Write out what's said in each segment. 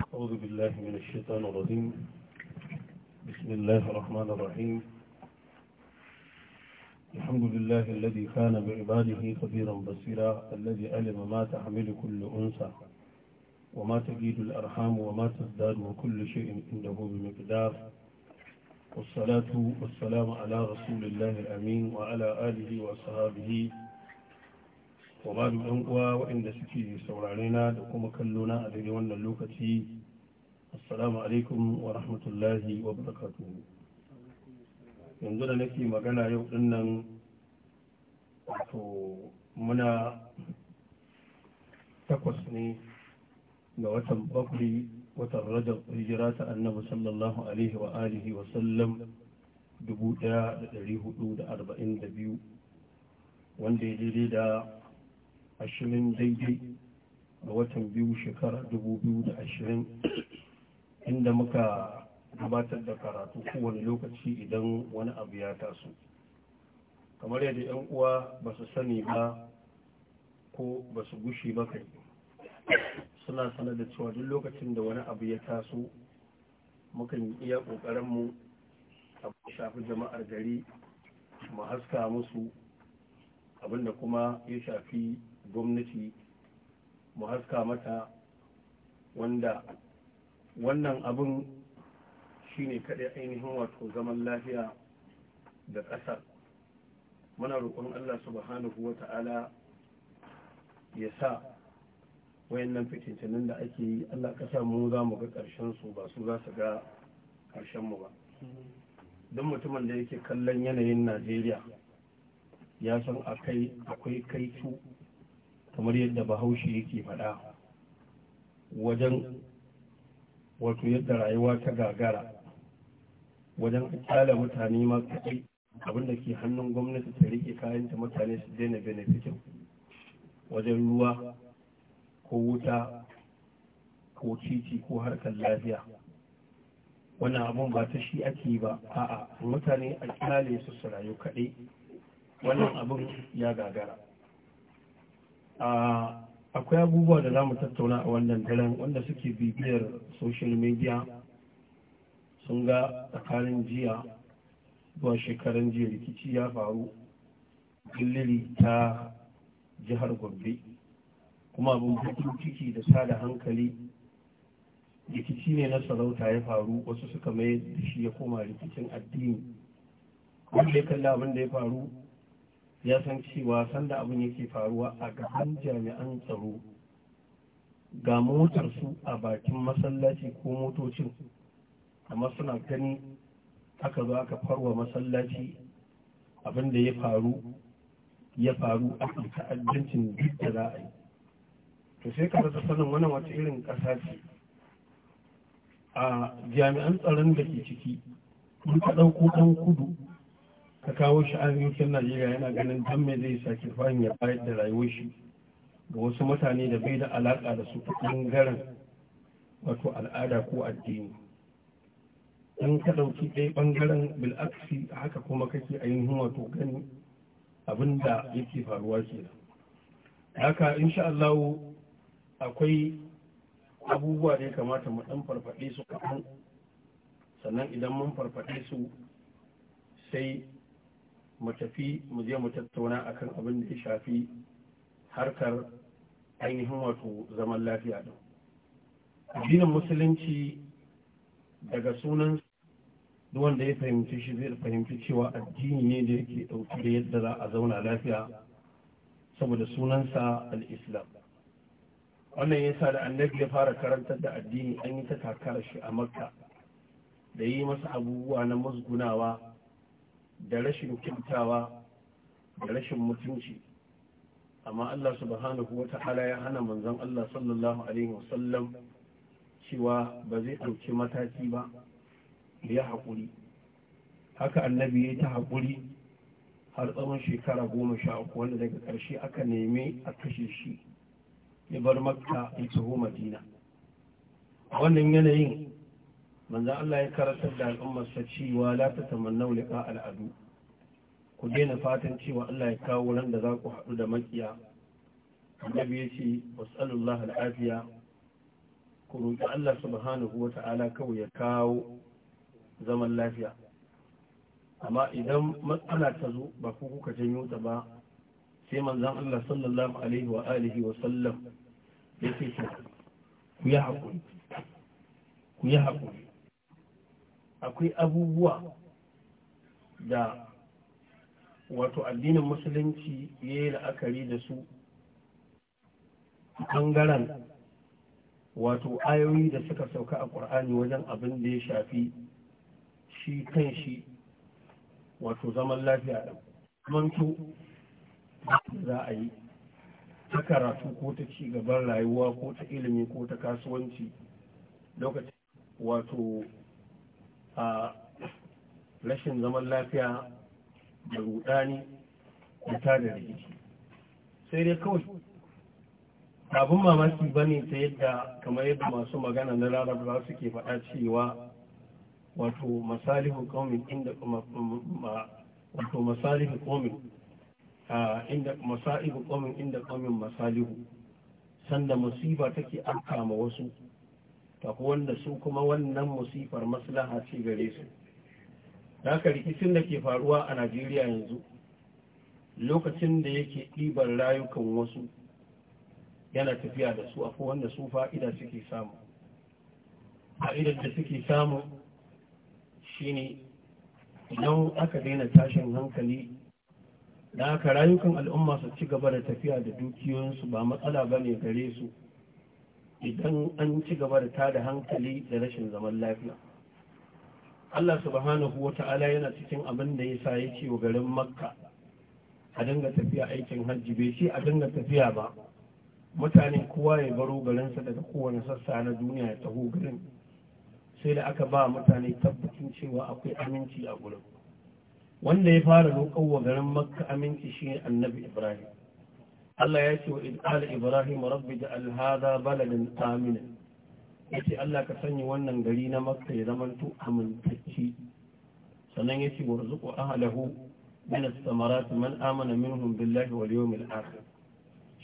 أعوذ بالله من الشيطان الرجيم بسم الله الرحمن الرحيم الحمد لله الذي كان بعباده خبيرا بصيرا الذي علم ما تحمل كل أنثى وما تجيد الأرحام وما تزداد وكل شيء عنده بمقدار والصلاة والسلام على رسول الله الأمين وعلى آله وصحابه wa ba ɗan uwa waɗanda suke saurare na da kuma kallo na a daidai wannan lokaci assalamu alaikum wa rahmatullahi wa barakatuhu yanzu da nake magana yau ɗin nan muna takwas ne ga watan bakwai watan rajab hijira ta annabi sallallahu alaihi wa alihi wa sallam biyu wanda ya daidai da ashirin daidai ga watan biyu shekara dubu biyu da ashirin inda muka gabatar da karatu kowane lokaci idan wani abu ya taso kamar yadda 'yan uwa ba su sani ba ko ba su gushi ba kai suna sanar da cewa duk lokacin da wani abu ya taso mukan iya ƙoƙarinmu a shafi jama'ar gari mu haska musu abinda kuma ya shafi gwamnati mu haska mata wanda wannan abin ne kaɗai ainihin wato zaman lafiya da ƙasa muna roƙon Allah subhanahu wa ta'ala ya sa wayannan fitintunan da ake yi Allah ƙasa mu za mu ga ƙarshen su ba su za su ga ƙarshen mu ba don mutumin da yake kallon yanayin Najeriya ya san akwai kaitu kamar yadda bahaushe yake faɗa wajen wato yadda rayuwa ta gagara wajen kyala mutane ma kaɗai abinda ke hannun gwamnati ta rike kayan ta mutane su daina benefitin wajen ruwa ko wuta ko titi ko harkar lafiya wannan abun ba ta shi ake ba a'a mutane a kyale su su rayu kaɗai wannan abin ya gagara akwai abubuwa da za mu tattauna a wannan daren wanda suke bibiyar social media sun ga tsakanin jiya zuwa shekaran jiya rikici ya faru gilliri ta jihar gombe kuma abin bakin ciki da sada hankali rikici ne na sarauta ya faru wasu suka mai da shi ya koma rikicin addini wanda ya kalla abin da ya faru ya san cewa sanda abin yake faruwa a gaban jami'an tsaro ga motarsu a bakin masallaci ko motocin amma suna gani aka zo aka farwa masallaci abin da ya faru ya faru a ta'addancin duk da za a yi to sai ka rasa sanin wannan wata irin ƙasa ce a jami'an tsaron da ke ciki in ka ɗauko ɗan kudu ka kawo shi arewacin najeriya yana ganin dan me zai sake fahim ya bayar da rayuwar shi ga wasu mutane da bai da alaka da su ta ɓangaren wato al'ada ko addini in ka ɗauki ɗaya ɓangaren bil'aksi haka kuma kake ainihin wato gani abin da yake faruwa nan haka insha Allah akwai abubuwa da ya kamata mu ɗan farfaɗe su kaɗan sannan idan mun farfaɗe su sai mu tafi mu je mu tattauna akan abin da ya shafi harkar ainihin wato zaman lafiya din addinin musulunci daga sunan wanda ya fahimci shi zai fahimci cewa addini ne da yake ɗauki da yadda za a zauna lafiya saboda sunansa al'islam wannan ya sa da annabi ya fara karantar da addini an yi ta takarar shi a makka da yi masa abubuwa na musgunawa da rashin kyautawa da rashin mutunci amma Allah subhanahu wa ta'ala ya hana manzon Allah sallallahu alaihi wasallam cewa ba zai ɗauki mataki ba ya hakuri. haka annabi ya ta haƙuri har tsawon shekara goma sha uku wanda daga ƙarshe aka neme a kashe shi ya bar makka ya taho madina wannan yanayin manzan Allah ya karantar da al'ummarsa cewa la ta tamannau al'adu ku daina fatan cewa Allah ya kawo ran da za ku haɗu da makiya annabi ya ce wasallallahu al'afiya ku roƙi Allah subhanahu wa ta'ala kawai ya kawo zaman lafiya amma idan matsala ta zo ba ku kuka janyo ta ba sai manzan Allah sallallahu alaihi wa alihi wa sallam ya ce ku yi haƙuri ku yi haƙuri akwai abubuwa da wato addinin musulunci ya yi la'akari da su ɓangaren wato ayoyi da suka sauka a ƙur'ani wajen abin da ya shafi shi kan shi wato zaman lafiya ɗan manto za a yi ta karatu ko ta ci gaban rayuwa ko ta ilimi ko ta kasuwanci lokacin wato a rashin zaman lafiya da rudani da tada rikici sai dai kawai abin mamaki ba ne ta yadda kamar yadda masu magana na larabawa suke faɗa cewa wato masalihu komin inda wato masalihu inda komin inda komin masalihu sanda musiba take afka ma wasu ta wanda su kuma wannan musifar maslaha ce gare su da rikicin da ke faruwa a najeriya yanzu lokacin da yake ɗibar rayukan wasu yana tafiya da su akwai wanda su fa'ida suke samu fa'idar da suke samu shine idan aka daina tashin hankali da aka rayukan al'umma su ci gaba da tafiya da dukiyoyinsu ba matsala ba ne gare su idan an ci gaba da tada hankali da rashin zaman lafiya Allah subhanahu wa ta'ala yana cikin abin da ya sa ya ce wa garin makka a dinga tafiya aikin hajji bai ce a dinga tafiya ba mutane kowa ya baro garinsa daga kowane sassa na duniya ya taho garin sai da aka ba mutane tabbacin cewa akwai aminci a gurin wanda ya fara roƙon wa garin makka aminci shi annabi ibrahim Allah ya ce wa idal Ibrahim rabbi da hadha baladin amina yace Allah ka sanya wannan gari na Makka ya zama to amintacci sannan yace warzuqu ahlahu min as man amana minhum billahi wal yawmil akhir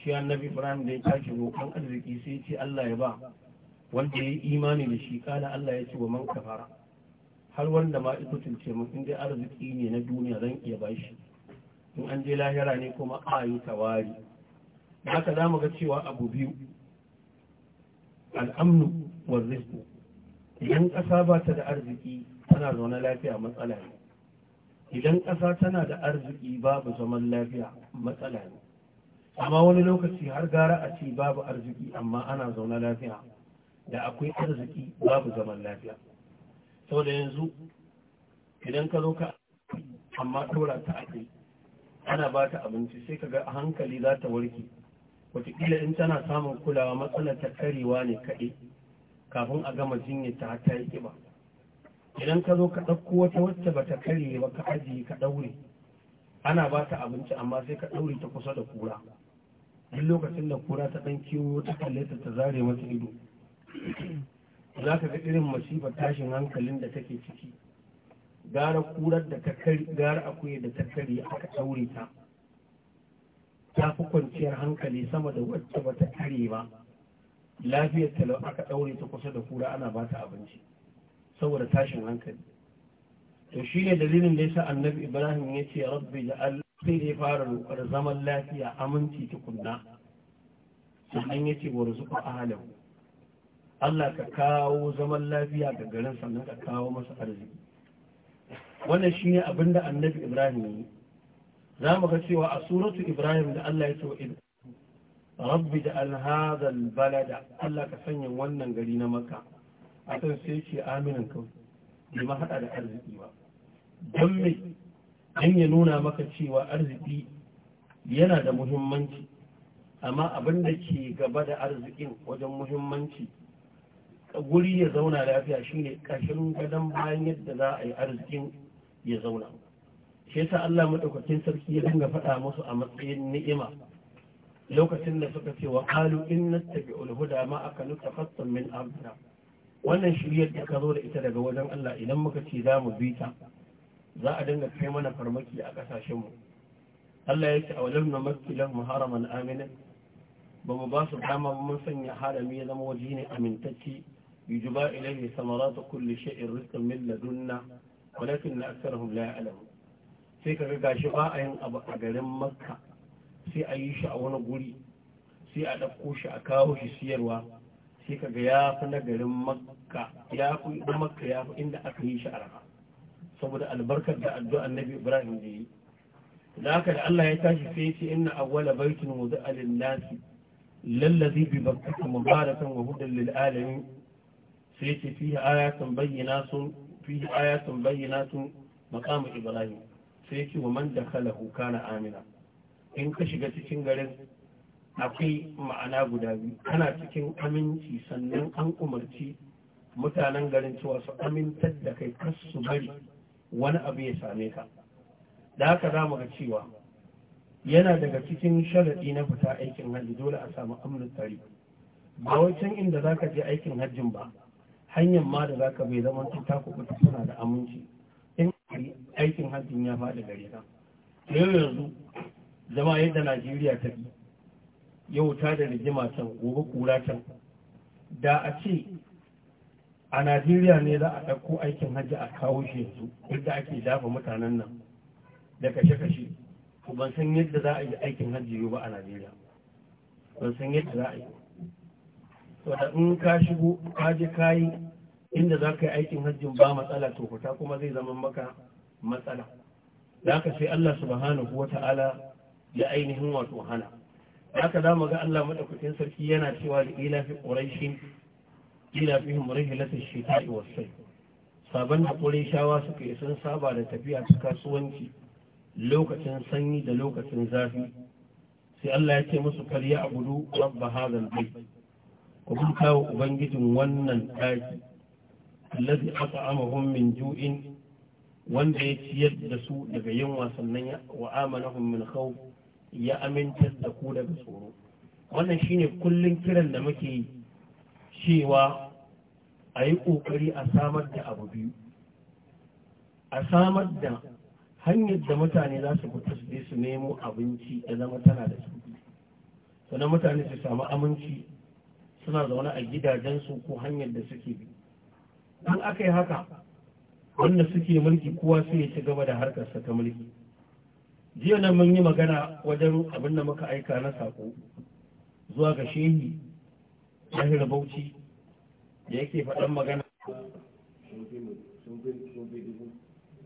shi annabi Ibrahim da ya tashi roƙon arziki sai ya ce Allah ya ba wanda ya imani da shi kana Allah ya ce wa man kafara har wanda ma ita tulce mun in dai arziki ne na duniya zan iya bashi in an je lahira ne kuma ayi tawari haka za mu ga cewa abu biyu al'amnu wa rizku idan ƙasa ba ta da arziki tana zaune lafiya matsala ne idan ƙasa tana da arziki babu zaman lafiya matsala ne amma wani lokaci har gara a ce babu arziki amma ana zaune lafiya da akwai arziki babu zaman lafiya sau da yanzu idan ka zo ka amma ɗora ta ake ana ba ta abinci sai ka ga a hankali za ta warke wataƙila in tana samun kulawa matsalar ta karewa ne kaɗai kafin a gama jinyar ta ta yi ƙiba idan ka zo ka ɗauko wata wacce ba ta kare ba ka ajiye ka ɗaure ana ba ta abinci amma sai ka ɗaure ta kusa da kura duk lokacin da kura ta ɗan kiwo ta kalle ta ta zare mata ido za ka ga irin masifar tashin hankalin da take ciki gara kurar da ta kari gara akuya da ta kari aka ɗaure ta ta fi kwanciyar hankali sama da wacce bata kare ba lafiyar lau aka ɗaure ta kusa da kura ana ba ta abinci saboda tashin hankali to shi ne dalilin da yasa annabi ibrahim ya ce rabbi da sai ya fara roƙar zaman lafiya aminci tukunna sannan ya ce wa rizuka ahalahu Allah ka kawo zaman lafiya ga garin sannan ka kawo masa arziki wannan shi ne abin da annabi ibrahim ya yi za mu ga cewa a suratu ibrahim da Allah ya ce wa rabbi da alhazal balada Allah ka sanya wannan gari na maka a kan sai ce aminin kau bai ma hada da arziki ba don me don ya nuna maka cewa arziki yana da muhimmanci amma abin da ke gaba da arzikin wajen muhimmanci guri ya zauna lafiya shine kashin gadon bayan yadda za a yi arzikin ya zauna shi yasa Allah madaukakin sarki ya dinga faɗa musu a matsayin ni'ima lokacin da suka ce wa qalu inna tabi'ul huda ma aka nutafattan min abdina wannan shiriyar da ka zo da ita daga wajen Allah idan muka ce za mu bi ta za a dinga kai mana farmaki a kasashen mu Allah ya ce a wajen na makilan muharaman amina ba mu ba su dama mun sanya harami ya zama waje ne amintacci yujuba ilaihi samaratu kulli shay'in rizqan min ladunna walakin aktharuhum la ya'lamun sai ka ga shi ba a yin abu a garin makka sai a yi shi a wani guri sai a ɗauko shi a kawo shi siyarwa sai ka ga ya fi na garin makka ya fi na makka ya fi inda aka yi shi a rafa saboda albarkar da addu'a annabi ibrahim da yi da haka da Allah ya tashi sai ya ce inna awwala baitin da lin-nasi lallazi bi bakkata mubarakan wa hudan lil alamin sai ya ce fihi ayatun bayyinatun fihi ayatun bayyinatun maqam ibrahim sai yake wa man kuka kana amina in ka shiga cikin garin akwai ma'ana guda biyu kana cikin aminci sannan an umarci mutanen garin cewa su amintar da kai kar su bari wani abu ya same ka da haka za mu ga cewa yana daga cikin sharaɗi na fita aikin hajji dole a samu amnin tsari ba wancan inda za ka je aikin hajjin ba hanyar ma da za ka bai zama ta kuɓuta suna da aminci aikin hajjin ya faɗi gare ta yau yanzu zama yadda najeriya ta bi yau ta da rigima can gobe kura can da a ce a najeriya ne za a ɗauko aikin hajji a kawo shi yanzu yadda ake dafa mutanen nan da kashe-kashe ku ban san yadda za a yi aikin hajji yau ba a najeriya ban san yadda za a yi Wata in ka shigo je kayi inda za ka yi aikin hajjin ba matsala to fita kuma zai zama maka matsala da haka sai Allah subhanahu wa ta'ala ya ainihin wato hana haka za mu ga Allah madaukakin sarki yana cewa da ila fi quraishin ila fi murhilatul shita'i was sayf saban da quraishawa suka yi sun saba da tafiya ta kasuwanci lokacin sanyi da lokacin zafi sai Allah ya ce musu kar abudu rabb hadha al-bayt ku kawo ubangijin wannan ɗaki allazi at'amahum min ju'in wanda ya ciyar da su daga yunwa sannan wa amanahum min khawf ya amintar da ku daga tsoro wannan shine kullun kiran da muke cewa a yi ƙoƙari a samar da abu biyu a samar da hanyar da mutane za su fita su je su nemo abinci ya zama tana da sauki sannan mutane su samu aminci suna zaune a gidajensu ko hanyar da suke bi don aka yi haka wanda suke mulki kowa sai ya ci gaba da harkarsa ta mulki jiya nan mun yi magana wajen abin da muka aika na sako zuwa ga shehi na bauchi da yake faɗan magana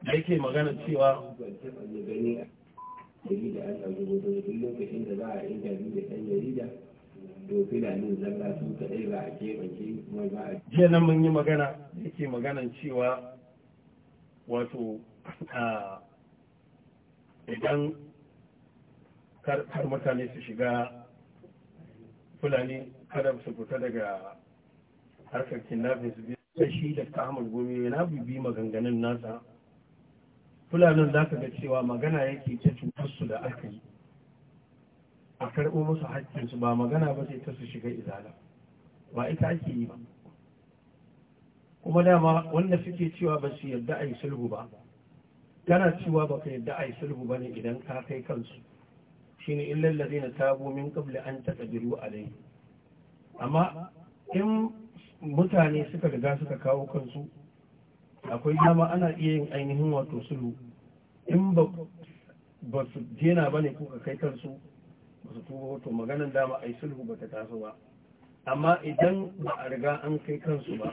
da yake magana cewa da lokacin da za a yi da jarida jiya nan mun yi magana da yake maganan cewa wato idan kar mutane su shiga fulani kada su fita daga harkar kidnapping su biya shi da ahmad gomi na bibi maganganun nasa fulanin za ka ga cewa magana yake ta cutarsu da aka yi a karɓo musu haƙƙinsu ba magana ba sai ta su shiga izala ba ita ake yi ba kuma dama wanda suke cewa ba su yarda a yi sulhu ba kana cewa ba ka yarda a yi sulhu ba ne idan ka kai kansu shi ne illar na sabo min kabla an taɓa biru a dai amma in mutane suka riga suka kawo kansu akwai dama ana iya yin ainihin wato sulhu in ba su jena ba ne ka kai kansu su tuba to maganan dama a yi sulhu ba ta taso ba amma idan ba a riga an kai kansu ba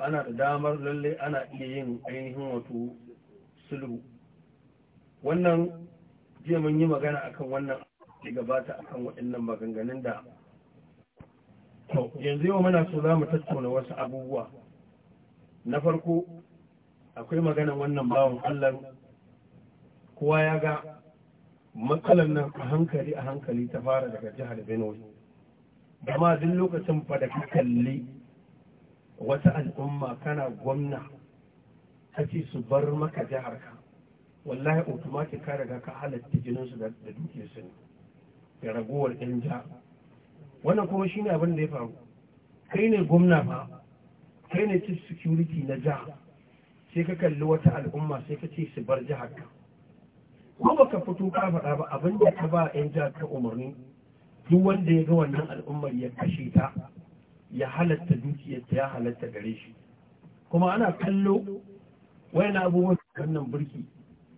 ana da damar lalle ana iya yin ainihin wato sulhu wannan jiya mun yi magana akan wannan ke gabata akan waɗannan maganganun da to yanzu yau muna so za mu tattauna wasu abubuwa na farko akwai maganan wannan bawan allah kowa ya ga matsalar nan a hankali a hankali ta fara daga jihar benue ma duk lokacin fa da ka kalli wata al'umma kana gwamna ta ce su bar maka jiharka. wallahi automatic ka daga ka halatta jininsu da duke su ne da ragowar yan ja wannan kuma shi ne abin da ya faru kai ne gwamna ba kai ne chief security na jiha sai ka kalli wata al'umma sai ka ce su bar jiharka. ko baka fito ka faɗa ba abin da ka ba yan jihar ka umarni duk wanda ya ga wannan al'ummar ya kashe ta ya halatta dukiyarta, ya halatta gare shi kuma ana kallo wayan abubuwan wannan birki,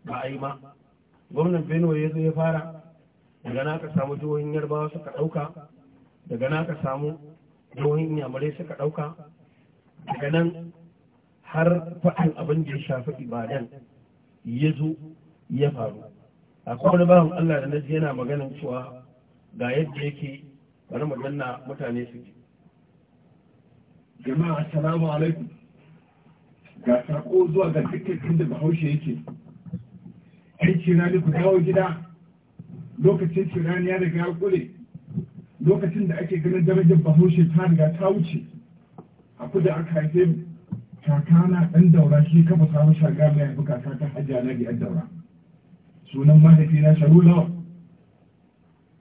ba a yi ma gwamnan benue ya zo ya fara daga na ka samu jihohin yarbawa suka ɗauka daga na ka samu jihohin inyamurai suka ɗauka daga nan har faɗin abin da ya shafi ibadan ya zo ya faru akwai wani bahan Allah da naji yana maganin cewa ga yadda yake bari mu danna mutane su ji jama'a assalamu alaikum ga sako zuwa ga dukkan da bahaushe yake ai na ku dawo gida lokacin cirani ya daga ya kure lokacin da ake ganin darajar bahaushe ta riga ta wuce a kuda aka haife kakana ɗan daura shi kafa samun shaga mai bukata ta hajjana da yan daura sunan mahaifina sharu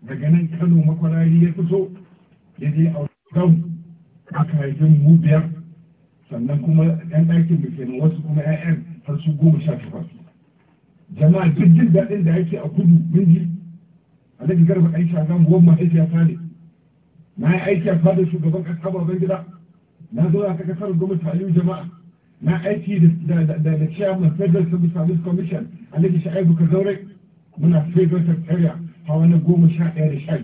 daga nan kano makwarari ya fito ya je a gam aka haifi mu biyar sannan kuma yan ɗakin da ke wasu kuma 'ya'yan har su goma sha takwas jama'a duk jin daɗin da yake a kudu mun ji alhaji garba aisha zan goma mahaifiyata ne na yi aiki a fadar shugaban ƙasa baban gida na zo a kasar gwamnati aliyu jama'a na aiki da chairman federal service service commission alhaji sha'ibu ka zaure muna federal secretariat a wani goma sha ɗaya da sha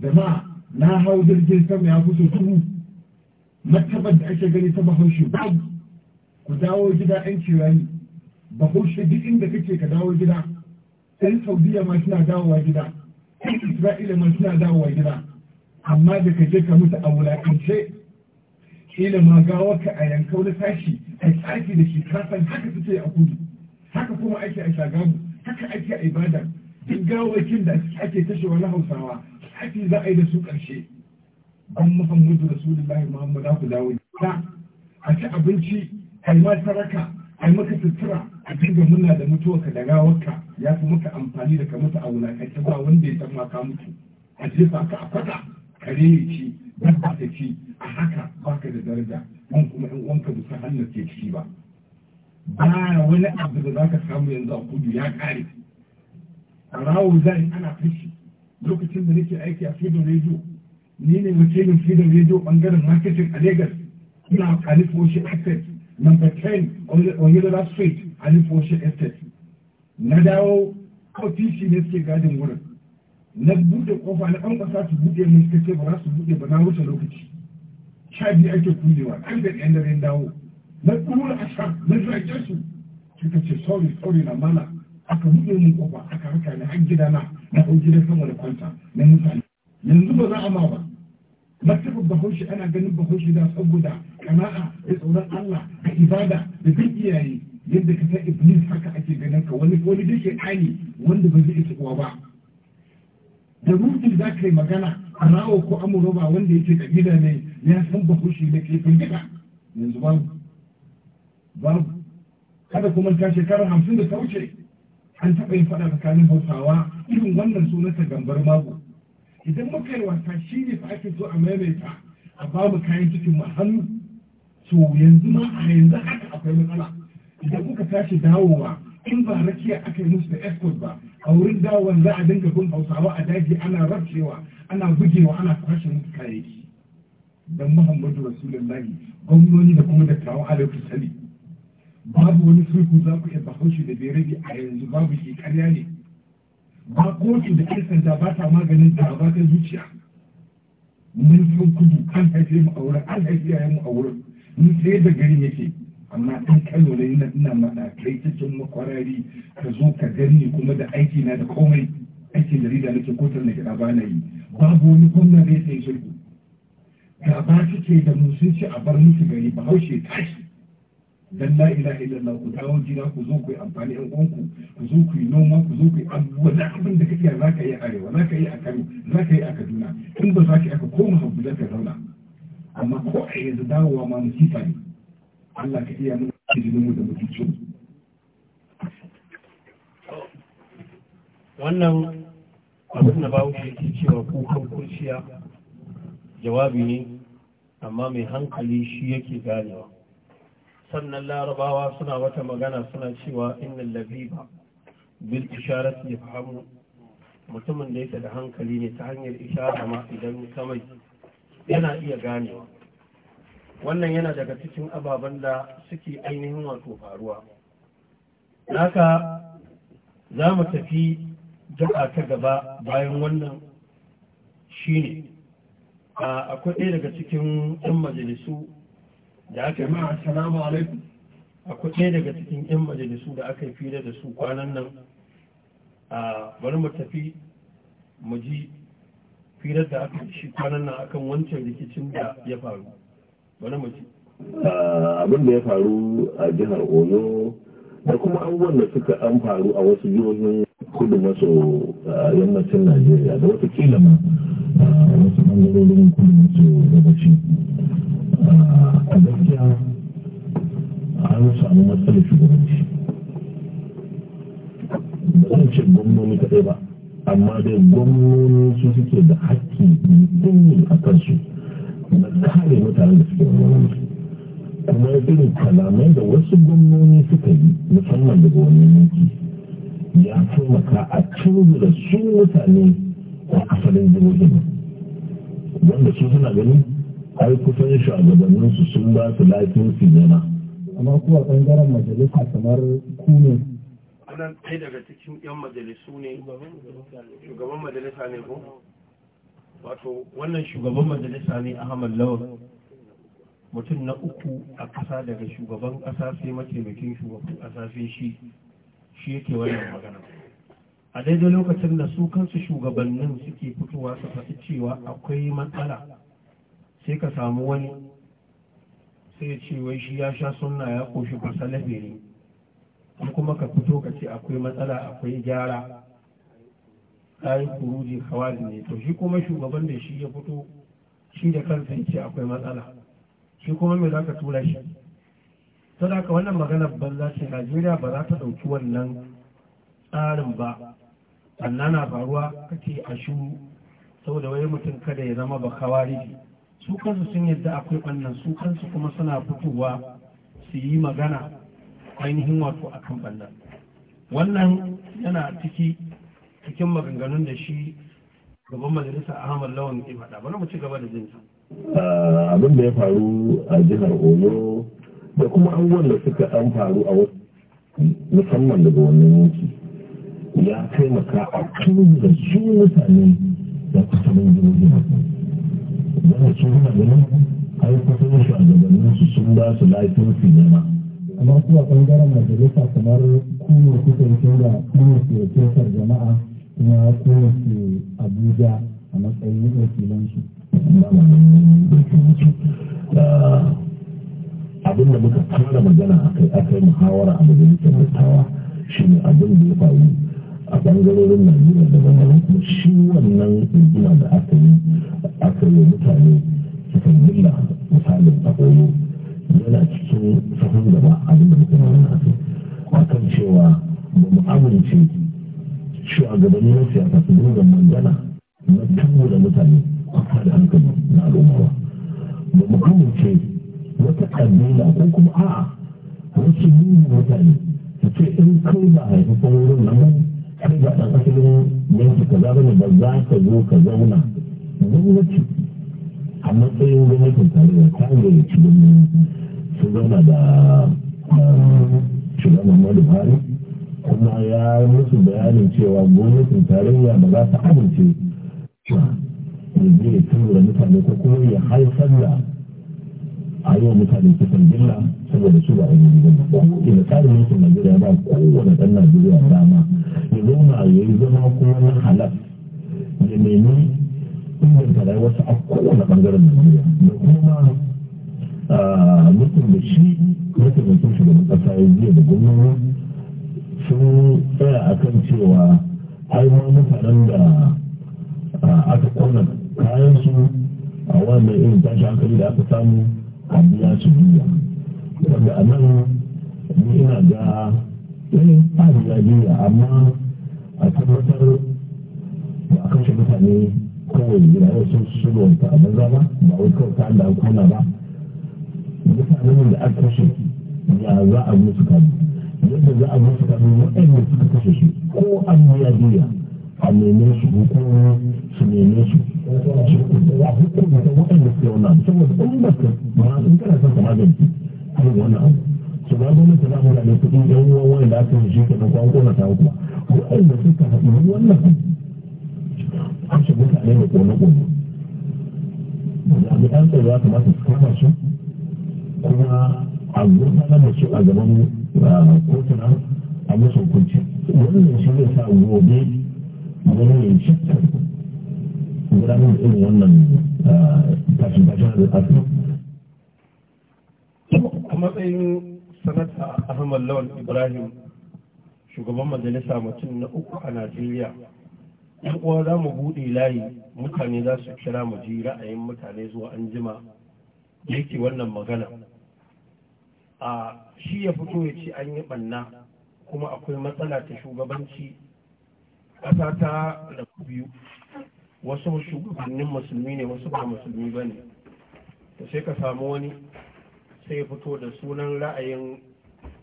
biyu ma na hau jirgin sama ya fito duhu martabar da ake gani ta bahaushe babu ku dawo gida yan kirani bahaushe duk inda kake ka dawo gida yan saudiya ma suna dawowa gida yan isra'ila ma suna dawowa gida amma da ka je ka mutu a wulaƙance kila ma gawarka a yankau na tashi a tsaki da shi kasan haka suke a kudu haka kuma ake a shagabu, haka ake a ibada duk gawakin da ake tashewa na hausawa tsaki za a yi da su ƙarshe an muhammadu rasulullahi muhammadu za ku dawo ta a ci abinci a yi masaraka a yi maka sutura a dinga muna da mutuwarka da gawarka ya fi maka amfani da ka mutu a wulakance ba wanda ya san ma ka mutu a jefa ka a kwata kariri ci dabba ta ci a haka baka da daraja nan kuma in wanka da san Allah ke ciki ba ba wani abu da zaka samu yanzu a kudu ya kare a rawo zai ana fashi lokacin da nake aiki a Freedom Radio ni ne wakilin Freedom Radio bangaren marketing a Lagos ina California Estate number 10 on Yellow Street California Estate na dawo ofishi ne suke gadin wurin na buɗe ƙofa na an ƙasa su buɗe mun suka ba za su buɗe ba na wuce lokaci sha biyu ake kunewa an da ɗan daren dawo na ƙura a sha na zage su suka ce sorry sorry na mana aka buɗe mun ƙofa aka haka ni har gida na na ɗau gidan sama da kwanta na mutane yanzu ba za a ma ba martabar bahaushe ana ganin bahaushe da saboda kana'a da tsoron Allah da ibada da duk iyaye yadda ka san iblis haka ake ganin ka wani wani da ke wanda ba zai isa kuwa ba da rufin za ka yi magana a rawo ko amuroba wanda yake da gida ne ya san ba kushi da ke gida yanzu babu babu kada kuma ta shekarar hamsin da ta wuce an taɓa yin faɗa tsakanin hausawa irin wannan sunanta gambar mago idan muka yi wasa shi ne fa ake so a maimaita a ba mu kayan cikin mu hannu to yanzu ma a yanzu haka akwai matsala idan kuka tashi dawowa in ba rakiya aka yi musu da escort ba a wurin dawon za a dinga bin hausawa a daji ana rafcewa ana bugewa ana kwashe musu kayayyaki dan muhammadu rasulullahi gwamnoni da kuma dattawan alaihi sali babu wani sulhu za ku iya bahaushe da bai rage a yanzu babu shi karya ne ba kotu da ƴan sanda ba ta maganin da ba ta zuciya mun san kudu an haife mu a wurin an haife mu a wurin mun sai da garin yake amma ɗan kano da yana ina mana kai makwarari ka zo ka gani kuma da aiki na da komai aikin jarida nake kotar na gida bana yi babu wani gwamna da ya sayi sulhu gaba suke da mu sun a bar musu gari ba haushe tashi dan la ilaha illallah ku dawo gida ku zo ku yi amfani yan uwanku ku zo ku yi noma ku zo ku yi abubuwa da abin da kake za ka yi a arewa za ka yi a kano za ka yi a kaduna in ba za ka yi aka koma habu da ka zauna amma ko a yanzu dawowa ma musifa ne Allah ka iya mu da mutuncin wannan abin da bawo yake cewa kukan kurciya jawabi ne amma mai hankali shi yake ganewa sannan larabawa suna wata magana suna cewa innal labiba bil ya yafhamu mutumin da yake da hankali ne ta hanyar ishara ma idan kamai yana iya ganewa wannan yana daga cikin ababen da suke ainihin wato faruwa haka za mu tafi jaka ta gaba bayan wannan shine akwai ɗaya daga cikin 'yan majalisu da aka yi ma'a salamu alaikum akwai ɗaya daga cikin 'yan majalisu da aka yi fira da su kwanan nan a bari mu tafi mu ji firar da aka shi kwanan nan akan wancan rikicin da ya faru abin da ya faru a jihar oyo da kuma abubuwan da suka an faru a wasu jihohin kudu maso yammacin najeriya da kila ma wasu ɓangarorin kudu maso gabashi a gaskiya an samu matsalar shugabanci ba zan ce gwamnoni kaɗai ba amma dai gwamnoni su suke da haƙƙi ne a kansu na tsare mutane da suke wannan kuma irin kalamai da wasu gwamnoni suka yi musamman daga wani yanki ya taimaka a canza da su mutane a asalin jihohin wanda su suna ganin ai kusan shugabanninsu sun ba su lafiyar su nema amma kuwa ɓangaren majalisa kamar ku ne nan ɗaya daga cikin 'yan majalisu ne shugaban majalisa ne ko wato wannan shugaban majalisa ne ahmad lawan mutum na uku a ƙasa daga shugaban ƙasa sai mataimakin shugaban ƙasa sai shi shi yake wannan magana a daidai lokacin da su kansu shugabannin suke fitowa su faɗi cewa akwai matsala sai ka samu wani sai ce wai shi ya sha sunna ya koshi ba salafe ne kuma ka fito ka ce akwai matsala akwai gyara kayan kuruji kawari ne to shi kuma shugaban da shi ya fito shi da kansa ya akwai matsala shi kuma me za ka tura shi ta wannan maganar banza ce najeriya ba za ta ɗauki wannan tsarin ba sannan na faruwa kake a shuru saboda wai mutum kada ya zama ba kawari su kansu sun yadda akwai bannan su kansu kuma suna fitowa su yi magana ainihin wato akan ɓannan wannan yana ciki cikin maganganun da shi gaban majalisa ahmad lawan ke faɗa bari mu ci gaba da jinsa ah, abin da ya faru a jihar oyo da kuma abubuwan da suka an faru a wasu musamman daga wannan yanki ya taimaka a kan da su mutane da kusa mun jihohi yana su suna ganin ai a gabanin su sun ba su laifin su nema amma kuma ɓangaren majalisa kamar kuma kusa da kuma ke jama'a kuma kowace abuja a matsayin wakilan shi ah, abin da muka fara magana akai akai muhawara a majalisar dattawa shine abin da ya faru a bangarorin najeriya da bangaren kuma shi wannan rigima da aka yi aka yi mutane suka yi misalin a yana cikin sahun gaba abin da muka magana A akan cewa mu amince shugabanni na siyasa su dinga magana na tango da mutane a fada hankali na al'ummawa ba mu amince wata ƙabila ko kuma a wasu yin mutane su ce in kai ba haifafan wurin nan ba kai ba ɗan asalin yanki kaza bane ba za ka zo ka zauna gwamnati a matsayin gwamnatin tarayya ta gayyaci gwamnati su zauna da um, shugaban Muhammadu hari kuma ya musu bayanin cewa gwamnatin tarayya ba za ta amince ya je ya tura mutane ko kuma ya haifar da a yau mutane kisan gilla saboda su ba a yi gina ba ina tsarin yankin najeriya ba kowane ɗan najeriya dama ya zauna ya yi zama kuma na halal ya nemi inganta rayuwarsa a kowane ɓangaren najeriya da kuma ah, mutum da shi mataimakin shugaban ƙasa ya jiya da gwamnati sun tsaya a kan cewa haihuwa mutanen da aka kona kayansu a wannan irin tashi hankali da aka samu a biya su biya wanda a nan ni ina ga irin tsarin biya amma a tabbatar ba a kashe mutane kawai gida yau sun shiga wata a banza ba ba wai kawai ta da kona ba mutanen da aka kashe ya za a musu kaji yadda za a musu kafin waɗanda suka kashe shi ko an biya biya a nemi su hukumu su nemi su a hukumu ta waɗanda suke wannan saboda ba su kana abu su ba kuɗi ɗan ruwan wani da aka yi shi ka ɗan na ta waɗanda suka haɗu wannan an da ƙone-ƙone jami'an tsaro ya kamata su kama su kuma a gudanar da su a gaban kotuna a musu hukunci wannan shi zai sa gobe wani ne cikin gudanar da irin wannan tashin-tashin da tsarki a matsayin sanata ahmad lawan ibrahim shugaban majalisa mutum na uku a najeriya yan uwa za mu buɗe layi mutane za su kira mu ji ra'ayin mutane zuwa an jima yake wannan magana a shi ya fito ya ce an yi ɓanna kuma akwai matsala ta shugabanci ƙasa ta da biyu wasu shugabannin musulmi ne wasu ba musulmi ba ne Ta sai ka samu wani sai ya fito da sunan ra'ayin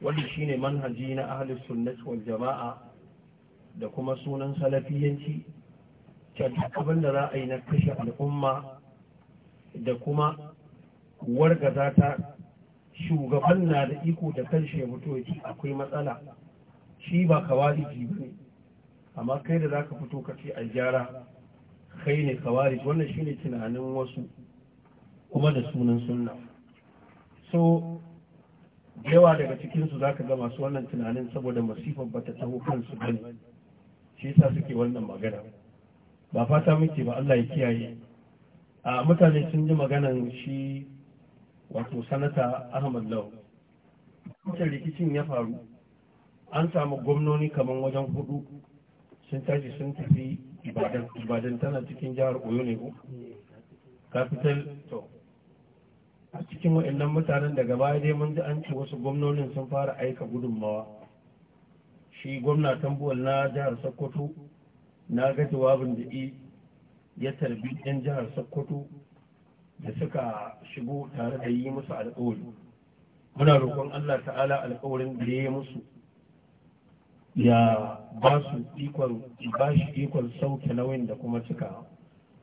wani shine manhaji na ahalus sunnat wal jama'a da kuma sunan salafiyanci abin da ra'ayi na kashe al'umma da kuma wargaza ta shugaban na da iko da kanshi ya fito ya akwai matsala shi ba kawariji ba ne amma kai da za ka fito ka ce a gyara kai ne kawariji wannan shi ne tunanin wasu kuma da sunan sunna so yawa daga cikinsu za ka ga masu wannan tunanin saboda masifar ba ta taho kansu ba ne shi sa suke wannan magana ba fata muke ba Allah ya kiyaye a mutane sun ji maganan shi wato sanata ahmad lau wancan rikicin ya faru an samu gwamnoni kamar wajen hudu sun tashi sun tafi ibadan tana cikin jihar oyo ne ko capital to a cikin wa'annan mutanen daga baya dai mun ji an ce wasu gwamnonin sun fara aika gudunmawa shi gwamna tambuwal na jihar sokoto na ga jawabin da ya tarbi yan jihar sokoto da suka shigo tare da yi musu alƙawari muna roƙon Allah ta'ala alƙawarin da ya musu ya ba su ikon ba shi ikon sauke nauyin da kuma cika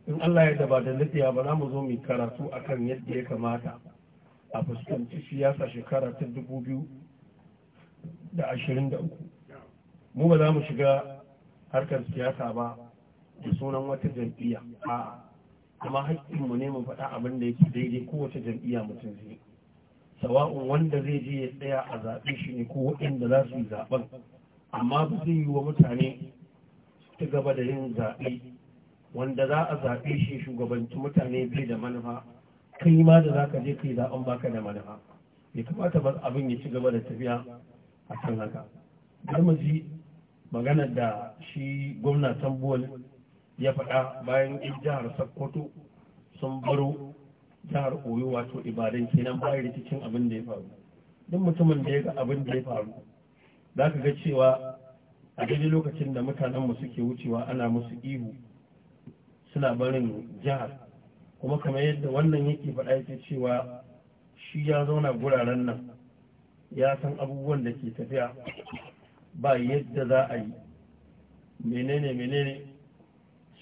in Allah ya daba da lafiya ba za mu zo mu karatu akan yadda ya kamata a fuskanci siyasa shekara ta dubu biyu da ashirin da uku mu ba za mu shiga harkar siyasa ba da sunan wata jam'iyya a'a amma mu ne mu faɗa abin da yake daidai kowace jam'iyya mutum zai sawa'un wanda zai je ya tsaya a zaɓe shi ne ko waɗanda za su yi zaɓen amma ba zai yi wa mutane ta gaba da yin zaɓe wanda za a zaɓe shi shugabanci mutane bai da manufa kai ma da za ka je kai zaɓen baka da manufa Ya kamata ba abin ya ci gaba da tafiya a kan haka garmaji maganar da shi gwamna tambuwal ya faɗa bayan in jihar Sakkwato sun baro jihar oyo wato ibadan kenan bayan rikicin abin da ya faru duk mutumin da ya ga abin da ya faru za ka ga cewa a daidai lokacin da mutanenmu suke wucewa ana musu ihu suna barin jihar kuma kamar yadda wannan yake faɗa yake cewa shi ya zauna guraren nan ya san abubuwan da ke tafiya ba yadda za a yi menene menene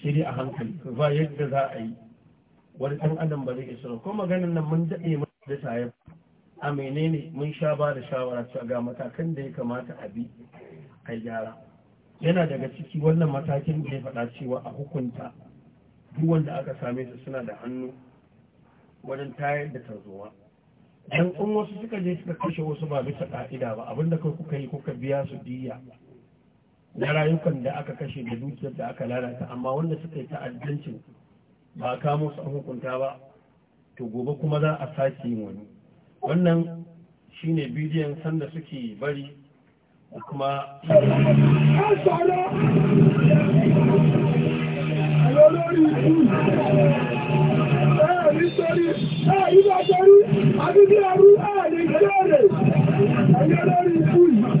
shiri a hankali ba yadda za a yi wani ɗan adam ba zai isa ba kuma maganin nan mun daɗe mun da tayar a menene mun sha ba da shawara cewa ga matakan da ya kamata a bi a gyara yana daga ciki wannan matakin da ya faɗa cewa a hukunta duk wanda aka same su suna da hannu wajen tayar da tarzoma dan in wasu suka je suka kashe wasu ba bisa ka'ida ba abinda kai kuka yi kuka biya su diya na rayukan da aka kashe da dukiyar da aka lalata amma wanda suka yi ta'addancin ba a kamo su hukunta ba to gobe kuma za a sake yin wani wannan shine bidiyon sanda suke bari da kuma Ayúdá torí, àbíbí àrú ààrẹ ìjọ́ rẹ̀, ẹ̀yẹ́ lórí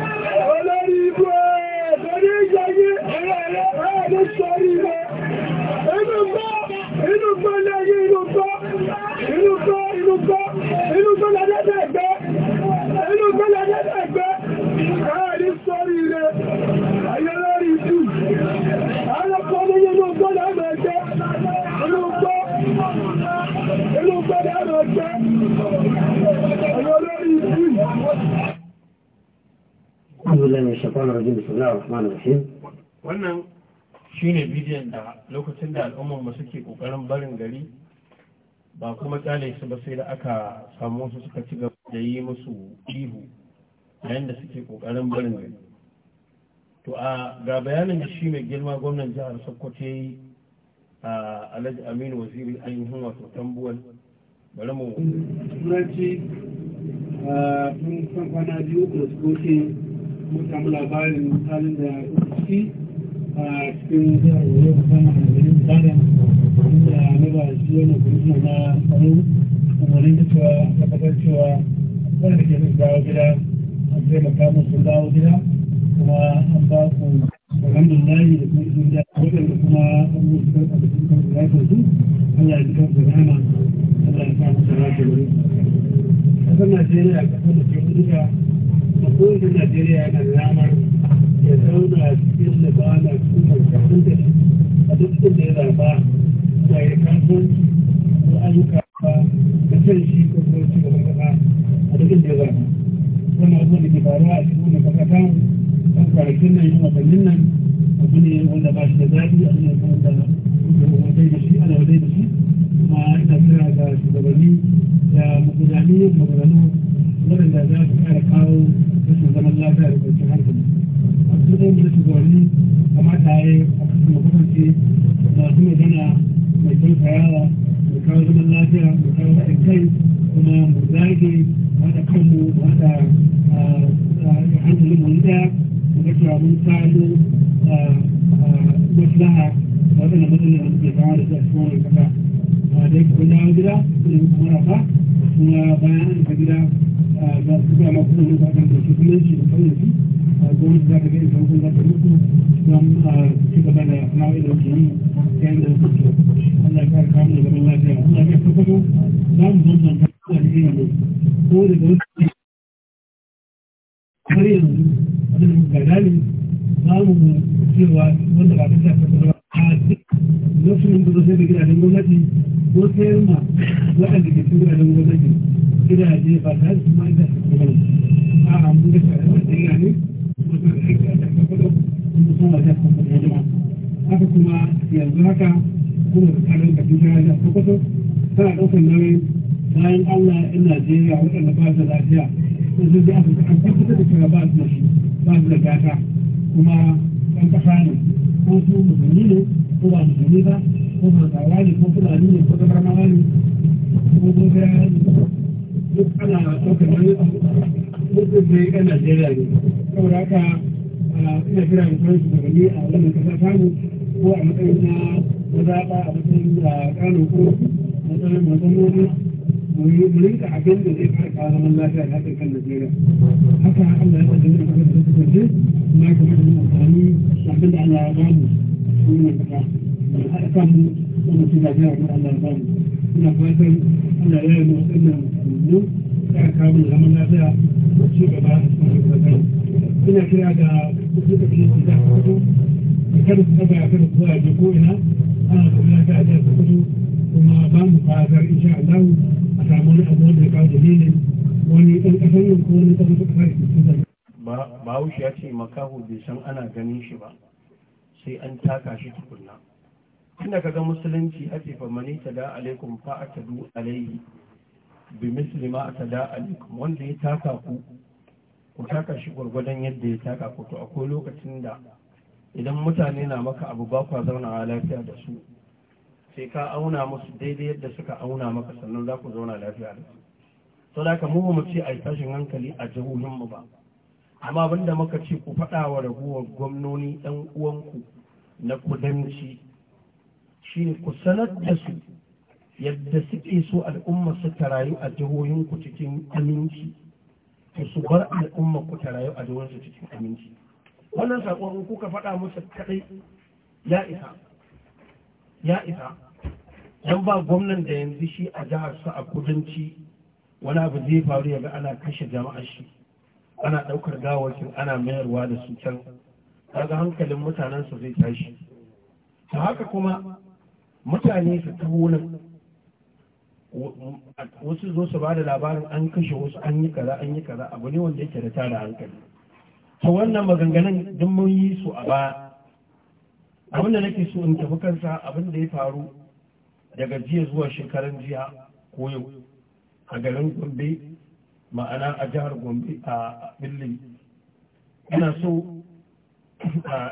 shine bidiyon da lokacin da al'ummar mu suke kokarin barin gari ba kuma tsale su ba sai da aka samu su suka ci gaba da yi musu ihu yayin da suke kokarin barin gari to a ga bayanin da shi mai girma gwamnan jihar sokoto yi a alhaji aminu waziri ainihin wato tambuwal bari mu turanci mun san kwana biyu da sokoto mun samu labarin misalin da a cikin jihar Oyo musamman a garin Ibadan inda na ba shi wani kuma na tsaro umarnin da cewa a tabbatar cewa wanda ke zai dawo gida an taimaka musu dawo gida kuma an ba ku alhamdulillahi da kuma izin da waɗanda kuma an musu kan kan su da da Kasar Najeriya kasar da ke a kowace Najeriya yana da ya zauna a cikin libana cikin alfahun da a duk da ya zaba da ya kafin ko ayyuka ba da can shi ko kuma ci gaba gaba a duk da ya zaba wani abu da ke faruwa a cikin wani kasa kan kan kwanakin nan yin watannin nan abu ne wanda ba shi da daɗi a ne kuma wadai da shi ana wadai da shi kuma ina kira ga shugabanni da magudani magudani halaye a cikin masu magana mai tausayawa mai kawo zaman lafiya mai kawo haɗin kai kuma mu zage mu haɗa kanmu mu haɗa hankali mu ɗaya mu ga cewa mun kawo maslaha waɗanda matsalolin da muke da su a cikin wani kasa da yake kun dawo gida kuma kuma rafa kuma bayan an ka gida ga su kuma ma da kan da su kuma shi da kawai su gwamnati za ta ga ita hukun za ta kawo da kiri ya yi da Allah kawo da zaman lafiya Allah za mu da ko da har yanzu ne za mu cewa wanda ba ta shafa da ba a lokacin da zai da gidajen gwamnati ko sayar ma waɗanda ke cikin gidajen gwamnati gidaje ba ta su da haka kuma tsakanin ko jihar da sokoto tana ɗaukar nauyin bayan allah in najeriya waɗanda ba su lafiya ko sun ji asibiti an tabbatar da cewa ba su da shi ba su da gata kuma ɗan ƙasa ne ko su musulmi ne ko ba musulmi ba ko hausawa ne ko fulani ne ko zabarmawa ne ko gobe duk ana ɗaukar nauyin mutum ne ɗan najeriya ne saboda haka ina kira da sauran shugabanni a wannan ƙasa tamu ko a matsayin na mazaɓa a matsayin da kano ko matsayin matsaloli mu rinka abin da zai fara kawo zaman lafiya da haɗin kan Najeriya. Haka Allah ya tsaye da kasar da suka ce na kuma da amfani da abin da Allah ya ba mu su ne kasa. Mai haɗa kan mu kuma su lafiya da Allah ya ba mu. Ina fatan Allah ya yi mu waɗannan mu ya kawo mu zaman lafiya da ci gaba a cikin kasar. Ina kira ga kusurka da ya ci da kada ku kada kada ku zuwa je ko ina ana kuma ta a jihar kudu kuma ba mu fatar insha Allah a samu wani abu wanda ya kawo dalilin wani ɗan ƙasar nan ko wani ɗan ƙasar da su zai. Bahaushe ya ce makaho bai san ana ganin shi ba sai an taka shi tukunna. Tunda ka ga musulunci ake famani ta da alaikum fa a tadu alaihi bi muslima a tada alaikum wanda ya taka ku ku taka shi gwargwadon yadda ya taka ku to akwai lokacin da idan mutane na maka abu ba kwa zauna a lafiya da su sai ka auna musu daidai yadda suka auna maka sannan za ku zauna lafiya da su sau da mu mu ce a yi tashin hankali a jihohinmu ba amma abinda muka ce ku faɗa wa raguwar gwamnoni ɗan uwanku na kudanci shi ku sanar da su yadda suke so al'umma su ta rayu a jihohinku cikin aminci ku su bar al'umma ku ta rayu a jihohinsu cikin aminci wannan sakon kuka faɗa musu kaɗai ya isa ya isa don ba gwamnan da yanzu shi a jihar su a kudanci wani abu zai faru ya ana kashe jama'ar shi ana ɗaukar gawakin ana mayarwa da su can kaga hankalin mutanen su zai tashi ta haka kuma mutane su taho nan wasu zo su ba labarin an kashe wasu an yi kaza an yi kaza abu ne wanda yake da tara hankali ta wannan maganganun don mun yi su a ba abinda nake so in tafi kansa abinda ya faru daga jiya zuwa shekaran jiya ko yau a garin gombe ma'ana a jihar gombe a birnin ina so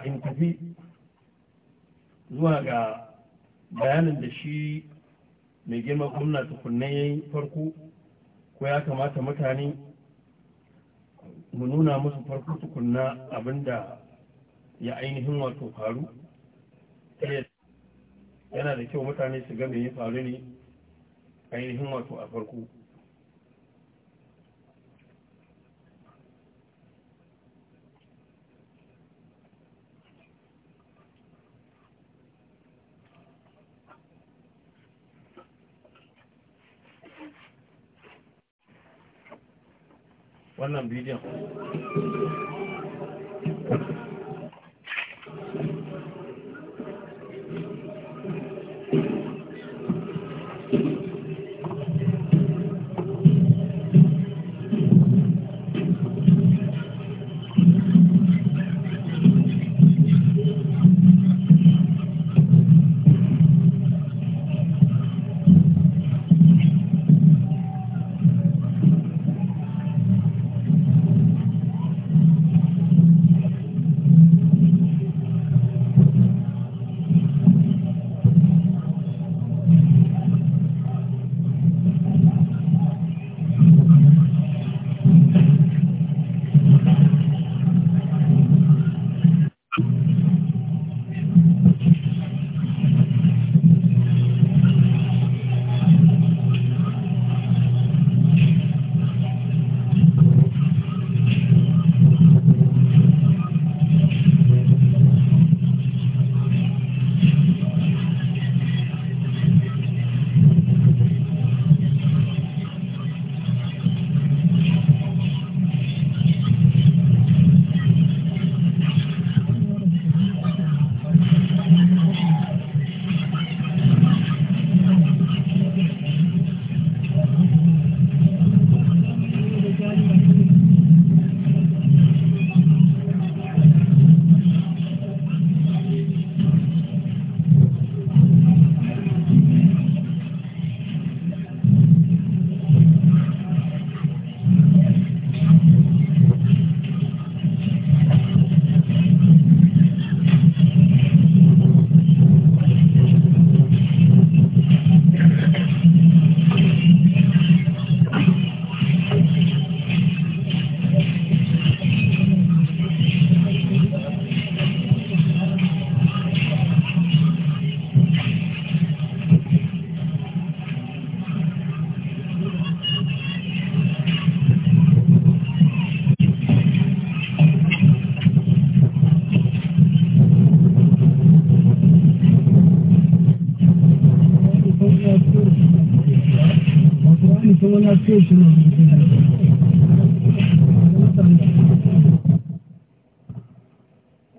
in tafi zuwa ga bayanin da shi mai girma gwamna tukunan yayi farko ko ya kamata mutane mu nuna musu farko tukunna abinda ya ainihin wato faru yana da kyau mutane su me ya faru ne ainihin wato a farko wannan bidiyon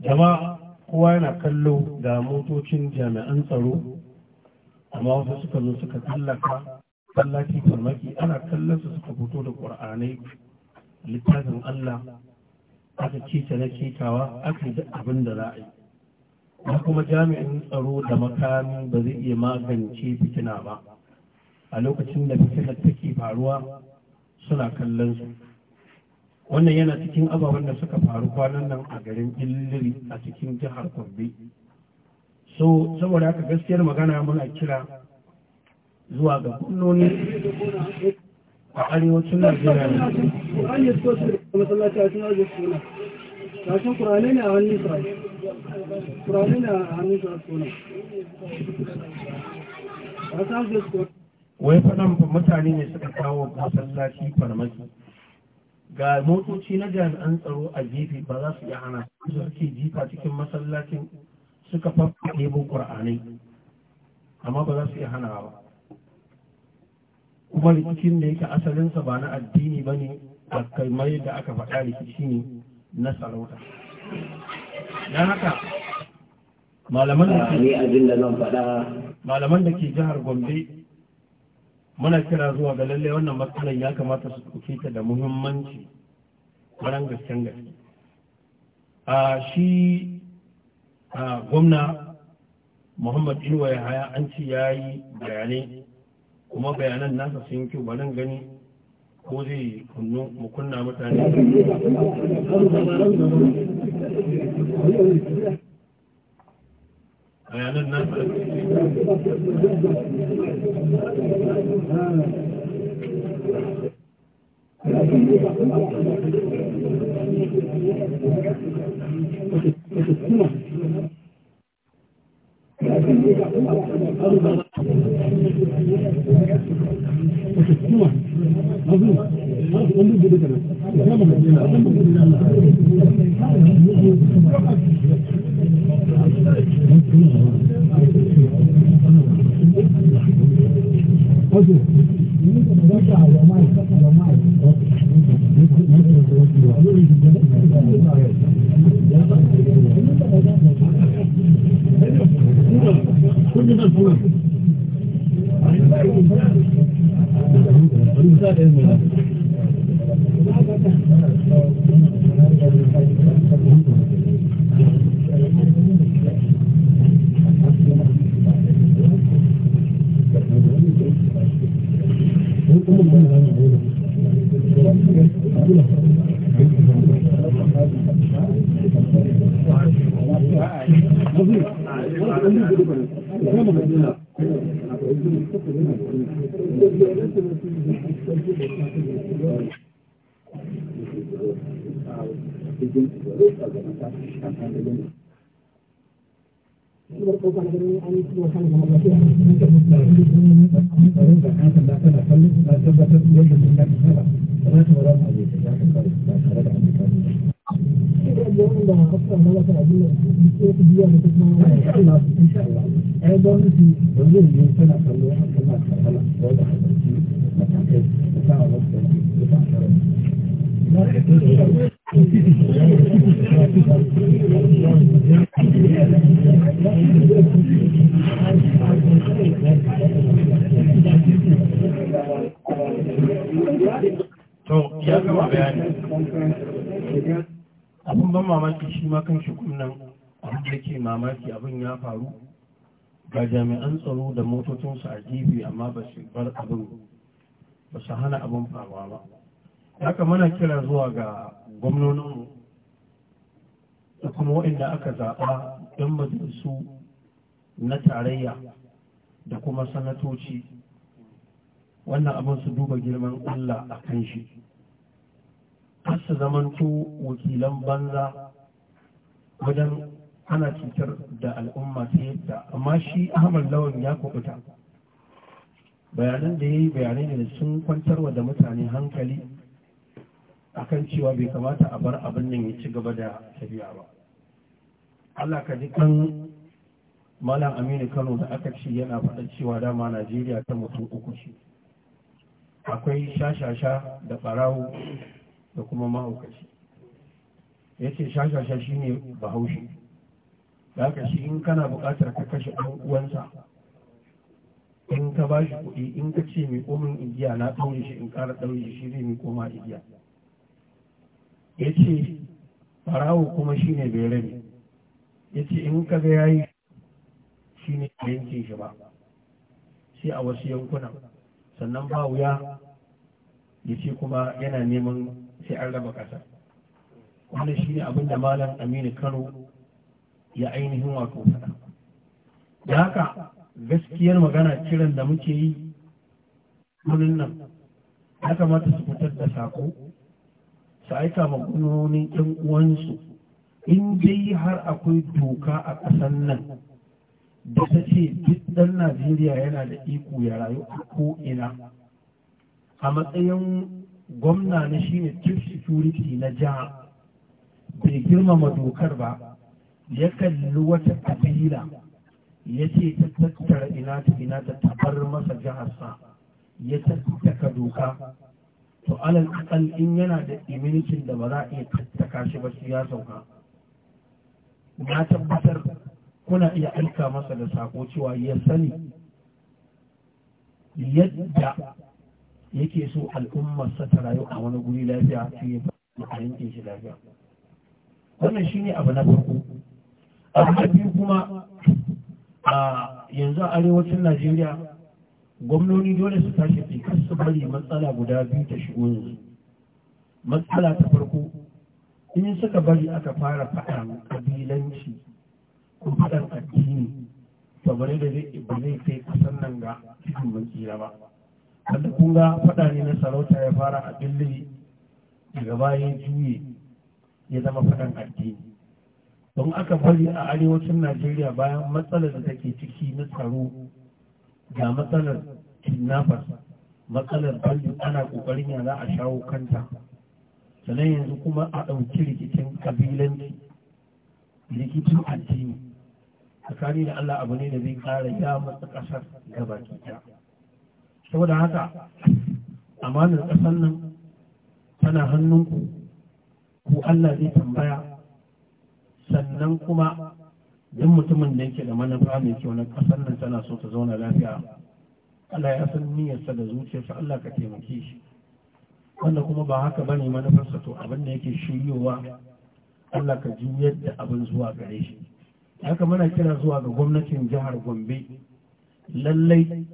jama'a kowa yana kallo ga motocin jami'an tsaro amma wasu suka zo suka tallaka tallaki farmaki ana kallon su suka fito da ƙur'anai littafin allah aka cita na citawa aka yi abin da za a yi kuma jami'in tsaro da makami ba zai iya magance fitina ba a lokacin da fitilar take faruwa suna kallon su wannan yana cikin ababen da suka faru kwanan nan a garin illiri a cikin jihar kwabbe so saboda haka gaskiyar magana muna kira zuwa ga kunnoni a arewacin najeriya ne kashin kurane ne a hannun sa kurane ne a hannun sa suna a san wai faɗan mutane ne suka kawo masallaci farmaki ga motoci na jami'an tsaro a gefe ba za su iya hana su suke jifa cikin masallacin suka fafa ɗebo ƙur'anai amma ba za su iya hana ba kuma rikicin da yake asalinsa ba na addini ba ne a kaimai da aka faɗa rikici ne na sarauta don haka malaman da ke jihar gombe muna kira zuwa ga lallai wannan matsalar ya kamata su ɗauke ta da muhimmanci ɓaran gasken gaske a shi a gwamna muhammad inuwa ya haya an ci ya yi bayanai kuma bayanan nasa sun kyau nan gani ko zai kunnu mu kunna mutane bayanan nan Thank you. ga jami'an tsaro da motocinsu a gefe amma ba su bar abin ba su hana abin faruwa ba haka mana kira zuwa ga gwamnoninmu da kuma waɗanda aka zaɓa don majalisu na tarayya da kuma sanatoci wannan abin su duba girman allah a kan shi har su zamanto wakilan banza wajen ana cutar da al'umma ta yadda amma shi ahmad lawan ya kubuta bayanan da ya yi bayanai ne da sun kwantarwa da mutane hankali akan cewa bai kamata a bar abin nan ya ci gaba da tafiya ba allah ka ji kan malam aminu kano da aka ce yana faɗa cewa dama najeriya ta mutum uku ce akwai shashasha da ɓarawo da kuma mahaukaci ya ce shashasha ne bahaushe da haka shi in kana buƙatar ka kashe ɗan uwansa in ka ba shi kuɗi in ka ce mai komin igiya na ɗaure shi in ƙara ɗaure shi zai mai koma igiya ya ce farawo kuma shi ne bai rabe ya ce in ka ga yayi shi ne a yankin shi ba sai a wasu yankuna sannan ba wuya ya ce kuma yana neman sai an raba ƙasa wannan shi ne abin da malam aminu kano ya ainihin wa faɗa da haka gaskiyar magana kiran da muke yi wurin nan ya kamata su fitar da sako su aika ma gunonin yan uwansu in dai har akwai doka a ƙasar nan da ta ce duk ɗan najeriya yana da iko ya rayu a ko'ina a matsayin gwamna na shine chief security na jiha bai girmama dokar ba ya kalli wata kabila ya ce ta tattara ina ta ina ta tabar masa jiharsa ya tattaka doka to alal akal in yana da immunitin da ba za a iya tattaka shi ba su ya sauka na tabbatar kuna iya aika masa da sako cewa ya sani yadda yake so al'ummarsa ta rayu a wani guri lafiya su yi ba a yankin shi lafiya wannan shi ne abu na farko A kuma a yanzu a arewacin najeriya gwamnoni dole su tashi fikar su bari matsala guda biyu ta shigo yanzu matsala ta farko in suka bari aka fara faɗan kabilanci ko faɗan addini to bare da zai kai kasan nan ga cikin tsira ba wanda kun faɗa ne na sarauta ya fara a billiri daga baya juye ya zama faɗan addini don aka bari a arewacin najeriya bayan matsalar da take ciki na tsaro ga matsalar kidnappers matsalar bandit ana kokarin yana a shawo kanta sannan yanzu kuma a ɗauki rikicin kabilanci rikicin addini tsakani da Allah abu ne da zai kara ya matsa ƙasar gabaki ɗaya saboda haka amanar ƙasar nan tana hannunku ku Allah zai tambaya sannan kuma duk mutumin da yake da manufa mai kyau na ƙasar nan tana so ta zauna lafiya Allah ya san niyyarsa da zuciyarsa Allah ka taimake shi wanda kuma ba haka bane manufarsa to abin da yake shiryowa Allah ka juyar da abin zuwa gare shi haka muna kira zuwa ga gwamnatin jihar Gombe lallai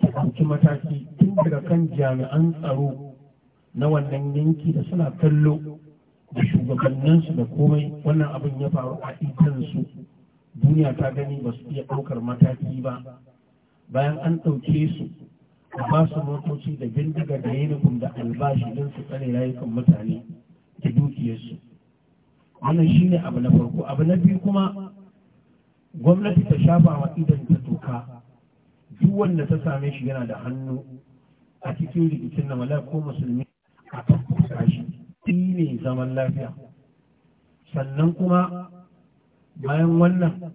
ta ɗauki mataki tun daga kan jami'an tsaro na wannan yanki da suna kallo da shugabanninsu da komai wannan abin ya faru a ikansu duniya ta gani ba su iya ɗaukar mataki ba bayan an ɗauke su a ba su motoci da bindiga da yinifom da albashi don su tsare rayukan mutane da dukiyarsu wannan shi ne abu na farko abu na biyu kuma gwamnati ta shafa wa idan ta toka. duk wanda ta same shi yana da hannu a cikin rikicin na mala ko musulmi ne zaman lafiya sannan kuma bayan wannan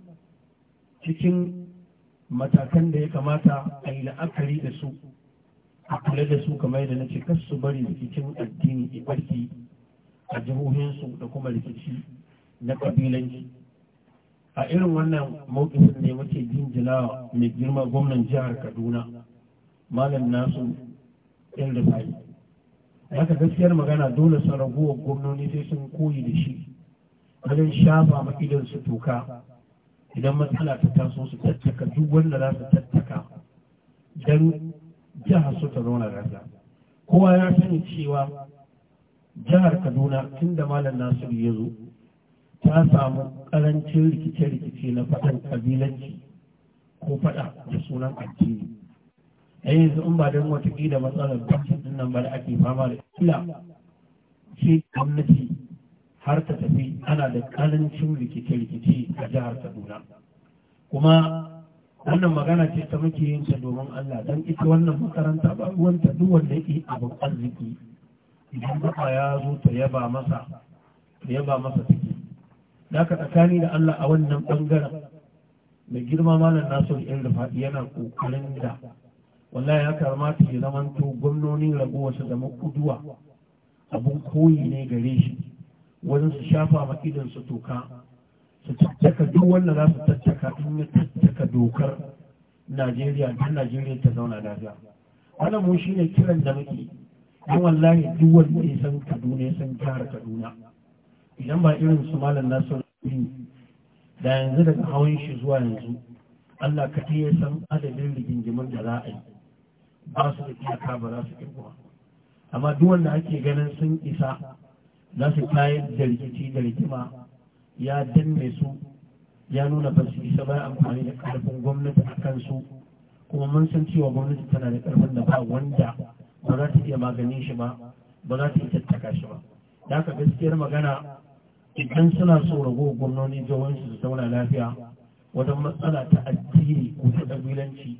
cikin matakan da ya kamata a yi la'akari da su a kula da su kamar yadda na ce su bari rikicin addini ibarki a jihohinsu da kuma rikici na ƙabilanci, a irin wannan mawukin ne muke jinjina mai girma gwamnan jihar kaduna malam nasu yan rufayi haka gaskiyar magana dole sun raguwar gwamnoni sai sun koyi da shi wajen shafa ma su toka idan matsala ta taso su tattaka duk wanda za su tattaka don jihar su ta zauna rasa kowa ya sani cewa jihar kaduna tun da malam nasiru ya zo ta samu karancin rikice-rikice na faɗan kabilanci ko faɗa da sunan addini Eh, yanzu in ba don watakila matsalar gwamnatin din nan ba da ake fama da kila ce gwamnati har ta tafi ana da karancin rikice-rikice a jihar kaduna kuma wannan magana ce ta muke yin ta domin allah don ita wannan makaranta ba ruwanta duk wanda yake abin arziki idan baka ya zo ta yaba masa ta yaba masa take da ka tsakani da allah a wannan bangaren Mai girma malam nasiru yan rufa'i yana kokarin da wallahi ya kamata ya zamanto gwamnonin ragowa su zama kuduwa abun koyi ne gare shi wajen su shafa ma idan su toka su tattaka duk wanda za su tattaka in ya tattaka dokar najeriya don najeriya ta zauna lafiya wannan mu shine kiran da muke don wallahi duk wanda ya san kaduna ya san jihar kaduna idan ba irin su malam nasu da yanzu daga hawan shi zuwa yanzu Allah ka ya san adadin rigingimin da za a yi ba su da iyaka ba za su kirkuwa amma duk wanda ake ganin sun isa za su tayar da rikici da rikima ya danne su ya nuna ba su isa ba amfani da karfin gwamnati a kansu kuma mun san cewa gwamnati tana da karfin da ba wanda ba za ta iya maganin shi ba ba za ta iya tattaka shi ba da haka gaskiyar magana idan suna so rago gwamnoni jawon su zauna lafiya wajen matsala ta addini ko ta ƙabilanci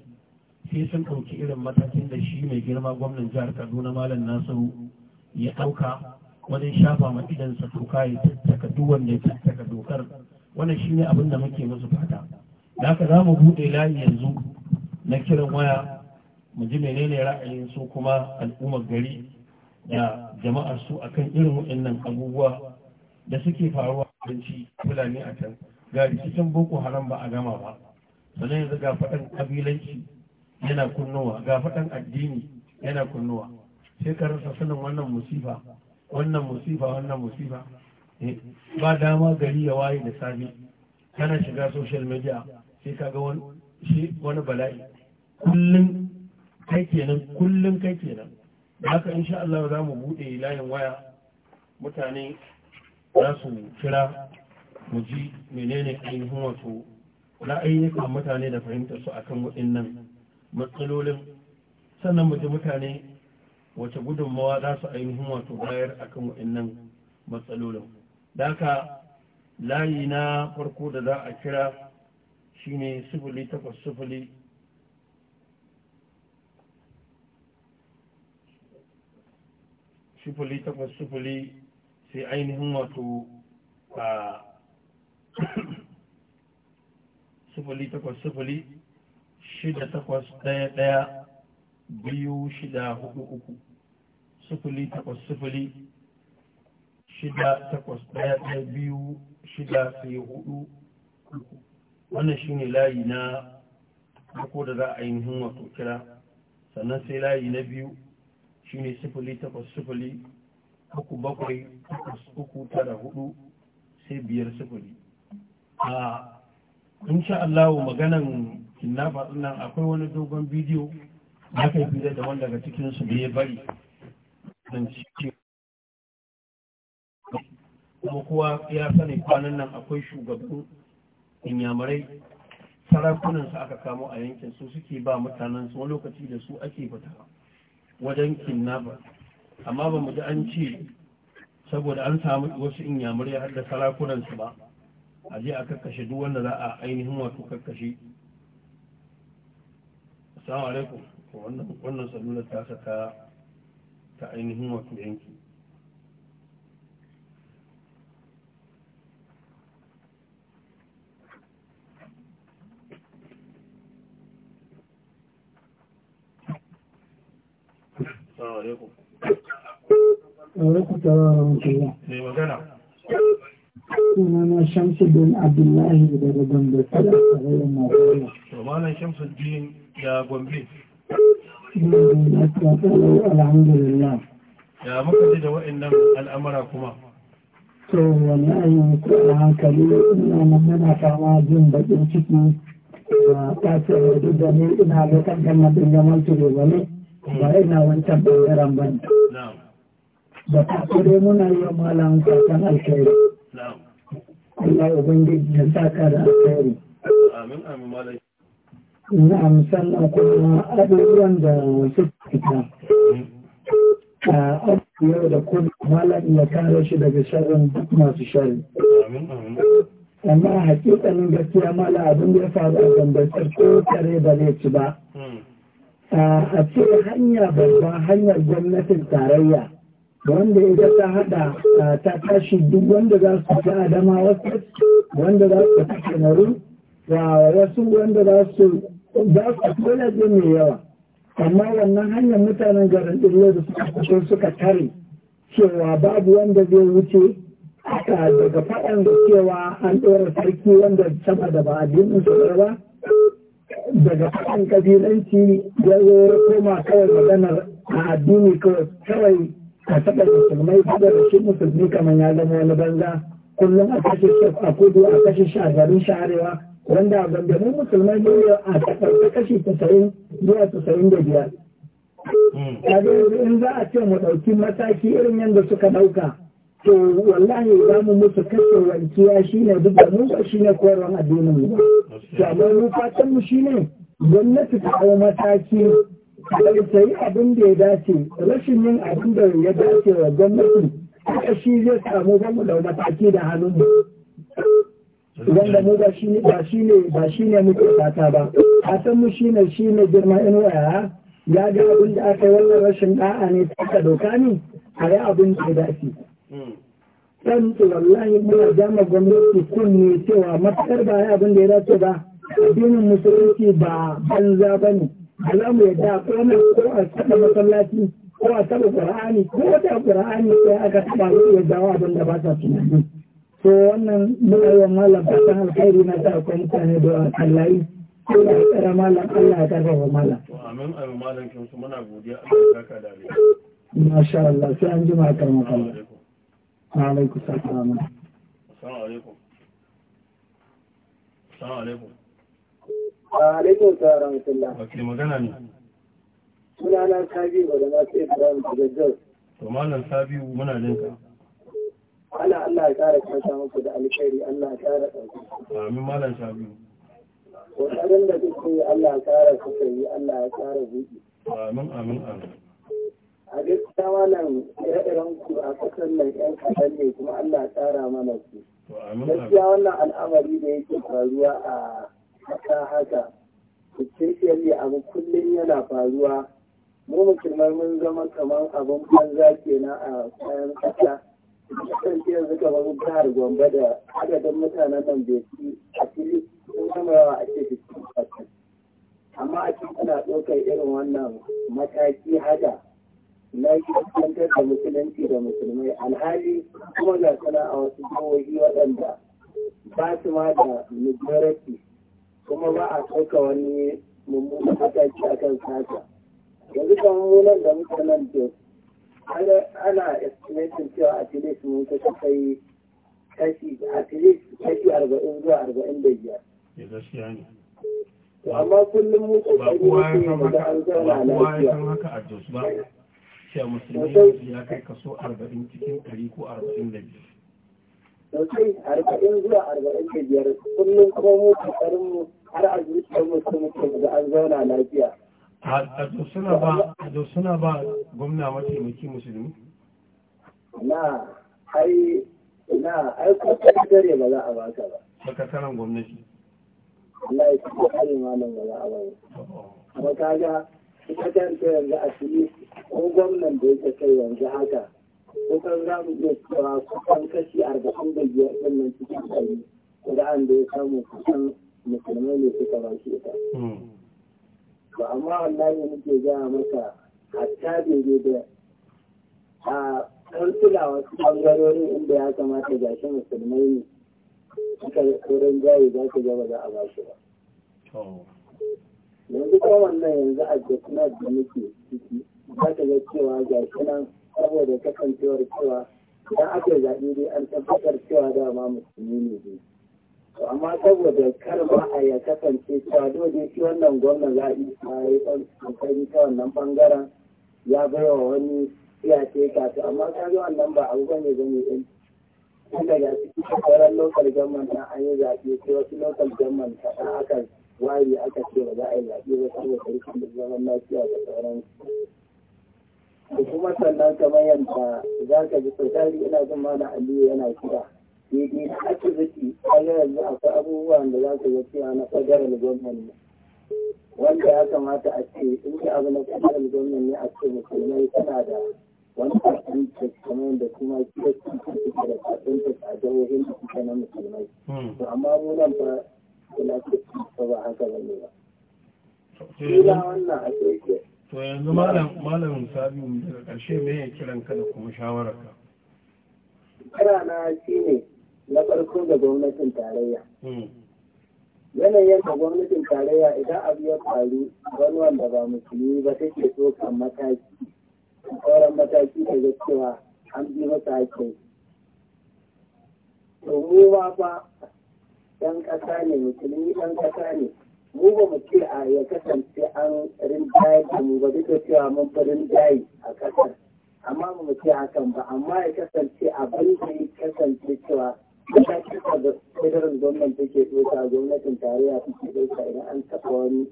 sai sun ɗauki irin matakin da shi mai girma gwamnan jihar kaduna malam nasiru ya ɗauka wani shafa ma idansa toka ya tattaka duk wanda ya tattaka dokar wannan shi ne abin da muke musu fata da haka za mu buɗe layi yanzu na kiran waya mu ji menene ra'ayin su kuma al'ummar gari da jama'ar su akan irin waɗannan abubuwa da suke faruwa a abinci fulani a can ga rikicin boko haram ba a gama ba sannan yanzu ga faɗin ƙabilanci yana kunnuwa ga faɗan addini yana kunnuwa sai ka rasa sanin wannan musifa wannan musifa wannan musifa eh, ba dama gari ya waye da safe kana shiga social media sai ka ga wani bala'i kullum kai kenan kullum kai kenan haka insha Allah za mu bude layin waya mutane za su kira mu ji menene ainihin wato ra'ayyukan mutane da fahimtar su akan waɗannan matsalolin sannan mutum mutane wace gudunmawa za su ainihin wato bayar a kan waɗannan matsalolin da aka layi na farko da za a kira shi ne sufuli takwas sufuli sufuli takwas sufuli sai ainihin wato a sufuli takwas sufuli shida takwas ɗaya ɗaya biyu shida hudu uku sufuli takwas sufuli shida takwas ɗaya ɗaya biyu shida sai hudu uku wannan shi ne layi na farko da za a yi wato kira sannan sai layi na biyu shi ne sufuli takwas sufuli uku bakwai takwas uku tara hudu sai biyar sufuli a insha Allah maganan kinna faɗin nan akwai wani dogon bidiyo da aka yi da wanda cikin cikinsu da ya bari don cike kuma kowa ya sani kwanan nan akwai shugaban inyamurai sarakunansu aka kamo a yankin su suke ba mutanen su wani lokaci da su ake fita wajen kinnafa amma ba mu ji an ce saboda an samu wasu inyamurai har da sarakunansu ba a je a kakkashe duk wanda za a ainihin wato kakkashe Assalamu alaikum. Wannan wannan ta saka ta ainihin wato yanki. Assalamu alaikum. Alaikum salam wa rahmatullah. Me magana? Sunana Shamsuddin Abdullahi daga Gombe, kada a rayuwar Najeriya. to malam shamsuddin ya gombe alhamdulillah ya muka ji da wa'annan al'amura kuma to wallahi ko a hankali ina nan yana fama jin bakin ciki da tasiri duk da ne ina da na bin zaman ba ba hmm. ina wancan bayaran ba da Allah na'am sannan kuma abubuwan da suka fita a abubuwa da kuma malam ya kare shi daga sharrin duk masu sharri amma hakikanin gaskiya mala abin da ya faru a gambatar ko tare da zai ci ba hmm. a ce hanya babba hanyar gwamnatin tarayya wanda ita ta hada ta tashi duk wanda za su ta adama wasu wanda za su ta kamaru ga wasu wanda za su za su dole mai yawa amma wannan hanyar mutanen garin ɗirlo da suka fito suka tare cewa babu wanda zai wuce aka daga faɗan da cewa an ɗora sarki wanda sama da ba addinin sauran ba daga faɗan kabilanci ya zo koma kawai maganar a addini kawai a saka musulmai da shi musulmi kamar ya zama wani banza kullum a kashe shi a kudu a kashe shi a garin sharewa wanda gangamin musulmai ne a kasar kashi 90 zuwa 95 hmm. kaga in za a ce mu ɗauki mataki irin yadda suka ɗauka to wallahi za mu musu kashe wankiya shi ne duk da mu shi ne koron addinin mu to amma mu fatan mu shi ne gwamnati ta hau mataki ta yi abin da ya dace rashin yin abin da ya dace wa gwamnati haka shi zai samu ba mu dau mataki da hannun mu idan da mu ba shi ne ba shi ne ba shi ne muke fata ba a san mu shi ne shi ne girma in waya ya ga abin da aka yi wannan rashin da'a ne ta doka ne a yi abin da ya dace dan wallahi muna jama gwamnati kunne cewa matakar ba ya abin da ya dace ba addinin musulunci ba banza ba ne za mu yadda ko ko a taɓa masallaci ko a taɓa ƙura'ani. ko wata ƙur'ani sai aka taɓa su yadda abin da ba sa tunani to wannan bayan malam san alkhairi na ta kuma mutane da kallayi ko da tsara malam Allah ya wa malam to amin amin malam kin su muna godiya Allah ya saka da ni masha Allah sai an jima karma kallah alaikum salam assalamu alaikum assalamu alaikum alaikum salam wa magana ne sunana sabiu da na sai Ibrahim daga Jos to malam sabiu muna jinka Allah Allah ya ƙara kyauta muku da alkhairi Allah ya ƙara ɗauki. Amin malam Shabi. Kokarin da kuke yi Allah ya ƙara kuka yi Allah ya ƙara buɗe. Amin amin amin. A gaskiya wannan ire-iren ku a ƙasar nan ƴan kaɗan ne kuma Allah ya ƙara mana su. Gaskiya wannan al'amari da yake faruwa a haka haka. Kirkiyar ya abu kullum yana faruwa. Mu musulmai mun zama kamar abin banza kenan a kayan ƙasa. kasance yanzu ka wani jihar Gombe da adadin mutanen nan bai fi a fili sun gama yawa a ce Amma a cikin ana ɗaukar irin wannan mataki haka na kwantar da musulunci da musulmai alhali kuma ga sana a wasu jihohi waɗanda ba su ma da majority kuma ba a ɗauka wani mummunan mataki akan sata. Yanzu kan nan da mutanen Jos ana estimating cewa a cire mun kusa kai kashi a cire kashi arba'in zuwa arba'in da biyar. Ya gaskiya ne. Amma kullum mu kokari ne da an zauna lafiya. Ba haka a Jos ba. Cewa musulmi ya kai kaso arba'in cikin ɗari ko arba'in da biyar. Sosai arba'in zuwa arba'in da biyar kullum kuma mu kokarin mu har a zuciyar mu sun mutum da an zauna lafiya. a da suna ba gwamna mataimaki musulmi? na ai na aiko dare ba za a baka ba sakataren gwamnati Allah ya kuma kare malam ba za a baka kuma ga sakataren ta yanzu a fili ko gwamnan da yake kai yanzu haka kusan za mu iya cewa kusan kashi arba'in da biyar ɗin nan cikin ɗari da an da ya samu kusan musulmai ne suka ba shi ita. Hmm. ba amma wallahi nake gaya maka hatta daidai da a kansula wasu ɓangarorin inda ya kamata shi musulmai ne suka tsoron jari za su gaba da a ba shi ba. Yanzu kuma wannan yanzu a Jesnat da muke ciki za ka ga cewa shi nan saboda kasancewar cewa idan aka zaɓe dai an tabbatar cewa dama musulmi ne dai. amma saboda kar ma a ya kasance cewa dole shi wannan gwamna za a yi kokari ta wannan bangaren ya baiwa wani ka to amma ka ga wannan ba abu bane bane din inda daga su sauran local government na an yi zaɓe sai wasu local government kaɗan aka wari aka ce ba za a yi zaɓe ba saboda sarkin da zaman lafiya da sauran kuma sannan kamar yadda za ka ji sosai ina jin mana aliyu yana kira daidai da ake zaki kaga yanzu akwai abubuwan da za ka ga cewa na federal government ne wanda ya kamata a ce in ji abu na federal government ne a ce musulmai tana da wani percentage kuma yadda kuma kiyarci suke da percentage a jihohin da suke na musulmai hmm. to amma mu nan ba kula ce ba ba haka ba ne ba. Kila wannan a ke to yanzu malamin sabiu daga ƙarshe me ya kiran ka da kuma shawararka. Kira na shi ne na farko da gwamnatin tarayya hmm. yanayin da gwamnatin tarayya idan abu ya faru wani wanda ba musulmi ba take kan mataki sauran mataki da ga cewa an bi masa hakin. to mu ma fa ɗan ƙasa ne musulmi ɗan ƙasa ne mu ba mu ce a ya kasance an rinjaye da mu ba duk da cewa mun fi rinjaye a ƙasar amma mu ce hakan ba amma ya kasance abin da ya kasance cewa Matakin da federal government take ɗauka gwamnatin tarayya take ɗauka idan an taɓa wani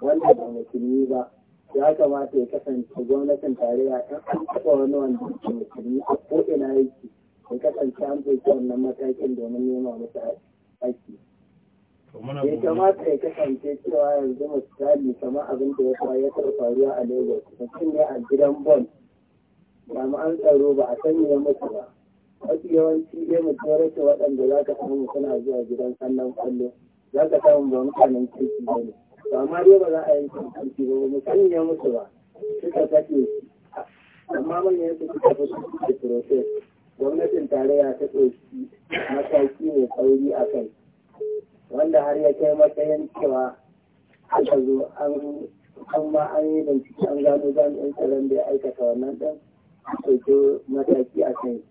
wanda ba musulmi ba ya kamata ya kasance gwamnatin tarayya ɗan an taɓa wani wanda ke musulmi a ko'ina yake ya kasance an ɗauki wannan matakin domin nema musu aiki. Ya kamata ya kasance cewa yanzu misali kamar abin da ya taɓa faruwa a Lagos mutum ne a gidan Bon jami'an tsaro ba a sanya musu ba. wasu yawanci dai mutum ya rasa waɗanda za ka samu kuna zuwa gidan kallon kwallo za ka samu ba mutanen kirki ba ne to amma dai ba za a yanke kirki ba mu sani ya mutu ba suka kashe amma manyan su suka fi su da process gwamnatin tarayya ta ɗauki mataki mai sauri a kai wanda har ya kai matsayin cewa aka zo an ma an yi bincike an gano jami'an tsaron da ya aikata wannan ɗan ɗauki mataki a kai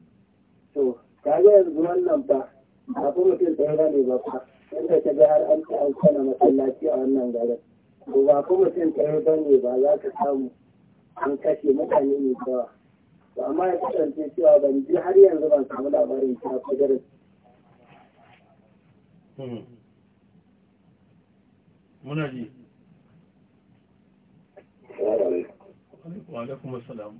to kaga yanzu wannan fa abu mutum ɗaya ba ne ba fa yadda ta ga har an an kana masallaci a wannan garin to ba ko mutum ɗaya ba ne ba za ka samu an kashe mutane ne yawa to amma ya kasance cewa ban ji har yanzu ban samu labarin ta kudurin hmm. muna ji wa alaikum assalam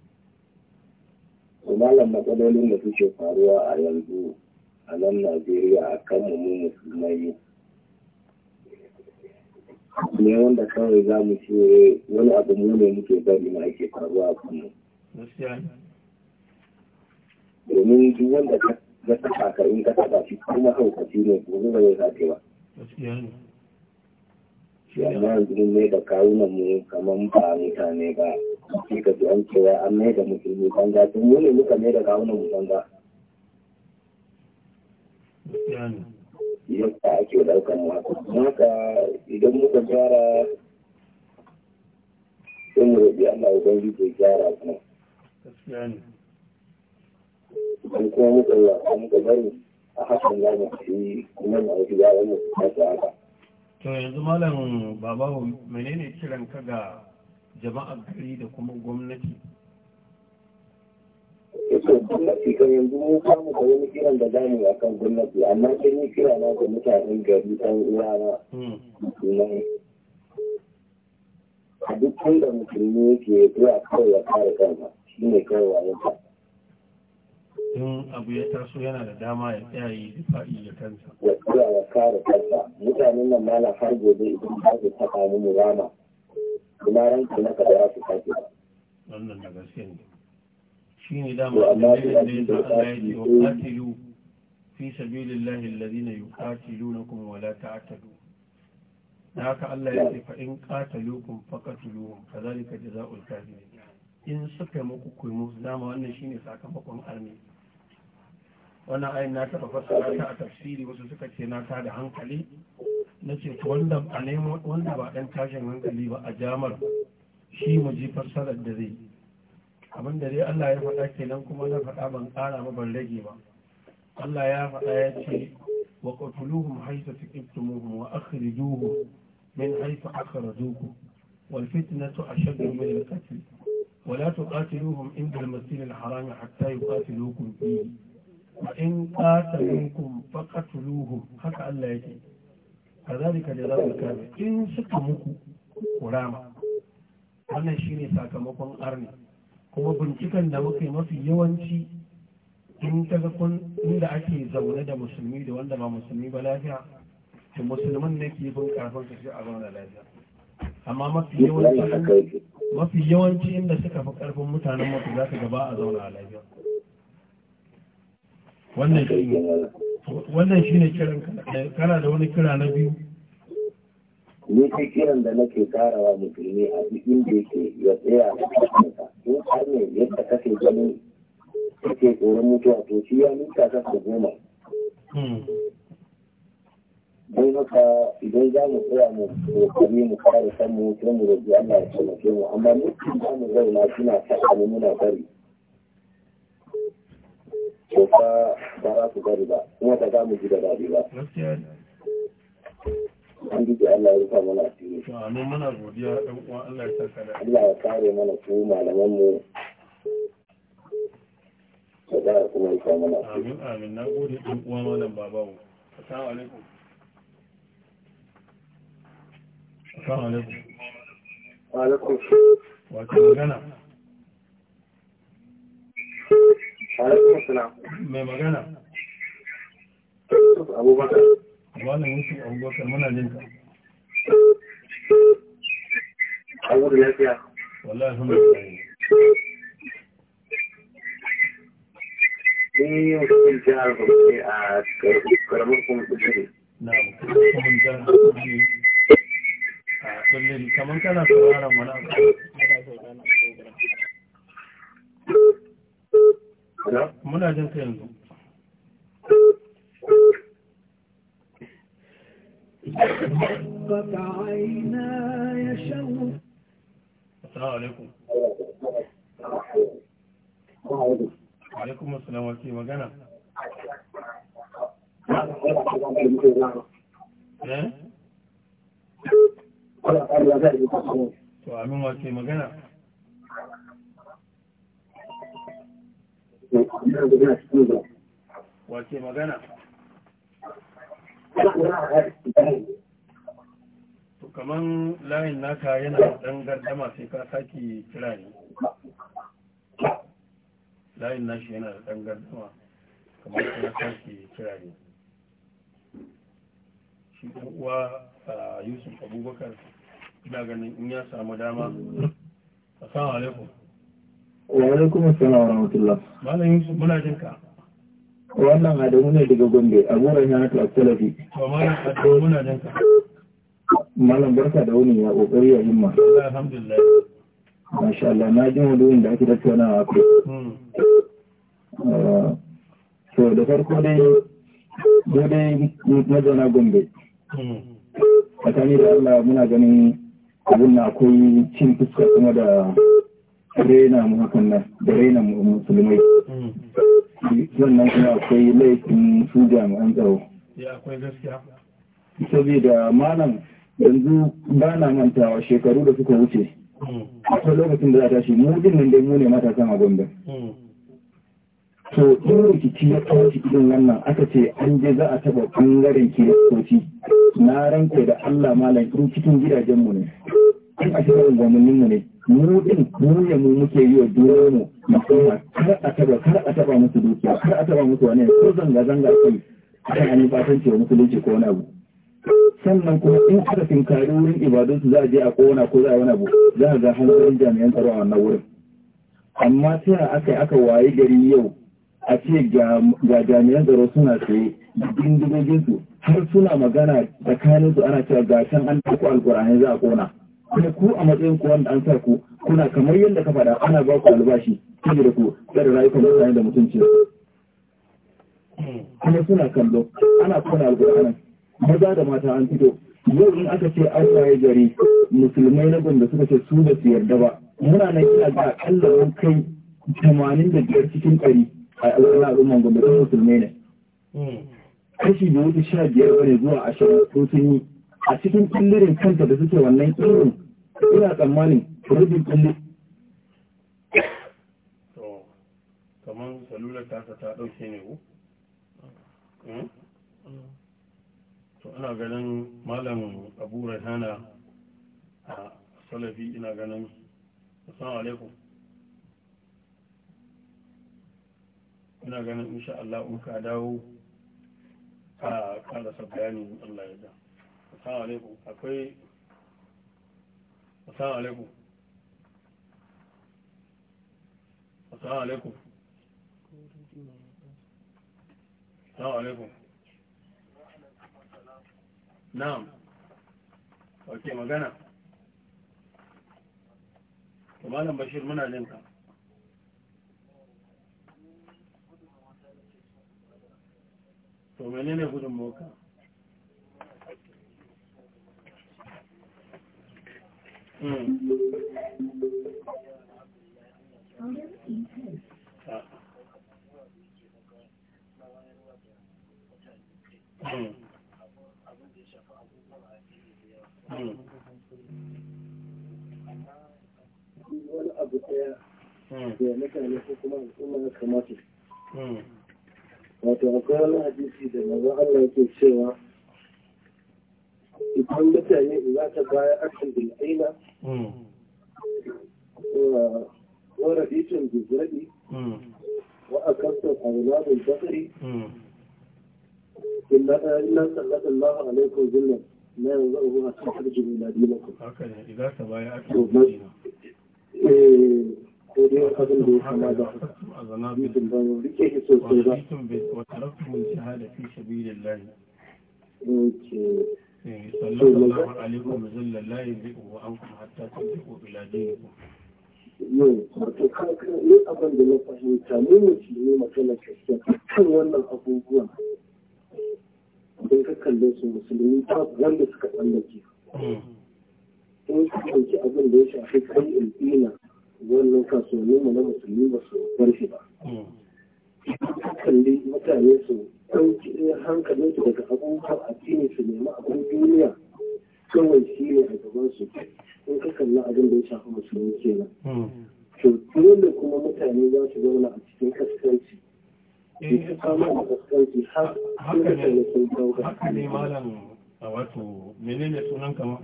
malam matsalolin da suke faruwa a yanzu a nan najeriya a kan mu musulmai ne wanda kawai za mu ce wani abu mu ne muke bari ma ake faruwa a kanmu domin duk wanda ka saka ka in ka saka shi kuma haukaci ne gobe ba zai sake ba shi amma yanzu ne da kawunan mu kamar ba mutane ba sai ka ji an cewa an mai da musulmi tun ne muka mai da kawunan yadda ake daukan idan muka gyara sai mu Allah ubangiji ya gyara idan kuma muka yi muka bari a hakan za mu kuma na wasu mu haka to yanzu malam menene kiran ka ga jama'ar gari da kuma gwamnati yato gwamnati kan yanzu mun samu da wani kiran da zamu a kan gwamnati amma sai ni kira na ga mutanen gari ɗan uwa na hmm. a duk da musulmi yake zuwa kawai ya kare kansa shi ne kawai wayansa in abu ya taso yana da dama ya tsaya yi difa'i ya kansa ya tsaya ya kare kansa mutanen nan ma na har gobe idan ba su taɓa mu rama kuma ranki na ka da ya fi sake ba wannan da gaske ne shi ne dama amma da ya ce Allah ya ce wa qatilu fi sabilillahi alladhina yuqatilunakum wa la ta'tadu Na haka Allah ya ce fa in qataluukum faqatuluhum kadhalika jazaa'ul kafirin in suka muku kuimu dama wannan shi ne sakamakon arni wannan ayin na taɓa fassara ta a tafsiri wasu suka ce na ta da hankali na ce wanda a nemo wanda ba ɗan tashin hankali ba a jamar shi mu ji fassarar da zai abin da dai Allah ya faɗa kenan kuma na faɗa ban ƙara ba ban rage ba Allah ya faɗa ya ce wa qatuluhum haythu tuqiftumuhum wa akhrijuhum min haythu akhrajukum wal fitnatu ashaddu min al-qatl wa la tuqatiluhum inda al-masjid al-haram hatta yuqatilukum fihi wa in qataluukum faqatuluhum haka Allah yake a zalika da zaɓar kame in suka muku kurama wannan shine sakamakon arni kuma binciken da muka yi mafi yawanci in ta kun inda ake zaune da musulmi da wanda ba musulmi ba lafiya to musulman ne ke bin karfin a zauna lafiya amma mafi yawanci mafi yawanci inda suka fi karfin mutanen mutu za ka gaba a zauna lafiya wannan shi ne kiran eh, kana da wani kira na biyu ni kai kiran da nake karawa musulmi a duk inda yake ya tsaya a cikin in har ne yadda kake ganin kake tsoron mutuwa to shi ya nuka ta ka goma hmm. don haka idan za mu tsaya mu kokari mu kare san mu sai mu roƙi Allah ya taimake mu amma mutum za mu zauna suna ta muna bari to fa ba za bari ba kuma ba za mu ji da daɗi ba an ji Allah ya rufa mana asiri amin muna godiya ɗan uwa Allah ya saka da Allah ya kare mana su malaman mu ta da kuma ya sa mana amin amin na gode ɗan uwa malam babawo assalamu alaikum magana Mai magana. Abubakar. Malam Yusuf Abubakar muna jin ka. Abubuwa lafiya. Wallahi sun Ni yau kun jihar Bauchi a karamar kuma kusuri. Na, kuma jihar Bauchi a ɓulleri kamar kana sauraron wani abu. muna jin ka yanzu Assalamu alaikum. Alaikum assalam wa ke magana? Eh? To amin wa ke magana? wace magana kaman layin naka yana dan gardama sai ka saki kira ne layin nashi yana da dan gardama kamar ka saki kira ne shi dan uwa yusuf abubakar ina ganin in ya samu dama assalamu alaikum Wa alaikum assalam wa rahmatullah. Malam Yusuf muna jin Wannan Adamu ne daga Gombe, a gurin yana ta Salafi. Wa malam Adamu muna jin ka. barka da wani ya ƙoƙari ya himma. Alhamdulillah. Masha Allah, na ji wadoyin da ake tattaunawa a kai. So hmm. uh, da farko dai mu dai mazauna Gombe. Hmm. Tsakani da Allah muna ganin abin na akwai cin fuska kuma da rena mu hakan nan da rena mu musulmai sannan kuma akwai laifin su jami'an tsaro saboda malam yanzu ba na mantawa shekaru da suka wuce hmm. akwai lokacin da za ta shi mujin nan dai mu ne matasan a gombe hmm. to in rikici ya kawo shi irin wannan aka ce an je za a taba bangaren kiristoci na ranke da allah malam in cikin gidajenmu ne in a cikin mu ne mu din mu muke yi wa dole mu musamman kar a taba kar a taba musu dukiya kar a taba musu wani ko zanga zanga kai kan hannun fatan cewa musulunci ko wani abu sannan kuma in aka kare wurin ibadunsu za a je a kona ko za a wani abu za a ga hankalin jami'an tsaro a wannan wurin amma sai aka aka waye gari yau a ce ga jami'an tsaro suna tsaye bindigoginsu har suna magana tsakaninsu ana cewa ga can an ɗauko alkur'ani za a kona kuma ku a matsayin ku wanda an sa ku kuna kamar yadda ka faɗa ana ba ku albashi da ku tsare rayukan mutane da mutunci kuma suna kallo ana kona alƙur'anin maza da mata an fito yau in aka ce an waye gari musulmai na gunda suka ce su ba su yarda ba muna nan ina ga akalla wani kai tamanin da biyar cikin ɗari a al'adun al'umman gunda musulmai ne kashi da wuce sha biyar wani zuwa ashirin ko sun yi a cikin kullurin kanta da suke wannan irin ina tsammanin rubin kullu to kamar salular tasa ta dauke ne ko hmm? to ina ganin malam abu rahana a salafi ina ganin assalamu alaikum ina ganin insha Allah in ka dawo a ƙarasa bayanin Allah ya da assalamu alaikum akwai assalamu alaikum assalamu na'am ok magana malam bashir muna jinka to menene gudun moka wani abu daya da mutane ko kuma al'umma ya kamata wato akwai wani hadisi da mazan Allah yake cewa idan mutane za ta baya akan bil'aina hmm. wa rabitun guzrabi hmm. wa akasar arnabin basari إلا سلط الله عليكم ذلا لا ينظره حتى تخرجوا من دينكم. هكذا إذا تبايعتم بالدينة. وتركتم الجهاد في سبيل الله. Eh, sallallahu alaikum zalla la yuzi'u wa ankum hatta tuzi'u ila dinikum yau wato kan kan abin da na fahimta ne musulmi magana kasiya kan wannan abubuwan don ka kalle su musulmi ta wanda suka tsallake hmm. in ka ɗauki abin da ya shafi kai ilmina wannan kasuwanni mu na musulmi ba su bar shi ba hmm. ka kalli mutane su ɗauki hankalinsu daga abubuwan addini su nemi abin duniya kawai shi ne a gaban su in ka kalla abin da ya shafi musulmi kenan hmm. to dole kuma mutane za su zauna a cikin kaskanci su kama eh, da kaskanci har sun kasance sun ɗauka haka ne malam a wato menene sunan kama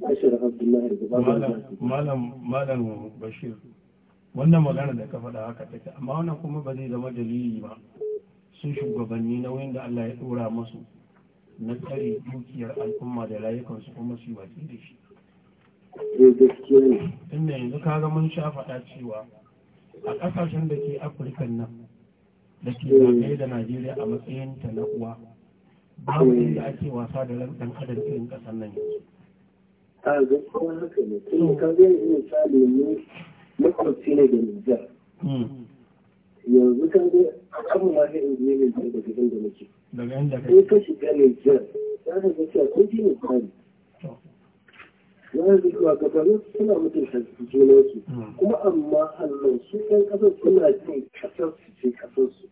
Bashir Abdullahi da Malam Malam Bashir wannan magana da ka faɗa haka take amma wannan kuma ba zai zama dalili ba Sun shugabanni nauyin da Allah ya dora masu na tsari dukiyar al'umma da rayukansu kuma su watsi da shi eh, inda yanzu kaga mun sha faɗa cewa a ƙasashen da ke afirka nan da ke eh. zaɓe da najeriya a matsayin ta na uwa babu eh. inda ake wasa da ran ɗan adam irin ƙasar nan yanzu a gaskiya haka ne kaga yanzu misali ne makwabci da nijar hmm. yanzu kan dai a kan ma sai in je ne da gidan da nake daga inda kai ka shiga ne jar za ka ga cewa ko jini tsari ya yanzu cewa gabanin suna mutunta junansu hmm. kuma amma allah su yan kasar suna jin kasar su ce kasar su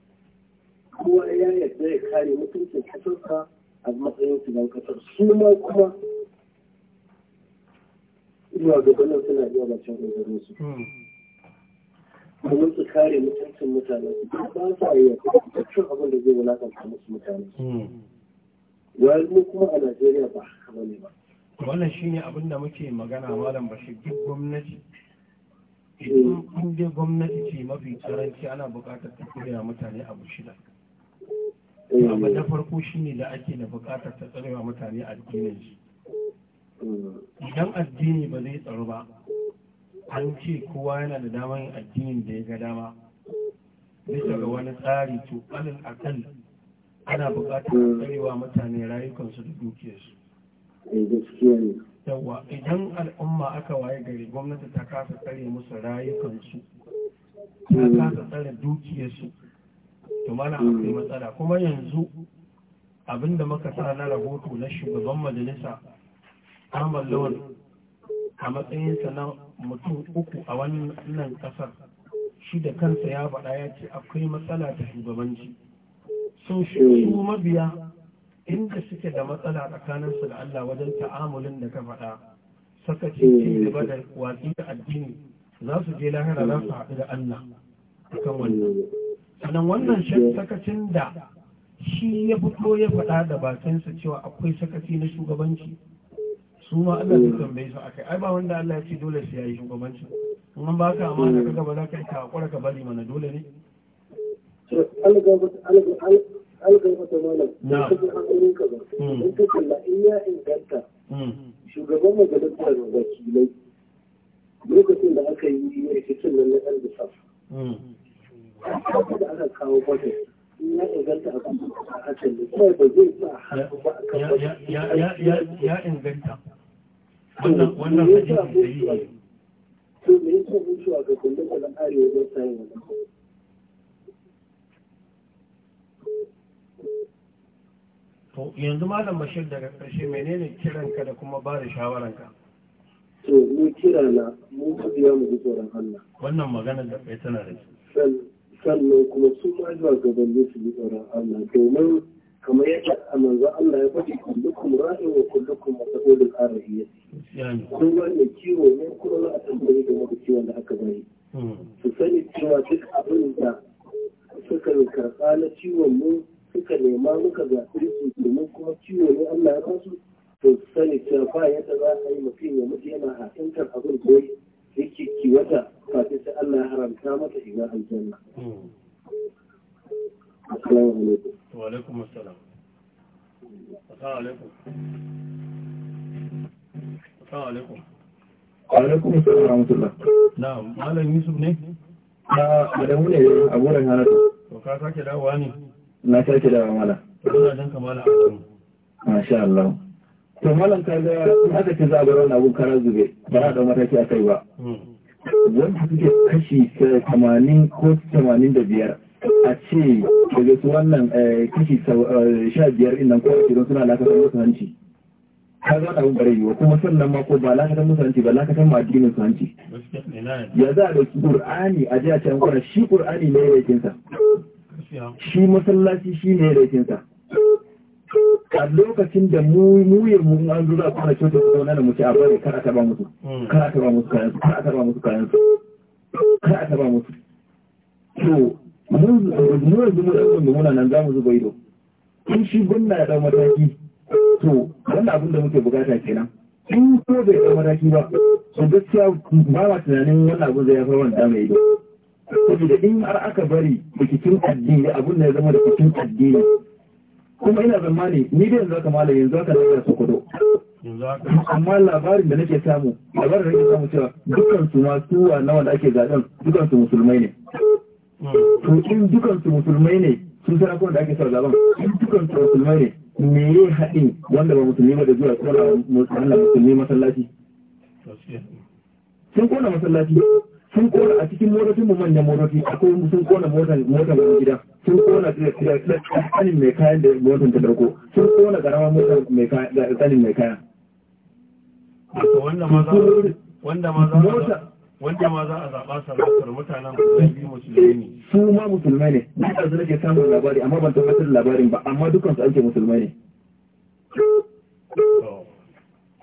kowa ya yarda ya kare mutuncin kasarsa a matsayin su dan kasar su ma kuma zuwa gabanin suna iya bacin ƙoƙarin su hmm. domin su kare mutuncin mutane ba su a yi cin abin da zai wulakanta musu mutane hmm. wani mu kuma a najeriya ba haka bane ba wannan ne abin da muke magana malam bashir duk gwamnati hmm. in gwamnati ce mafi karanci ana buƙatar ta koya mutane abu shida hmm. abu na farko shi ne da ake da buƙatar ta tsarewa mutane addinin shi idan addini ba zai tsaro ba an ce kowa yana da damar yin addinin da ya ga dama bisa ga wani tsari to alal akal ana buƙatar tsarewa mutane rayukansu da dukiyarsu eh, yawa idan al'umma aka waye gari gwamnati ta kasa tsare musu rayukansu ta kasa tsare dukiyarsu to mana akwai matsala kuma yanzu abinda muka sa na rahoto na shugaban majalisa ahmad lawan a matsayinsa na mutum uku a wannan kasar shi da kansa ya faɗa ya ce akwai matsala ta shugabanci sun shi hmm. mabiya inda suke da matsala tsakaninsu da Allah wajen ta'amulin da ka faɗa saka ce hmm. ci gaba da watsi da addini za su je lahira za su haɗu da Allah akan wannan hmm. sannan wannan sakacin da shi ya fito ya faɗa da bakinsa cewa akwai sakaci na shugabanci su ma Allah zai tambaye su akai ai ba wanda Allah ya ce dole sai yayi shugabanci in an baka amana ka gaba za ka yi ka hakura ka bari mana dole ne algaibata malam da kake hankalin ka ba in ka kalla in ya inganta shugaban majalisar wakilai lokacin da aka yi rikicin nan na albisaf da aka kawo bakin ya inganta a kan hakan ne kuma ba zai sa hannu ba a kan ya inganta to yanzu malam daga ƙarshe menene kiranka da kuma ba da shawaranka to mu kira na mu mu tsoron Allah wannan magana da kai tana da sannan kuma su ma zuwa gaban su tsoron Allah domin kamar yadda manzo Allah ya faɗi kullukum ra'in wa kullukum mas'ulun an ra'iyati kun wanda kiwo ne kuma za a tambaye game da kiwon da aka bari hmm. su sani cewa duk abin da suka karɓa na ciwon mu suka nema muka zaɓi su domin kuma ciwo ne Allah ya basu to su sani cewa ba yadda za a yi mutum ya mutu yana hatintar abin da yake kiwata kafin sai Allah ya haramta mata shiga aljanna. Hmm. Assalamu alaikum. wa alaikum السلام عليكم alaikum عليكم alaikum alaikum ورحمه wa نعم مالك malam yusuf ne a madamu ne a gurin halatu ka sake dawowa ne na sake dawowa malam ina jin kamala a masha to malam ka ga haka ke ci na kara zube ba za a mataki a kai ba hmm. wanda suke kashi 80 ko 85 a ce daga su wannan eh, kashi eh, sha biyar inda kowace don suna lakatar musu hanci ka zo da bare yiwa kuma sannan ma ko ba lakatar musu hanci ba lakatar ma addinin musulunci hanci ya za a ɗauki ƙur'ani a ji a can kwana shi ƙur'ani ne laifinsa shi masallaci shi ne laifinsa a lokacin da mu muyin mu an zuwa kwana coci su zauna da mu ce a bari kar a musu kar a musu kayan su kar a musu kayan su kar a musu to mun yanzu mu da muna nan za mu zuba ido in shi gwamna ya ɗau mataki to wannan abin da muke bukata kenan in ko bai ɗau mataki ba to gaskiya ba ma tunanin wannan abin zai haifar wanda mai ido saboda in har aka bari rikicin addini abin da ya zama rikicin addini kuma ina zamani ni dai yanzu aka mala yanzu aka daga su kudu amma labarin da nake samu labarin da nake samu cewa dukkan su ma suwa na wanda ake zaɓen dukkan su musulmai ne to in dukansu musulmai ne sun sarakuna da ake sa zaben in dukansu musulmai ne me ya haɗin wanda ba musulmi ba da zuwa kona musulmi musulmi masallaci sun kona masallaci sun kona a cikin motocin mu manyan motoci akwai sun kona motan motan gida sun kona tsanin mai kayan da motan ta dauko sun kona garama motan mai kayan da tsanin mai kayan wanda ma za wanda ma za a zaɓa sarautar mutanen musulmi musulmi ne su ma musulmai ne duk da nake samun labari amma ban tabbatar labarin ba amma dukansu su ake musulmai ne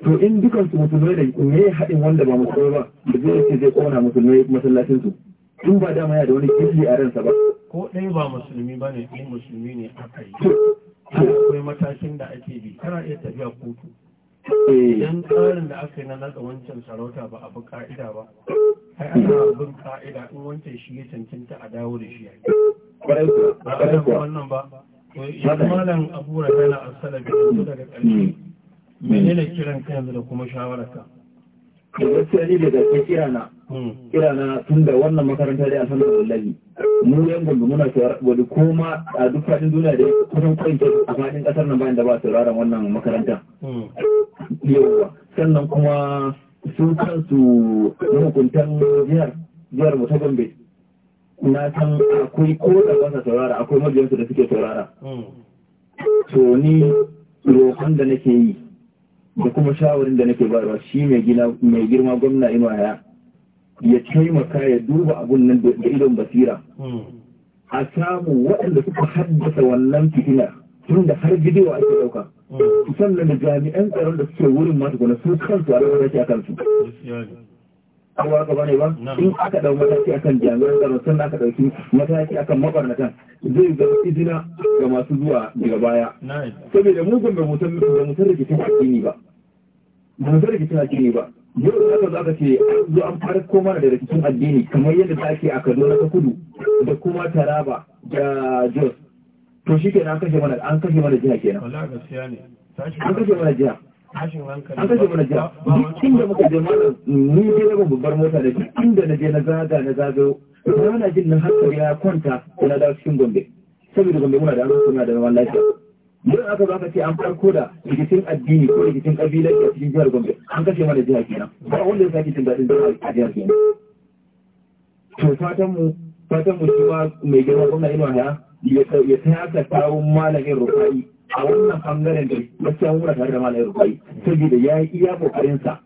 to in dukansu musulmai ne me ya haɗin wanda ba musulmai ba da zai ce zai kona musulmai masallacin su in ba dama ya da wani kishi a ransa ba ko ɗaya ba musulmi ba ne in musulmi ne aka yi akwai matashin da ake bi kana iya tafiya kotu Eh. idan tsarin da aka yi na latsa wancan sarauta ba abu ka'ida ba ai ana hmm. bin ka'ida in wancan shi ya cancanta a dawo da shi ba a wannan ba yanzu malam abura yana a salabi yanzu daga ƙarshe hmm. menene hmm. kiran ka yanzu da kuma shawararka da gaskiya kira na kira na tun da wannan makaranta dai alhamdulillah mu yan gombe muna wani koma a duk faɗin duniya da kusan kwanke a faɗin ƙasar nan bayan da ba sauraron wannan makaranta yawa sannan kuma su kansu mahukuntan jihar jihar mu ta gombe na san akwai ko da ba sa saurara akwai majiyarsu da suke saurara to ni roƙon da nake yi da kuma shawarin da nake bayarwa shi mai girma gwamna ima ya ya taimaka ya duba abun nan da idon basira hmm. a samu waɗanda suka haddasa wannan fitina tun da har gidewa ake ɗauka hmm. sannan da jami'an tsaron da suke wurin masu gona su kansu a rawar a kansu abuwa ka bane ba in aka ɗau mataki akan jami'an tsaron sun aka ɗauki mataki akan mabarnatan zai ga izina ga masu zuwa daga baya saboda mugun ba mutum da mutum rikicin addini ba mutum rikicin addini ba yau da aka zo aka ce an zo an fara koma da rikicin addini kamar yadda ta ake a Kaduna ta kudu da kuma Taraba da Jos to shi kenan an kashe mana an kashe mana jiha kenan ne an kashe mana jiha an kashe mana jiha duk inda muka je mana ni je na babbar mota da duk inda na je na zaga na zagayo na jin nan hakkar ya kwanta na da cikin Gombe saboda Gombe muna da an muna da zaman lafiya Murin aka za ka ce an farko da rikicin addini ko rikicin kabila a cikin jihar Gombe an kashe mana jiha kenan. Ba wanda ya sake cin daɗin jihar a jihar kenan. To fatan mu fatan mu cewa mai girma gwamna ino haya ya ta ka kawo malamin rufa'i a wannan bangaren da gaskiya muna tare da malamin rufa'i saboda ya yi iya kokarinsa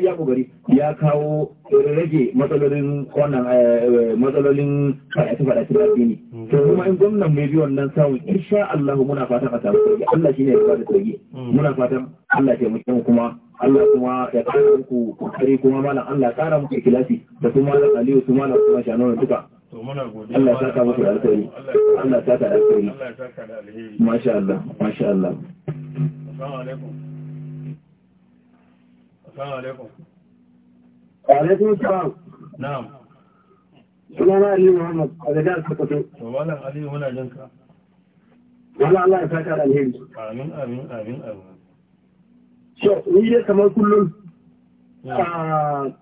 ya kogari ya kawo rage matsalolin wannan eh, matsalolin faɗace faɗace da addini mm. to kuma in gwamnan mai bi wannan samun insha Allah muna fatan a samu sauki Allah shine ya bada sauki mm. muna fatan Allah ya muke kuma Allah kuma ya kara muku kokari kuma malam Allah ya kara muku ikilasi da kuma malam Aliyu su malam kuma shanon duka Allah ya saka muku da alkhairi Allah ya saka da alkhairi masha Allah masha Allah assalamu alaikum Assalamu alaikum. Alaikum salam. Ali Muhammad a da jihar Sokoto. Ali Allah ya saka alheri. Amin amin amin amin. So ni dai kamar kullum hmm.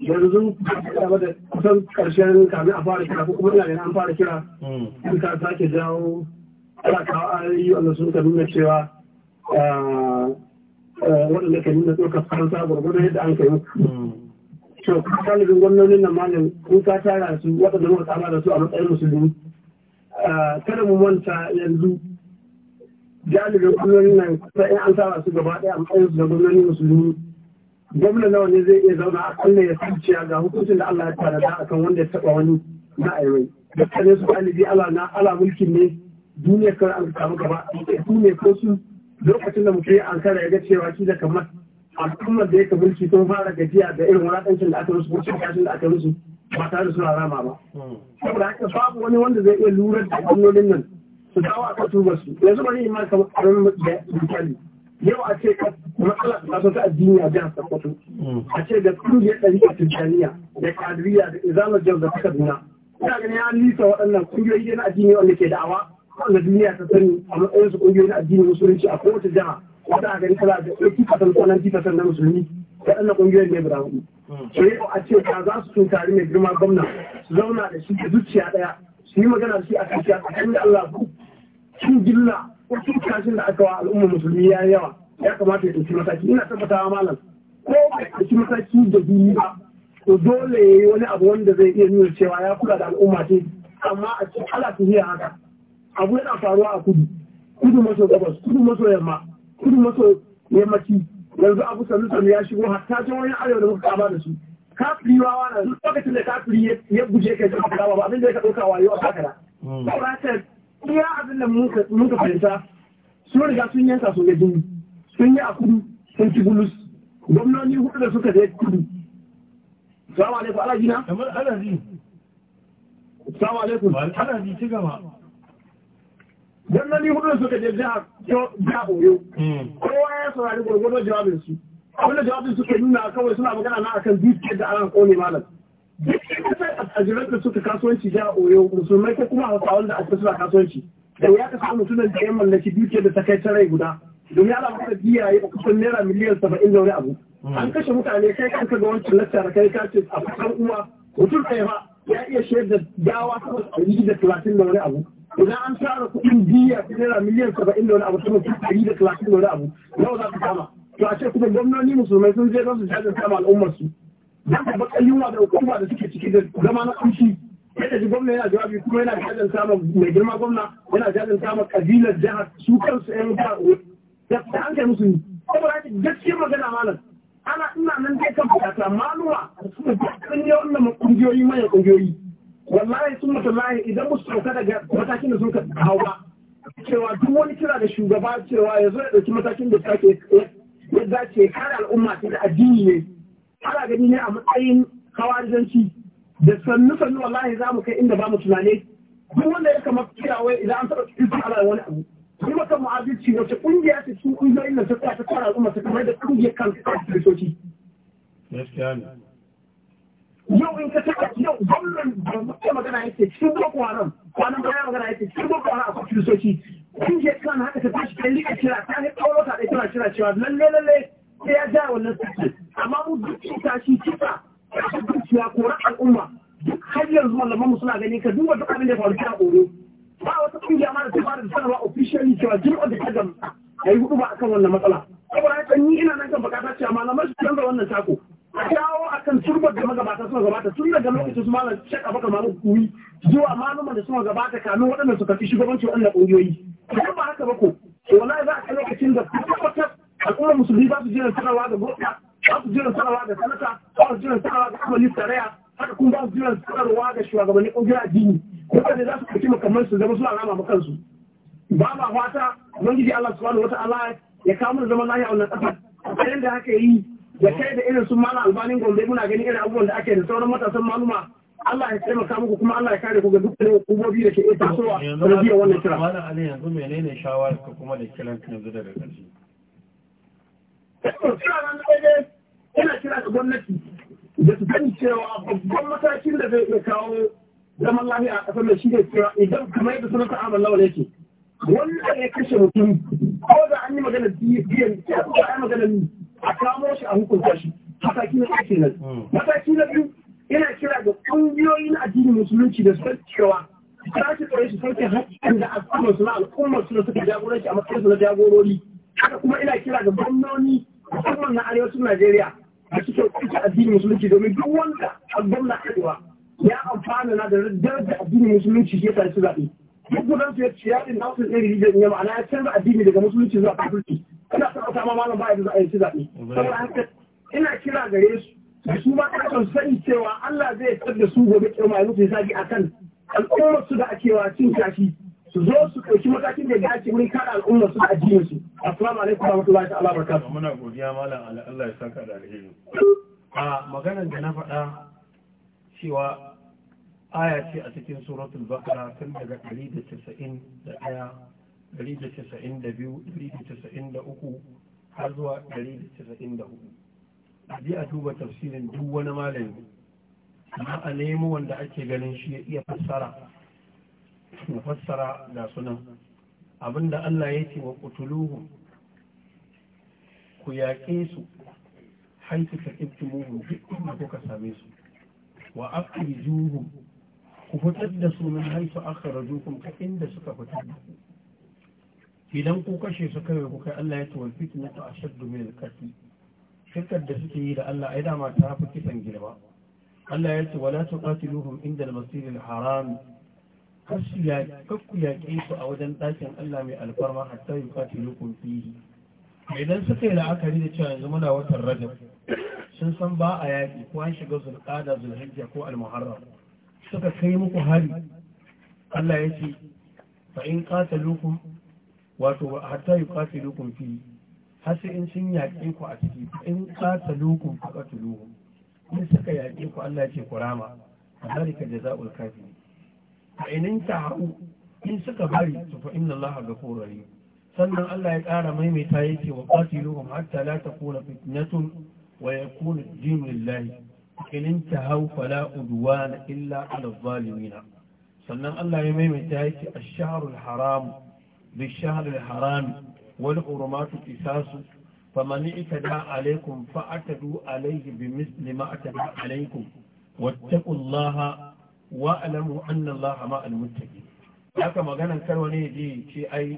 yanzu da kusan karshen kami a fara kira ko kuma fara kira hmm. sake jawo ana kawo nuna cewa waɗanda ke nuna ɗaukar faransa gwargwado yadda an kai muku hmm. to galibin gwamnonin nan malam kun ka tara su waɗanda muka kama da su a matsayin musulmi kada mu manta yanzu galibin gwamnonin nan kusa in an tara su gaba ɗaya a matsayin su da gwamnonin musulmi gwamna nawa ne zai iya zauna a kalle ya sanciya ga hukuncin da Allah ya tara da akan wanda ya taɓa wani na aiwai dukkanin su galibi ala na ala mulkin ne duniyar kar an samu gaba su ne ko su lokacin da muke yi an ya ga cewa shi da kamar al'ummar da yake shi sun fara gajiya da irin wulaƙancin da aka rusu ko cin kashin da aka rusu ba tare da suna rama ba. Saboda haka babu wani wanda zai iya lura da gwamnonin nan su dawo a kan tubar su. Yanzu bari yi maka da misali. Yau a ce matsala ta taso a addini a jihar Sokoto. A ce da kungiyar ɗari a Tijjaniya da Kadiriya da Izalar Jau da Kaduna. Ina ganin ya lisa waɗannan kungiyoyi na addini wanda ke da'awa wanda duniya ta sani a matsayin su kungiyoyin addinin musulunci a kowace jiha wata a gari kala da 80% ko kasan na musulmi na kungiyoyin ne guda hudu sai a ce ka za su tari mai girma gwamna su zauna da shi da zuciya ɗaya su yi magana da shi a kashiya a kan da Allah ku cin gilla ko cin kashin da aka wa al'umma musulmi ya yi yawa ya kamata ya ɗauki mataki ina tabbatawa malam ko bai ɗauki mataki da biyu ba to dole ya yi wani abu wanda zai iya nuna cewa ya kula da al'umma ce amma a ce ala su haka abu yana faruwa a kudu kudu maso gabas kudu maso yamma kudu maso yammaci yanzu abu sanu sanu ya shigo hatta can wani arewa da muka kama da su kafiri wawa na duk lokacin da kafiri ya guje ka zama kama ba abin da ya ɗauka wayo a kakara hmm. saboda ta iya abin da muka fahimta sun riga sun yanka su ga jini sun yi a kudu sun ci bulus gwamnoni hudu da suka je kudu salamu alaikum alajina salamu alaikum alajina ci gaba gwamnoni hudu da suka je jihar oyo hmm. kowa ya saurari gwargwado jawabin su abinda jawabin suka nuna kawai suna magana na akan dukiyar da ana kone malam a kasar ajiran da suka kasuwanci jihar oyo musulmai ko kuma hausawan da aka suna kasuwanci da ya ka samu mutumin da ya mallaki dukiyar da ta kai ta rai guda domin ana maka biya ya kusan naira miliyan saba'in da wani abu hmm. an kashe mutane kai kanka ga wancan lacca kai ka ce a kusan uwa mutum ɗaya ba ya iya shaidar dawa sama da talatin da wani abu idan an sare kuɗin biya su naira miliyan saba'in da wani abu sama cikin ɗari da talatin da wani abu nawa za su kama to a ce kuma gwamnoni musulmai sun je don su jajin kama al'ummar su don ka baka yunwa da hukuma da suke ciki da zama na kamshi yadda ji gwamna yana jawabi kuma yana jajin kama mai girma gwamna yana jajin kama kabilar jihar su kansu yan da an hankali musu saboda haka gaskiyar magana malam ana ina nan dai kan bukata maluwa sun yi wannan manyan kungiyoyi wallahi sun lahi idan musu sauka daga matakin da suka hau ba cewa duk wani kira da shugaba cewa ya zo ya ɗauki matakin da take ya dace kare al'umma ta da addini ne ana gani ne a matsayin hawarizanci da sannu sannu wallahi za mu kai inda ba mu tunane duk wanda ya kama kira wai idan an taɓa cikin ala wani abu kuma kan mu'azirci wacce ƙungiya ce cikin ƙungiyoyin da ta ta al'umma ta kamar da ƙungiyar kan kan kiristoci. Gaskiya ne. yau in ka taka yau gwamnan da muke magana ya yake cikin boko haram kwanan baya magana ya yake cikin boko haram akwai kiristoci kun je kan haka ta tashi kan lika kira ta ne kawo ta da kira kira cewa lalle lalle sai ya ja wannan sakin amma mu duk cuta shi kisa ta dukiya koran al'umma duk har yanzu malaman mu suna gani ka duba duk abin da ya faru kira oro ba wata kungiya ma da ta fara da sanarwa officially cewa jirgin da ta gamsa a yi hudu ba akan wannan matsala saboda haka ni ina nan kan bukata cewa malaman su canza wannan sako a dawo a kan turbar da magabata suna gabata tun daga lokacin su malam shek abakar malam kuri zuwa Malaman da suna gabata kamin waɗanda suka fi shugabanci waɗanda ƙungiyoyi idan ba haka ba ko wallahi za a lokacin da tabbatar al'ummar musulmi za su jiran sanarwa da gurɓa za su jiran sanarwa da sanata za su jiran sanarwa da kamar tarayya haka kuma za su jiran sanarwa da shugabannin ƙungiyar addini da za su ɗauki makamman su zama suna rama ma kansu ba ma fata ubangiji Allah subhanahu wata'ala ya kawo mana zaman lafiya a wannan ƙasar a da haka yi da kai da irin su mana albanin gombe muna gani irin abubuwan da ake da sauran matasan maluma Allah ya taimaka muku kuma Allah ya kare ku ga dukkanin hukumomi da ke iya tasowa da biya wannan kira. Malam Ali yanzu menene shawarar ka kuma da kiran yanzu daga ƙarshe? Kira na daidai ina kira ga gwamnati da su sani cewa babban matakin da zai iya kawo zaman lafiya a ƙasar da shi ne cewa idan kamar yadda sunan ta'amar lawal yake wanda ya kashe mutum ko da an yi magana biyan ko da an yi magana a kamo shi a hukunta shi mataki na ɗaya nan. Hmm. mataki na biyu ina kira ga ƙungiyoyin addinin musulunci da suka cewa ta su tsare su sauke haƙƙin da al'ummar su na al'ummar su na suka jagoranci a matsayin su na jagorori haka kuma ina kira ga gwamnoni musamman na arewacin Najeriya da suke kuka addinin musulunci domin duk wanda a gwamna arewa ya amfana na da darajar addinin musulunci shi ya tare su zaɓe duk gudan su ya ce ya ɗin na wasu tsere rijiyar yamma ma'ana ya canza addini daga musulunci zuwa kafirci ina son a malam ba da za ci yi zaɓe saboda ina kira gare su da su ba kan sani cewa Allah zai fitar da su gobe kirma ya mutu saki akan al'ummar su da ake wa cin kashi su zo su ɗauki matakin da dace wurin kare al'ummar su da addinin su assalamu alaikum warahmatullahi ta'ala barakatuh muna godiya malam Allah ya saka da alheri a maganar da na faɗa cewa aya ce a cikin suratul baqara tun daga 191 192 har zuwa 194 a ji a duba tafsirin duk wani malami amma a nemo wanda ake ganin shi ya iya fassara na fassara ga sunan abinda Allah ya ce wa kutuluhu ku yaƙe su haitu ta ƙiftumuhu duk da kuka same su wa akrijuhu ku fitar da sunan haitu akhrajukum ka inda suka fitar da ku idan ku kashe su kawai ku kai Allah ya ce wal ta ashaddu min al shirkar da suke yi da Allah ai dama ta fi kisan girma Allah ya ce wala tuqatiluhum inda al-masjid al-haram kasu ya kakku ya su a wajen ɗakin Allah mai alfarma hatta yuqatilukum fihi idan suka yi la'akari da cewa yanzu muna watan rajab sun san ba a yaƙi ko an shiga zulqada zulhijja ko al-muharram suka kai muku hari Allah ya ce fa in qataluhum wato hatta yi kwafi lukun fi har sai in sun yaƙe ku a ciki in kwata lukun ku kwata lukun in suka yaƙe ku Allah ce ku rama a zalika jaza'ul kafiri a inin ta hau in suka bari su fa inna Allah ga korari sannan Allah ya ƙara maimaita ya yake wa qatiluhum hatta la ta takuna fitnatun wa ya ad jimillahi. lillahi ta hau fala udwana illa ala adh sannan Allah ya maimaita ya yake ash-shahrul haramu. بالشهر الحرام والحرمات قصاص فمن اعتدى عليكم فاعتدوا عليه بمثل ما اعتدى عليكم واتقوا الله واعلموا ان الله مع المتقين haka maganan kar wani ya je ce ai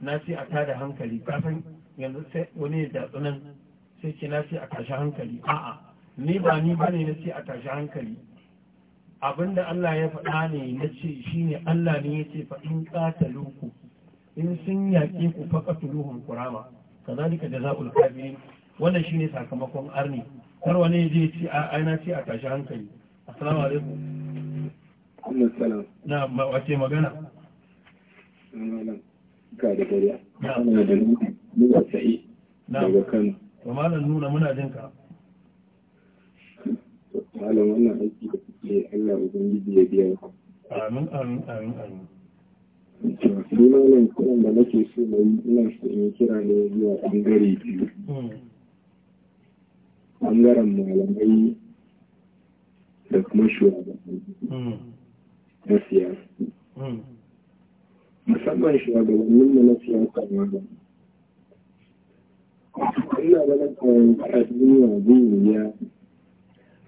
na ce a tada hankali kafin yanzu sai wani ya datsu nan sai ce na ce a tashi hankali a'a ni ba ni ne na ce a tashi hankali abinda Allah ya faɗa ne na ce shine Allah ne ya ce fa in qataluku in sun yaƙe ku faƙa faqatuluhum kurama kazalika jazaul kafirin wannan shine sakamakon arni har wani ya je ci a aina ci a tashi hankali assalamu alaikum na wace magana ka da dare ana da nuna daga malam nuna muna jin ka malam wannan aiki da kuke Allah ubangiji ya biya ku amin amin amin amin Sunanan kiran da nake so na yi ina so in kira ne zuwa ɓangare biyu. Ɓangaren malamai da kuma shugabanni na siyasa. Musamman shugabanninmu na siyasa ma da ina da kan duniya zai wuya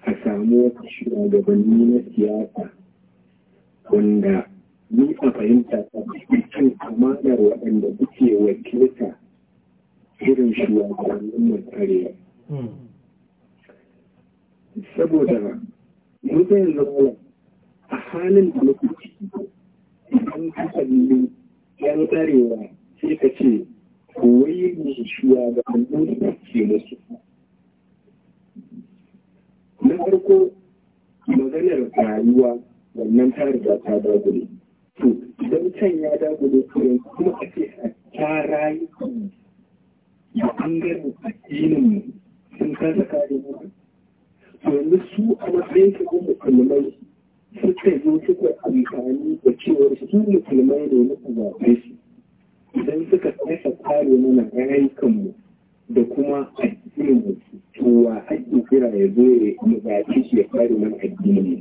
a samu wata shugabanni na siyasa wanda ni a fahimta ta cikin amanar waɗanda suke wakilta irin shugabannin mu hmm. saboda Saboda mutum yanzu a halin da muke ciki an kasalli yan tsarewa, sai ka ce kowai ne shugabannin da suke musu. Na farko maganar rayuwa wannan ta riga ta dagule. to idan can ya da turai kuma ake ta rayu ya ɓangaren addinin mu sun kasa kare mu to yanzu su a matsayin su ko musulmai suka zo suka amfani da cewar su musulmai ne na zaɓe su idan suka kasa kare mana rayukanmu da kuma addinin mu to wa ake kira ya zo ya zaɓe shi ya kare mana addinin mu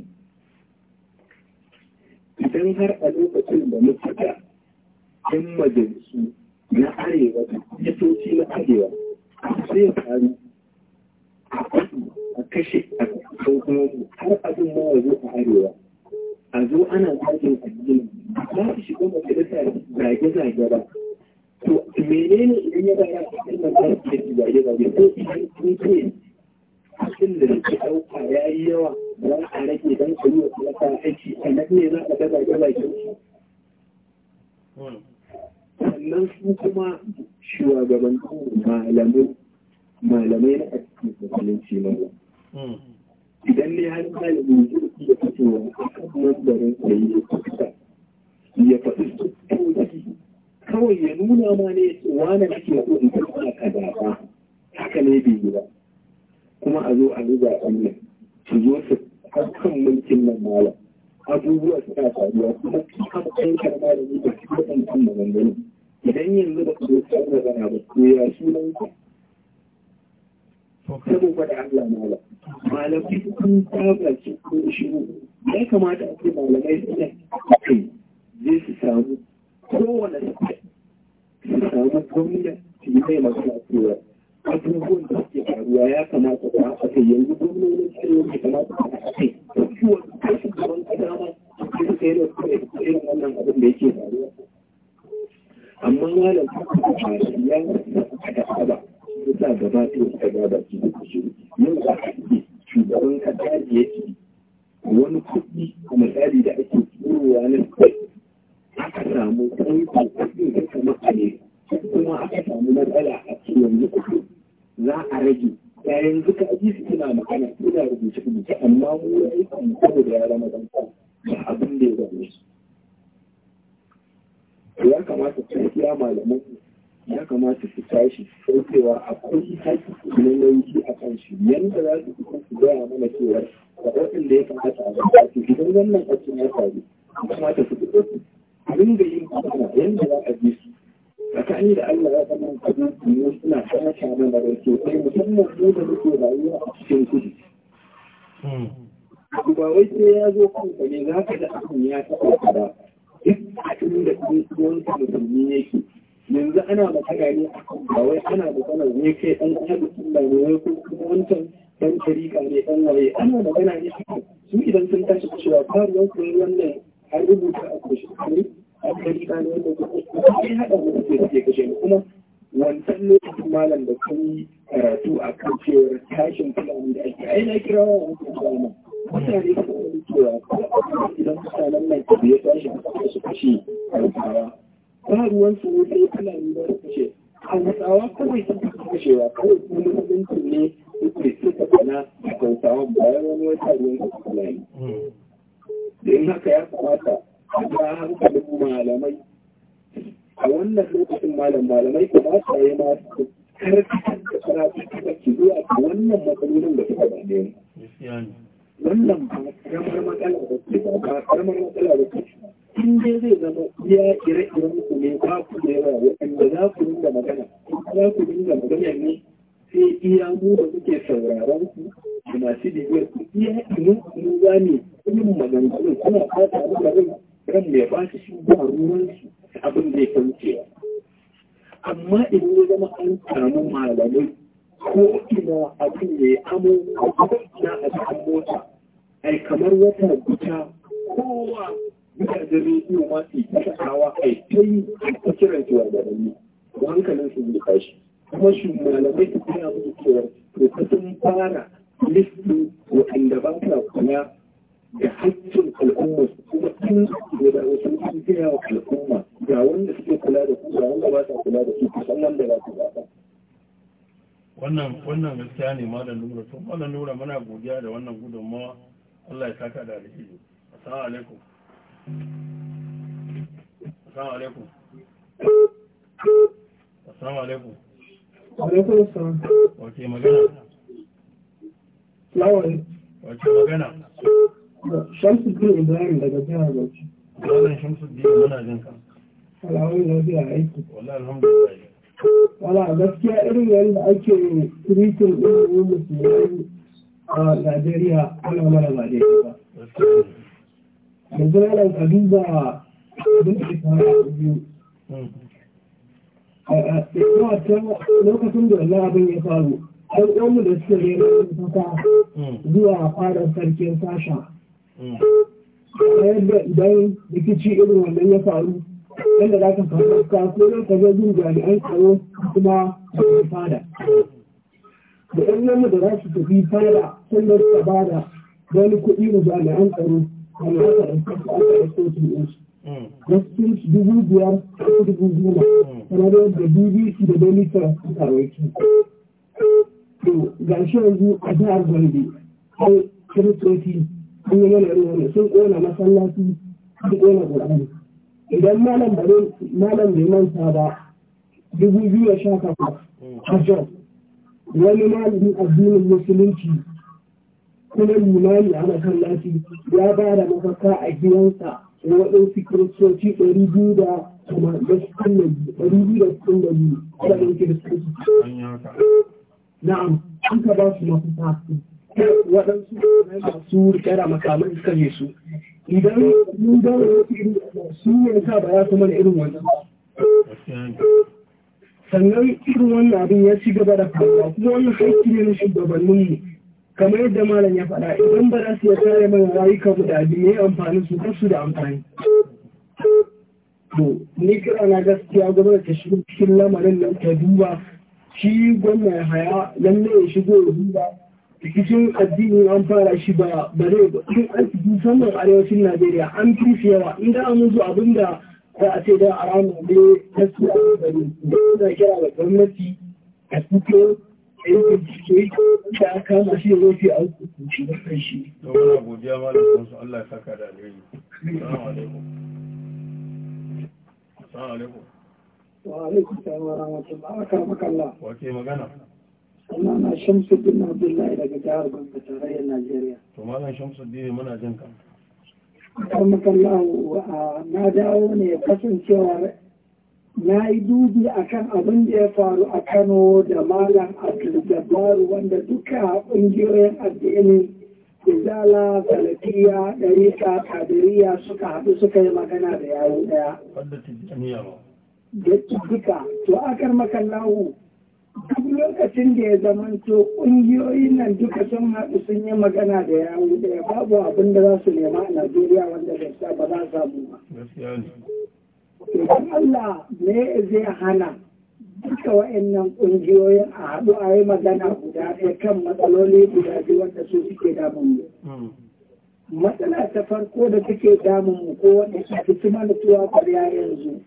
idan har a lokacin da muka ga yan majalisu na arewa da kwamitoci na arewa sai faru a kwasu a kashe a hukumomi har abin ma wazo a arewa a zo ana zagin addini za su shiga majalisa zage-zage ba to menene idan ya zara a cikin majalisa zage-zage ko idan kun ce cikin da ke ɗauka ya yi yawa za a rage don ka yi wa talaka aiki a nan ne za a ga zarge bakin su sannan su kuma shugaban malamai malamai na addinin musulunci malam idan ne har malamin zurfi da fitowa a kan mambarin da ya kusa ya faɗi sukkoki kawai ya nuna ma ne wane ake so in kusa ka zaɓa haka ne bai yi ba kuma a zo a riga wannan su zo su harkan mulkin nan mala abubuwa su ta faruwa kuma kika matsayin karma da su da kika ɗan maganganu idan yanzu ba su zo su magana ba to ya nan ku saboda da Allah mala malamai sun saba su ko shiru ya kamata a ce malamai suna kai zai su samu kowane su samu gwamnati su yi mai masu lafiya abubuwan da ke faruwa ya kamata ta kai yanzu gwamnonin cikin ya kamata ta aka ciwon kashin gaban kasa ma sun kai da irin wannan abin da yake faruwa amma malam ya da aba sa gaba ta yi ta gaba ki da kushi yau da ake shugaban kasa ya ce wani kuɗi a misali da ake turowa na aka samu ɗan kuɗi da kama a ne kuma aka samu matsala a ciwon yanzu kuɗi za a rage yayin yanzu aji su suna magana suna rubuce rubuce amma mu ya yi kan da ya zama zanta ba abin da ya zama su ya kamata tafiya malaman ya kamata su tashi saukewa akwai haƙi na yanki a kan shi yadda za su kuma su gaya mana cewa da da ya kamata a zama su idan wannan aikin ya faru ya kamata su fito su yin kuma yadda za a je tsakani da Allah ya zama kudin kuma suna kasa mana da rake kai musamman mu da muke rayuwa a cikin kudu. Hmm. Ba wai sai ya zo kanka ne za ka da abin ya taɓa ka ba. Duk cikin da kuwan ka musulmi yake. Yanzu ana magana ne ba wai ana magana ne kai ɗan ƙasa da ne wai kuma wancan ɗan tarika ne ɗan waye ana magana ne su idan sun tashi cewa faruwar kuma wannan an rubuta a kushe kuma wancan lokacin malam da kun yi karatu a kan cewar tashin fulani da ake ai na kira wa wancan fulani mutane su wani cewa idan mutanen nan ku ya tashi da su kashe hausawa ba ruwan su wuce fulani ba su kashe hausawa kawai sun fi kashewa kawai su musulunci ne suke suka kana a hausawa bayan wani wata ruwan su fulani. Da yin haka ya kamata malamai a wannan lokacin malam malamai kuma ta yi ma su karkatar da karatu da ke zuwa ga wannan matsalolin da suka bane wannan ba karamar matsala da ke ba karamar matsala da ke in dai zai zama ya ire-iren ku ne ba ku da yawa waɗanda za ku dinga magana za ku dinga magana ne sai iya mu da kuke sauraron ku da masu bibiyar ku iya mu mu za ne yin maganganun kuna fata da rai ran mai ba shi shi ba shi abin da ya kaucewa amma in ya zama an samu malamai ko ina abin da ya amo a na a cikin mota ai kamar wata guta kowa da rediyo ma su yi kasawa ai ta yi ta kiran su wargabanni ko hankalin su yi kashi kuma shi malamai su kira musu cewa to fara listin waɗanda ba sa kula da haƙƙin al'umma kuma tun da da wasu sun gaya wa al'umma ga wanda suke kula da su ga wanda ba sa kula da su kusan wanda ba su ba wannan wannan gaskiya ne malam nura to malam nura muna godiya da wannan gudunmawa Allah ya saka da alheri assalamu alaikum assalamu alaikum assalamu alaikum alaikum assalam ok magana lawan ok magana Shamsuddin Ibrahim daga jihar Bauchi. Wannan Shamsuddin muna jin ka. aiki. Wala gaskiya irin yadda ake tiritin ilimi musulmi a Najeriya ana mara ba daidai ba. Yanzu na nan ka duba abin da ta hanyar biyu. lokacin da wannan abin ya faru, ɗan uwanmu da suka rera ta hmm. zuwa fadar sarkin sasha. yadda idan rikici irin wannan ya faru yadda za ka faru ka ko za ka zo jin jami'an tsaro kuma ka fada da yan yamma da za su tafi fada sannan su ba da wani kuɗi da jami'an tsaro wani haka da kasu aka da sotin yansu gaskins dubu biyar ko dubu goma kamar yadda bbc da daily trust suka rawaito to ga shi yanzu a jihar gombe sai kiristoci sun yi wani ruhu sun ƙona masallaci sun ƙona ƙur'ani idan malam bare malam bai manta ba dubu biyu da sha takwas a jos wani malamin addinin musulunci kuma limani a masallaci ya ba da mafaka a gidansa da waɗansu kiristoci ɗari biyu da kuma da biyu, ɗari biyu da sittin da biyu waɗansu kiristoci na'am an ka ba su mafaka waɗansu masu riƙe da makamai suka su idan mun ga su yanka ba ya su mana irin wannan sannan irin wannan abin ya ci gaba da faruwa kuma wannan haƙƙi ne na mu kamar yadda malam ya faɗa idan ba za su ya kare mana rayuka mu da abin ya amfani su ba su da amfani to ni kira na gaskiya gwamnati ta shigo cikin lamarin nan ta duba shi gwamna ya haya lalle ya shigo ya duba rikicin addini an fara shi ba ba zai in an musamman arewacin najeriya an fi yawa inda an musu abin da za a ce da a ranar ne ta su a gari da kira da gwamnati a suke a yi bincike da a kama shi da zafi a hukunci da kan shi. Domin da kunsu Allah ya saka da alheri. Assalamu alaikum. Assalamu Wa alaikum salam wa rahmatullah. Wa ke magana? sunana bin abdullahi daga jihar gombe tarayyar najeriya to malam shamsuddin muna jin ka karmakallahu na dawo ne kasancewar na yi dubi a kan abin da ya faru a kano da malam abdulgabaru wanda duka ƙungiyoyin addini izala salafiya ɗarika kadiriya suka haɗu suka yi magana da yawon ɗaya da duka to akar makallahu duk lokacin da ya to ƙungiyoyin nan duka sun haɗu sun yi magana da yawo da babu abin da za su nema a najeriya wanda da sa ba za samu ba idan allah ne zai hana duka wa'annan ƙungiyoyin a haɗu a yi magana guda ɗaya kan matsaloli guda biyu wanda su suke damun mu hmm. matsala ta farko da suke damun mu ko wanda su fi tuwa ƙwarya yanzu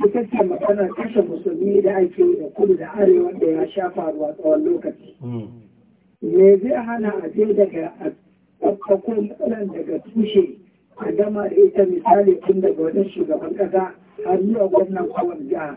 cikakken magana kashe musulmi da ake da kudu da arewa da ya sha faruwa tsawon lokaci me zai hana a je daga tsakko matsalan daga tushe a gama da ita misali tun daga wani shugaban kasa har zuwa gwamnan kowane jiha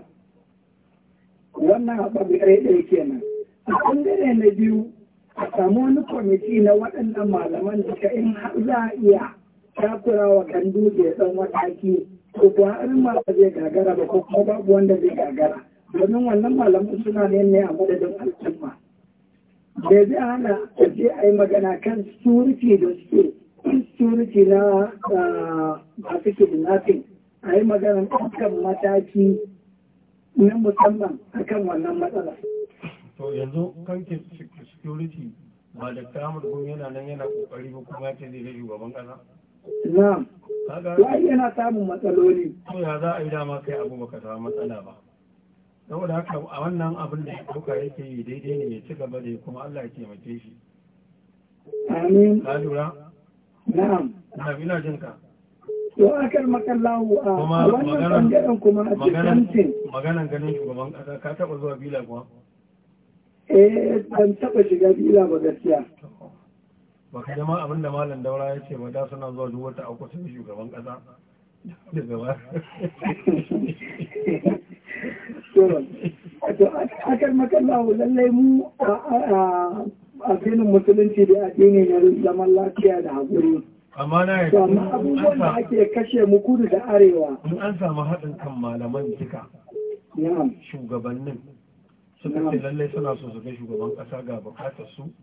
wannan a ɓangare ɗaya kenan a ɓangare na biyu a samu wani kwamiti na waɗannan malaman da in har za a iya takurawa gandu da ya ɗan mataki ko ba har ma ba zai gagara ba ko kuma babu wanda zai gagara domin wannan malamin suna ne ne a madadin al'umma da zai hana a je a yi magana kan surufi da suke surufi na masu ah, kidnapping a yi magana kan mataki na musamman akan wannan matsala. to yanzu kankin security ba da kamar yana nan yana kokari ba kuma ya ce zai shugaban kasa na'am to yana samun matsaloli to ya za a yi dama kai abu baka samu matsala ba saboda haka a wannan abin da yake yi daidai ne ya ci gaba da kuma Allah ya taimake shi amin ka lura na'am na ina jin ka to akal makallahu a wannan bangaren kuma a cikin maganan ganin shugaban kasa ka taba zuwa bila kuwa eh ban taba shiga bila ba gaskiya ba ka jama abin da malam daura ya ce mata suna zuwa duk wata a kusan shugaban kasa da gaba to akan makallahu lallai mu a addinin musulunci da addini na zaman lafiya da haƙuri amma na yi abubuwan da ake kashe mu kudu da arewa in an samu haɗin kan malaman duka shugabannin suka ce lallai suna so su ga shugaban ƙasa ga bukatar su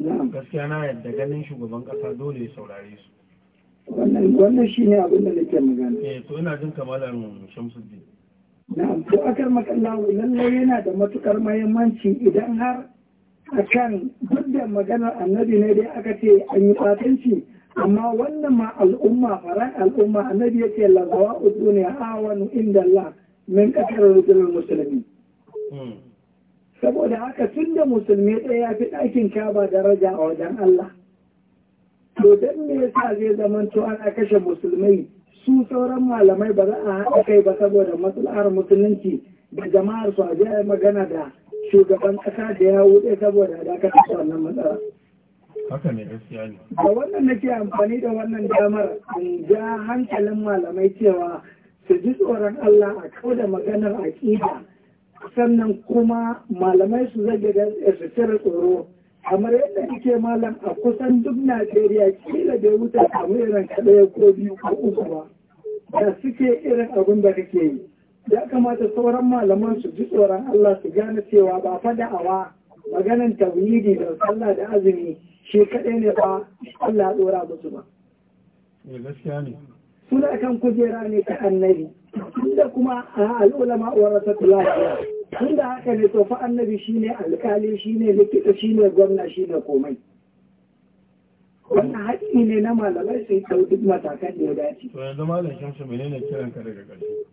gaskiya na yadda ganin shugaban kasa dole ya saurare su wannan shi ne abinda nake magana eh to ina jin kamalan shamsuddin to akar makallahu lallai yana da matukar mahimmanci idan har akan duk da maganar annabi ne dai aka ce an yi batanci amma wannan ma al'umma faran al'umma annabi ya ce ne a awanu inda Allah min kasar rujulul musulmi hmm. saboda haka tun da musulmi ɗaya ya fi ɗakin kaba daraja a wajen Allah to don me sa zai zaman to ana kashe musulmai su sauran malamai ba za a haɗa kai ba saboda matsalar musulunci da jama'ar su a yi magana da shugaban ƙasa da ya wuce saboda dakatar wannan matsala. da wannan nake amfani da wannan damar in ja hankalin malamai cewa su ji tsoron Allah a kauda da maganar aƙida sannan kuma malamai su zai da su cire tsoro kamar yadda ake malam a kusan duk najeriya kila bai wuce samu irin kaɗaya ko biyu ko uku ba da suke irin abin da kake yi ya kamata sauran malaman su ji tsoron allah su gane cewa ba fa da'awa maganan tauhidi da sallah da azumi shi kaɗai ne ba allah ya ɗora musu ba. Eh, Suna kan kujera ne ta annabi. inda kuma a al'ulama warasatul Tun da haka ne to annabi annabi shine alkali shine likita shine gwamna ne komai wannan haƙi ne na malamai sai ta duk matakan da ya dace yanzu malam shamsu menene kiran ka daga ƙarshe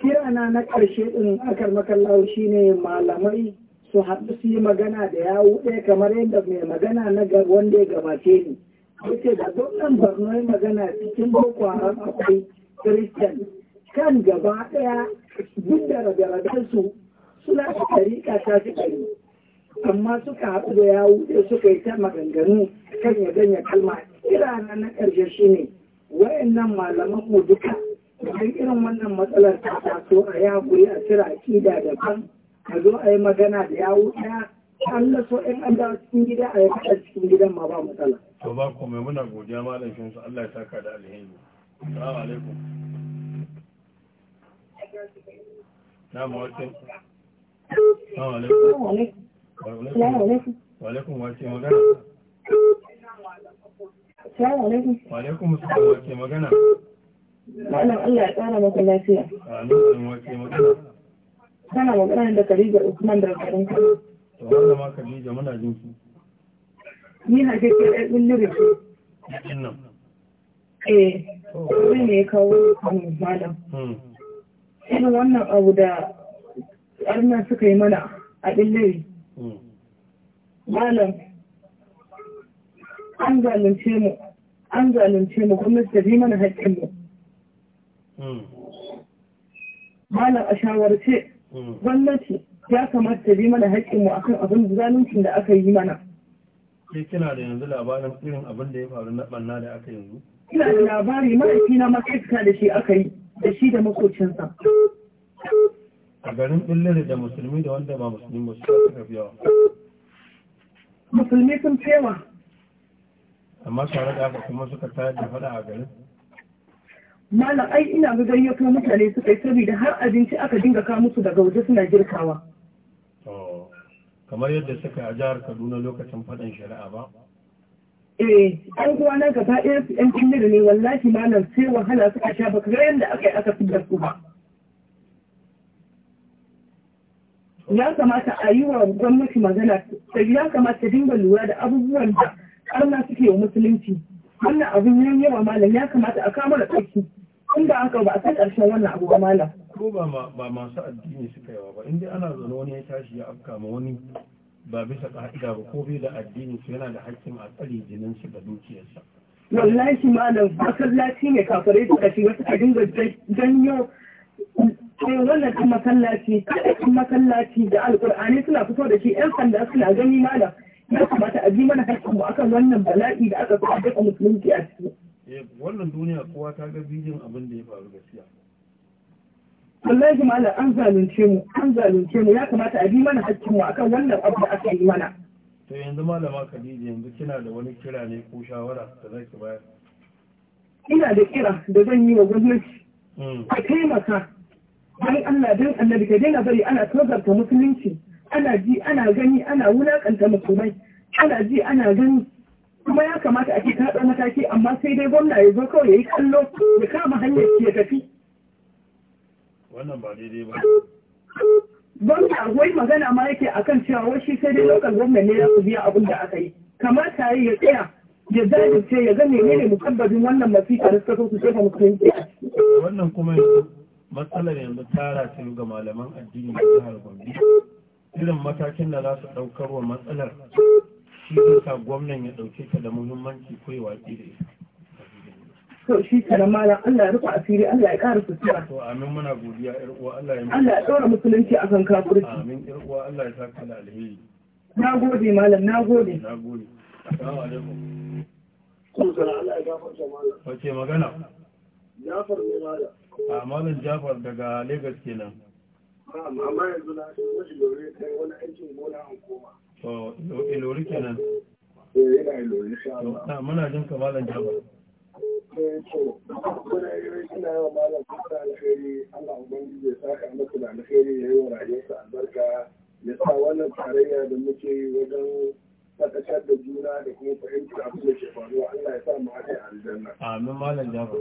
kirana na ƙarshe ɗin akar shi shine malamai su haɗu su yi magana da yawu ɗaya kamar yadda mai magana na wanda ya gabace ni Ita da gwamnan Borno magana cikin Boko Haram akwai Christian kan gaba ɗaya duk da ragaragansu suna da tarika ta fi ɗari amma suka haɗu da yawu da suka yi ta maganganu kan ya ganya kalma kirana na ƙarshe shi ne wayannan malaman mu duka idan irin wannan matsalar ta taso a yakuri a ƙida, da daban a zo a yi magana da yawu ɗaya Allah so in an dawo cikin gida a yi faɗa cikin gidan ma ba matsala. To ba ku mai muna godiya malam shi Allah ya saka da alheri. Na'am wa alaikum. Wa alaikum magana. wa magana. ya magana. Kana da Khadija Usman da Ni ɗan eh, ne kawo kan malam. Hmm. irin wannan abu da arna suka yi mana a ɗilliri malam an zalunce mu an zalunce mu kuma su yi mana haƙƙinmu malam a shawarce gwamnati ya kamata ta yi mana haƙƙinmu akan abin zaluncin da aka yi mana ke kina da yanzu labarin irin abin da ya faru na ɓanna da aka yanzu kina da labari ma'aikina ma'aikata da shi aka yi da shi da makocinsa a garin ɓilliri da musulmi da wanda ba musulmi ba su suka fi yawa musulmi sun yawa. amma tare da haka kuma suka tayar da fada a garin malam ai ina ga gayyato mutane suka yi saboda har abinci aka dinga ka musu daga waje suna girkawa kamar yadda suka a jihar kaduna lokacin faɗin shari'a ba eh an kuma nan ka fa yan kindir ne wallahi malam sai wahala suka sha baka ga yadda aka yi aka fitar su ba ya kamata a yi wa gwamnati magana sai ya kamata ta dinga lura da abubuwan da karna suke wa musulunci wannan abin yan yawa malam ya kamata a kama da in inda aka ba a san ƙarshen wannan abu ba malam ko ba masu addini suka yawa ba inda ana zaune wani ya tashi ya afka ma wani ba bisa ka'ida ba ko bai da addini su yana da hakkin a tsare jininsu da dukiyarsa wallahi malam masallaci ne kafare suka shiga suka dinga janyo sai wannan kan masallaci kan masallaci da alkur'ani suna fito da shi yan sanda suna gani malam ya kamata a ji mana hakkin mu akan wannan bala'i da aka kuma duka musulunci a ciki eh, wannan duniya kowa ta ga bijin abin da ya faru gaskiya wallahi ma'ala an zalunce mu an zalunce mu ya kamata a bi mana hakkin a kan wannan abu da aka yi mana to yanzu malama Khadija yanzu kina da wani kira ne ko shawara da ki bayar ina da kira da zan yi wa gwamnati hmm. a taimaka don Allah don annabi ka daina bari ana tozarta musulunci ana ji ana gani ana wulakanta musulmai ana ji ana gani kuma ya kamata a ke kaɗa mataki amma sai dai gwamna ya zo kawai ya yi kallo ya kama hanyar ya tafi wannan ba daidai ba banka magana ma yake akan cewa wai sai dai lokal gwamnati ne ya biya abin da aka yi kamata ya tsaya ya ce ya ga menene mukabbabin wannan masifa da suka su shefa musulunci wannan kuma matsalar yanzu tara ta ga malaman addini da jihar Gombe irin matakin da za su daukar wa matsalar shi sa gwamnan ya dauke ta da muhimmanci koyewa da ita to shi kenan malam Allah ya rufe asiri Allah ya ƙara sutura to amin muna godiya ƴar uwa Allah ya Allah ya ɗora musulunci akan kafirci amin ƴar uwa Allah ya saka da alheri na gode malam na gode na gode assalamu alaikum kun sana Allah ya gafarta malam wace magana Jafar ne malam a malam Jafar daga Lagos kenan mama yanzu na shi wasu lori kai wani aikin gona an koma to lori kenan eh ina lori sha Allah muna jin malam Jafar kuna yi suna malam kusa alheri allah ya saka masa da alheri ya yi wa rayuwarsa albarka wannan tarayya da muke wajen da juna da kuma fahimtar abin da ke faruwa amin malam jaba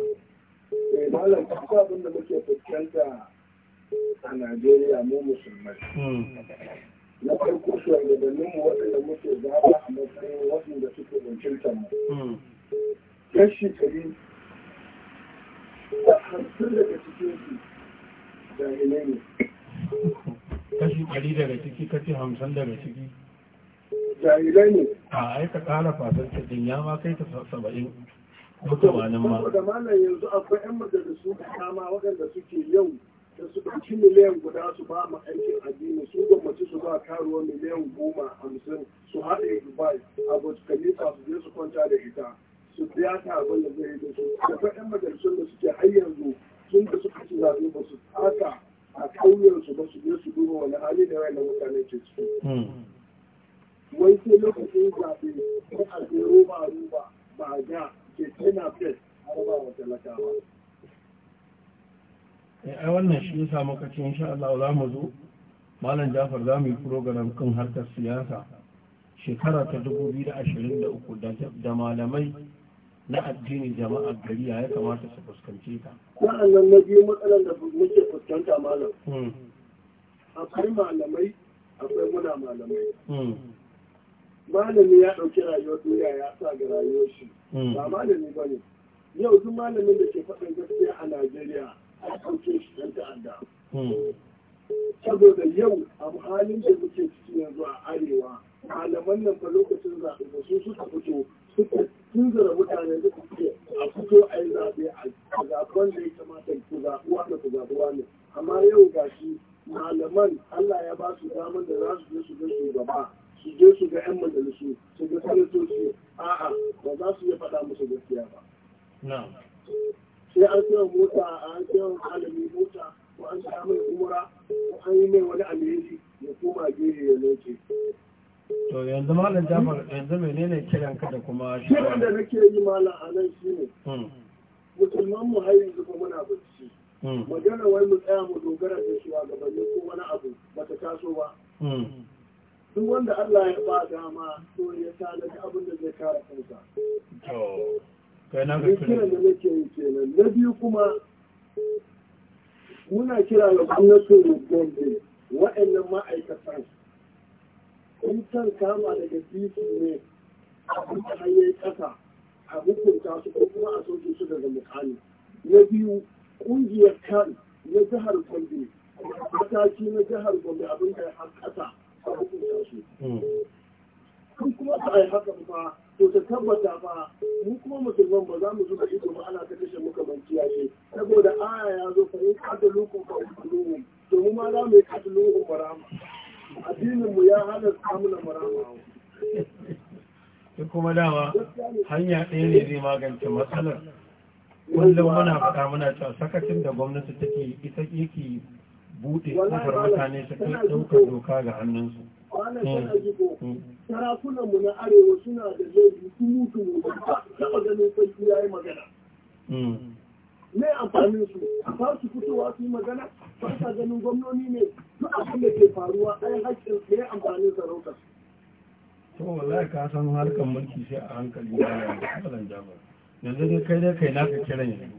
eh malam kusa abin da muke fuskanta a najeriya mu musulmai na farko shugabanninmu waɗanda hmm. muke zaba a matsayin waɗanda suke wakiltar mu kashi ɗari da hamsin daga cikin jahilai ne kashi ɗari daga ciki kashi hamsin daga ciki jahilai ne a aika ƙara fasar cikin ya ma kai ta saba'in mutuwanin ma da malam yanzu akwai yan majalisu da kama waɗanda suke yau da su ɗauki miliyan guda su ba ma aikin addini su gwamnati su ba karuwa miliyan goma hamsin su haɗe dubai a su je su kwanta da ita su biya ta abin da zai da su da faɗin majalisun da suke har yanzu sun da suka ci zaɓe ba su tsaka a ƙauyensu ba su je su duba wani hali da wayan mutane ke ciki hmm. wai sai lokacin zaɓe ko a je roba roba ba a ga ke tana fes har ba wa talakawa eh, ai wannan shi ya samu kace insha Allah za mu zo malam Jafar za mu yi program kan harkar siyasa shekara ta 2023 da malamai na addinin jama'ar gari ya kamata su fuskanci ta sa'annan na biyu matsalar da muke fuskanta malam hmm. akwai malamai akwai muna malamai hmm. malami ya ɗauki rayuwar duniya ya sa ga rayuwar shi hmm. ba malami ba ne yau duk malamin da ke faɗin gaskiya a najeriya a ɗauke shi ɗan ta'adda saboda yau a halin da muke ciki yanzu a arewa malaman nan fa lokacin zaɓe da su suka fito suka tunzura mutane da a fito a yi zaɓe a zaɓen da ya kamata ku zaɓuwa da zaɓuwa ne amma yau ga malaman Allah ya ba su damar da za su je su ga shugaba su je su ga 'yan majalisu su ga sanatoci a'a ba za su iya faɗa musu gaskiya ba. sai an sayan mota a an sayan alami mota ko an sayan mai umura ko an yi mai wani alheri ya kuma gehe ya loce to yanzu malam jafar yanzu menene kiran ka da kuma shi da nake yi malam Anan shi shine hmm. musulman mu har yanzu kuma muna bacci hmm. magana wai mu tsaya mu dogara da shi ga bane ko wani abu bata taso ba hmm. duk wanda Allah ya ba dama to ya tana da abin da zai kare kansa to kai na ga kiran da nake yi kenan na biyu kuma muna kira ga gwamnatin Gombe waɗannan ma'aikatan in kan kama daga titi ne abin da hanyar ƙasa a hukunta su ko kuma a soke su daga mukami na biyu ƙungiyar kan na jihar gombe mataki na jihar gombe abin da ya ƙasa a hukunta su kun hmm. kuma ta yi haka ba to ta tabbata ba mu kuma musulman ba za mu zuba ido ba ana ta kashe muka manciya ce saboda aya ya zo fa in katalukum fa to mu ma za mu yi katalukum barama addininmu kuma dama hanya ɗaya ne zai magance matsalar kullum muna faɗa muna cewa sakacin da gwamnati take ita yake buɗe kofar mutane su kai ɗaukar doka ga hannunsu hmm. Hmm. sarakunanmu na arewa suna da zai su mutu mu ba ta ganin sarki ya yi magana hmm. ne amfanin su a su fitowa su magana ba ganin gwamnoni ne su abin da ke faruwa ai haƙƙin su ne amfanin sarauta to wallahi ka san harkar mulki sai a hankali ne malam jama'a yanzu dai kai dai kai ka kiran yanzu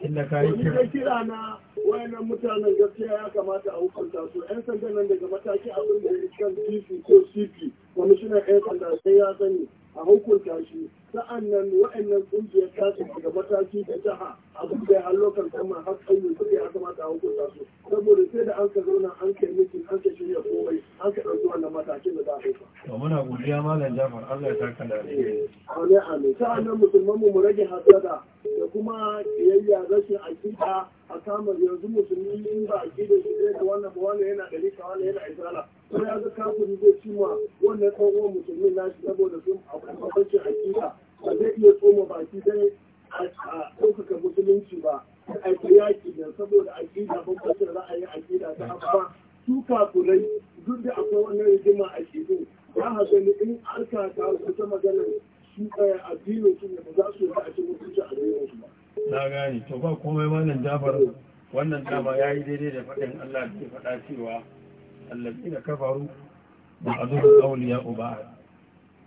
inda ka yi kira kira na wayannan mutanen gaskiya ya kamata a hukunta su yan sanda nan daga mataki abin da ya kan cp ko cp kwamishinan yan sanda sai ya sani a hukunta shi sa'annan wa'annan ta tasu daga mataki da jiha a da har lokacin sama har ƙauyen su a kamata a hukunta su saboda sai da an ka zauna an kai mutum an ka shirya komai an ka ɗauki wannan matakin da za a haifa. to muna godiya malam jafar allah ya saka da alheri. Eh, amin amin nan musulman mu rage hasada da kuma kiyayya rashin aƙida a kama yanzu musulmi in ba aƙidar shi da wannan ba wannan yana da rika wannan yana isra'ila sai ya ga kafin zai cima wannan ɗan uwan musulmin nashi saboda sun akwai hakika ba zai iya tsoma baki dai a ɗaukaka musulunci ba a ta yaki da saboda aƙida bambancin ra'ayin aƙida ta amma su kafurai duk da akwai wannan rigima a shidu ya a gani in an ka ta wata maganar su eh, addinin su ne ba za su yi a cikin mutunci addinin ba. na gani to ba komai wannan dabar wannan dama ya yi daidai da faɗin allah da ke faɗa cewa allazina kafaru ba'dhum awliya'u ba'd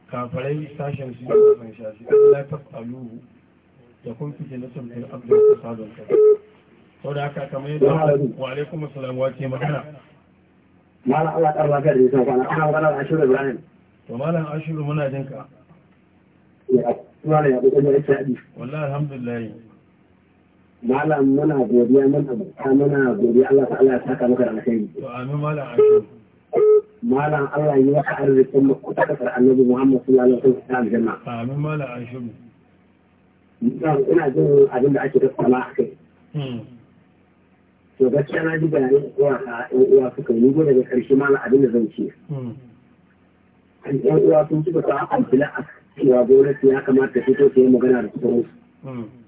kafarai sashen su da kan shashi la tafaluhu ya kun fi jinatun fil abdi fasadun kaza da haka kamar yadda wa alaikum assalam wa ce magana malam Allah karba ka da yasa kana ana magana da Ashiru Ibrahim to malam Ashiru muna jinka ya wallahi alhamdulillah malam muna godiya mun abuta muna godiya Allah ta Allah ya saka maka da alheri to amin malam malam Allah ya yi arzikin kuta kasar annabi Muhammad sallallahu alaihi wasallam janna amin malam ashim ina jin abin da ake tattauna a kai hmm. to gaskiya na ji bayanin uwa ka uwa suka yi gode daga karshe malam abin da zan ce hmm. an yan uwa sun ci ba ta amfila a cewa gwamnati ya kamata fito ta yi magana da sauransu hmm.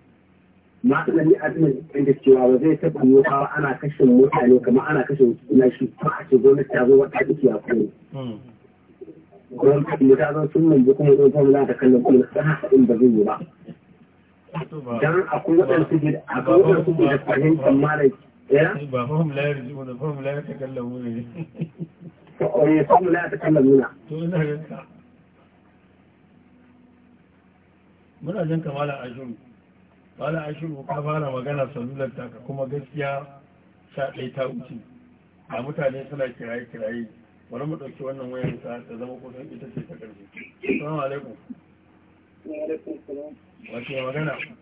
masu ɗan yi abin da cewa ba zai taɓa mota ba ana kashe mutane kama ana kashe na shi ba a ce gwamnati ta zo wata a kuma. Gwamnati ne ta zo sun mai kuma zai zama da kallon kuma ta haka in ba zai yi ba. Dan akwai waɗansu da akwai waɗansu da fahimtar eh? Ba da fahim layar ta kallon wuri. Oye eh, ta kallon Muna jan kamala a shirin. wala shi ka fara magana salular taka kuma gaskiya sha ɗaya ta wuce a mutane suna kiraye-kiraye wani mu ɗauki wannan wayar ta zama kusan ita ce ta ƙarfi salamu alaikum wace magana magana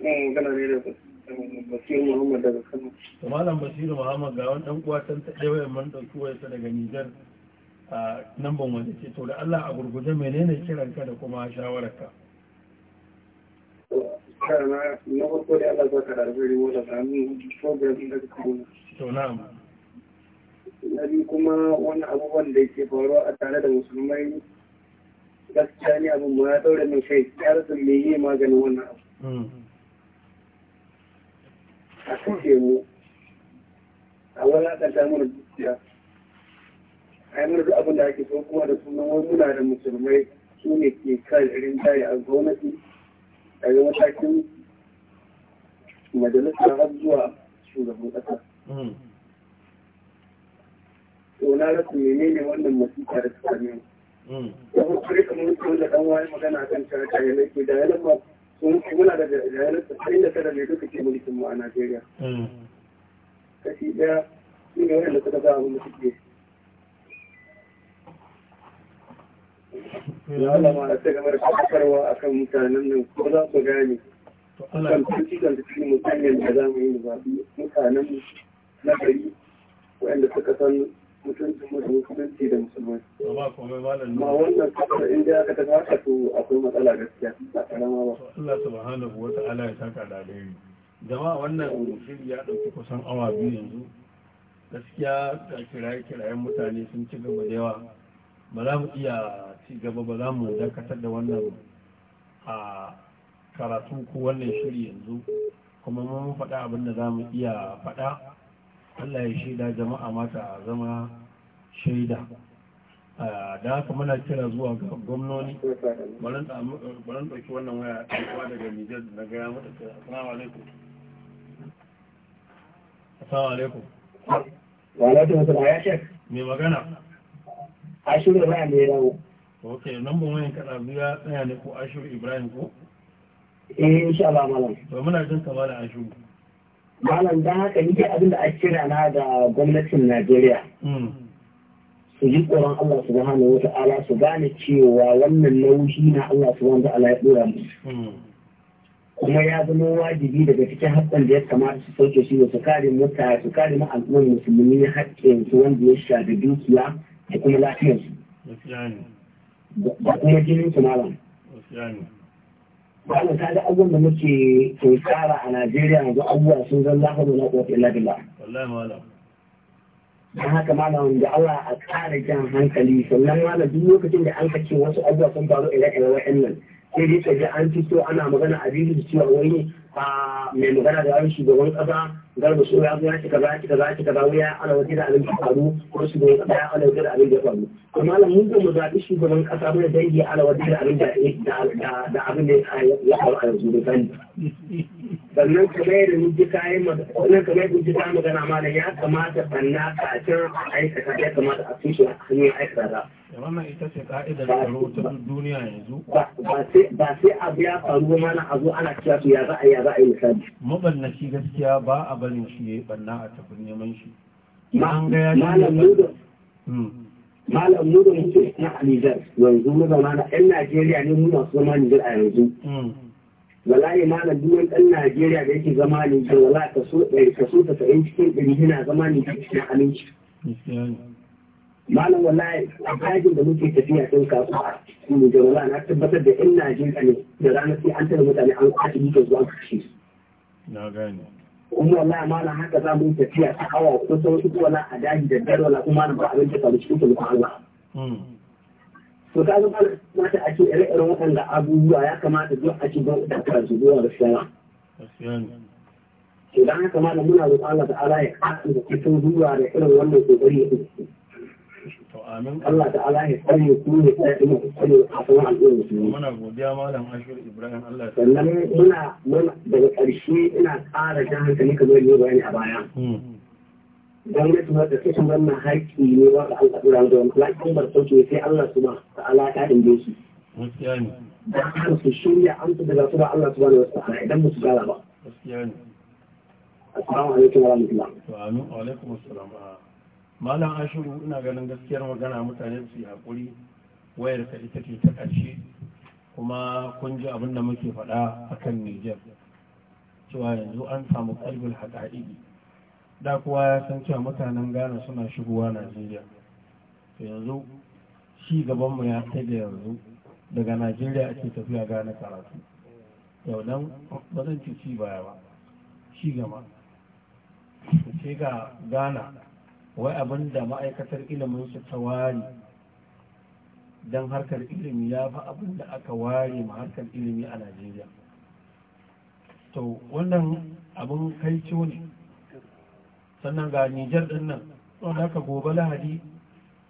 ne da basiru muhammad daga kano da malam basiru muhammad ga wani ɗan kwatan ta ɗaya wayar man ɗauki wayarsa daga nijar a nan ban wani ce to da allah a gurguje menene kiranka da kuma shawararka na kuma. biyu kuma wani abubuwan da ke faruwa a tare da musulmai gaskiya ne abin ma ya daure min kai ya rasa me yi maganin wannan abu. Hmm. A kan mu a wani wulaƙanta mana dukiya. A yi abin da ake so kuma da sunan wani muna da musulmai su ne ke kan rinjaye a gwamnati daga matakin majalisar har zuwa shugaban ƙasa hmm. to na ne ne wannan masu tare su nemi da hukuri hmm. kamar su da ɗan waye magana kan cewa jayanar ke jayanar ma sun muna da jayanar ta sai da kada mai duka ke mulkin mu a najeriya hmm. kashi ɗaya shi ne wanda suka ga abin da suke ya alama ta game da a kan mutanen nan ko za ku gane kan kuci kan cikin mutanen da za mu yi da mutanen na gari wanda suka san mutuncin mu da mutunci da musulmai ma wannan kafar in da aka tafi haka to akwai matsala gaskiya ba karama ba Allah subhanahu wa ta'ala ya saka da jama'a wannan shiri ya ɗauki kusan awa biyu yanzu gaskiya da kiraye-kirayen mutane sun ci gaba da yawa ba za mu iya ci gaba ba za mu dakatar da wannan a karatu ko wannan shiri yanzu kuma mun faɗa abin da za mu iya faɗa allah ya shaida jama'a mata zama shaida da haka muna kira zuwa ga gwamnoni bari ɗauki wannan waya kuwa daga nijar na gaya mata kira assalamu alaikum assalamu alaikum wa alaikum assalam ya shek mai magana ashirin ra'ayi ne rawo ok number wayan kada ya tsaya ne ko ashiru ibrahim ko eh sha Allah malam to muna jin kama da ashur malam dan haka nike abin da a kira na da gwamnatin Najeriya hmm. su ji tsoron Allah wata ala su gane cewa wannan nauyi na Allah subhanahu wata'ala ya dora musu hmm. kuma ya zama wajibi daga cikin haƙƙin da ya kamata su sauke shi su kare mutane su kare al'ummar musulmi haƙƙin su wanda ya shafi dukiya da kuma lafiyarsu ba kuma jinin su malam ba ta da abubuwan da muke ke tsara a najeriya yanzu abubuwa sun zan lafazo na kowace labila don haka malam da awa a kara jan hankali sannan malam duk lokacin da an kace wasu abubuwa sun faru ire-ire waɗannan sai dai kaji an fito ana magana a biyu da cewa wani a mai magana da wani shugaban kasa garba so ya zo ya ci kaza ya ci kaza ya ci ya ana waje da abin da faru ko shugaban kasa ya ana waje da abin da faru amma lan mun mu zaɓi shugaban kasa mun da yake ana waje da abin da da abin da ya faru a yanzu da kan sannan kamar yadda mun ji kayan sannan kamar yadda mun ji kayan magana ma ya kamata sannan kacin aikata ya kamata a tushe hanyar aikata wannan ita ce ka'idar tsaro ta duniya yanzu ba sai abu ya faru mana a zo ana cewa su ya za a ya za a yi misali shi gaskiya ba a barin shi ya yi banna a tafi neman shi an ga ya shi malam da hmm. muke na Nijar yanzu mu na ɗan Najeriya ne mu masu zama Nijar a yanzu hmm. wallahi malam duk wani ɗan Najeriya da yake zama Nijar wallahi kaso kaso 90 cikin ɗari yana zama Nijar cikin aminci malam wallahi a hajjin da muke tafiya sun a mu jama'a na tabbatar da ina Najeriya ne da ranar sai an tare mutane an kwace dukan zuwa kashe su. Na gane. Kuma wallahi malam haka za mu tafiya ta hawa ko sau uku wala a daji da dare wala kuma na ba abin da faru cikin kuma Allah. Hmm. To ka zama mata a ce ire-iren waɗanda abubuwa ya kamata duk a ci don ɗaukar su zuwa da shara. To don haka malam muna roƙon Allah ta'ala ya kasance cikin zuwa da irin wannan kokari ya fi. Allah ta'ala ya tsare ku ne a cikin al'umma daga ƙarshe ina ƙara jan hankali kamar yadda bayani a baya hmm. sai Allah wa ta'ala da amsa daga wa ta'ala idan ba wa alaikum assalam malam ashiru ina ganin gaskiyar magana mutane su yi haƙuri wayar ka ita ce ta ƙarshe kuma kun ji abin da muke faɗa a kan nijar cewa yanzu an samu ƙalbin haƙa'ibi da kuwa ya san cewa mutanen ghana suna shigowa najeriya yanzu shi gabanmu ya kai da yanzu daga najeriya ake tafiya gane karatu yau nan ba zan ci baya ba shi gama ce ga ghana wai abin da ma'aikatar ilimin su ta ware don harkar ilimi ya fi abin da aka ware ma harkar ilimi a najeriya to wannan abin kaico ne sannan ga nijar din nan don haka gobe lahadi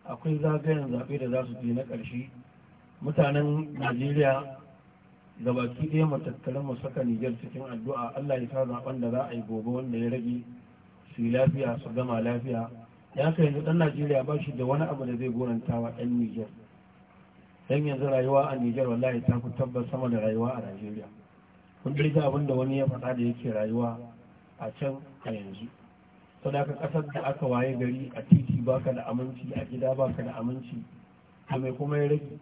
akwai zagayen zaɓe da za su je na ƙarshe mutanen najeriya da baki ɗaya matattalin mu saka nijar cikin addu'a allah ya sa zaɓen da za a yi gobe wanda ya rage su yi lafiya su gama lafiya Ya ka yanzu ɗan najeriya ba shi da wani abu da zai goranta wa ɗan nijar don yanzu rayuwa a nijar wallahi ta fi tabbas sama da rayuwa a najeriya kun dai ga abin da wani ya faɗa da yake rayuwa a can a yanzu to da ƙasar da aka waye gari a titi baka da aminci a gida baka da aminci a mai kuma ya rage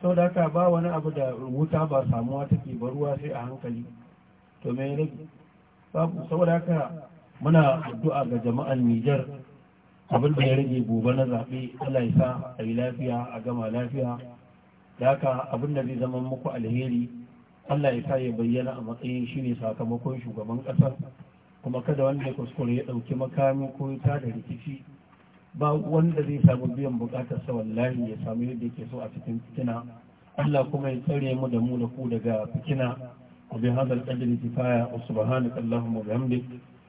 to da ka ba wani abu da wuta ba samuwa take ba ruwa sai a hankali to mai rage saboda haka muna addu'a ga jama'an nijar abin da ya rage gobe na zaɓe Allah ya sa a yi lafiya a gama lafiya da haka abin da zai zama muku alheri Allah ya sa ya bayyana a matsayin shi ne sakamakon shugaban ƙasar kuma kada wanda ya kuskure ya ɗauki makami ko ya tada rikici ba wanda zai samu biyan buƙatar sa wallahi ya samu yadda yake so a cikin fitina Allah kuma ya tsare mu da mu da ku daga fitina kifaya wa subhanaka allahumma wa bihamdika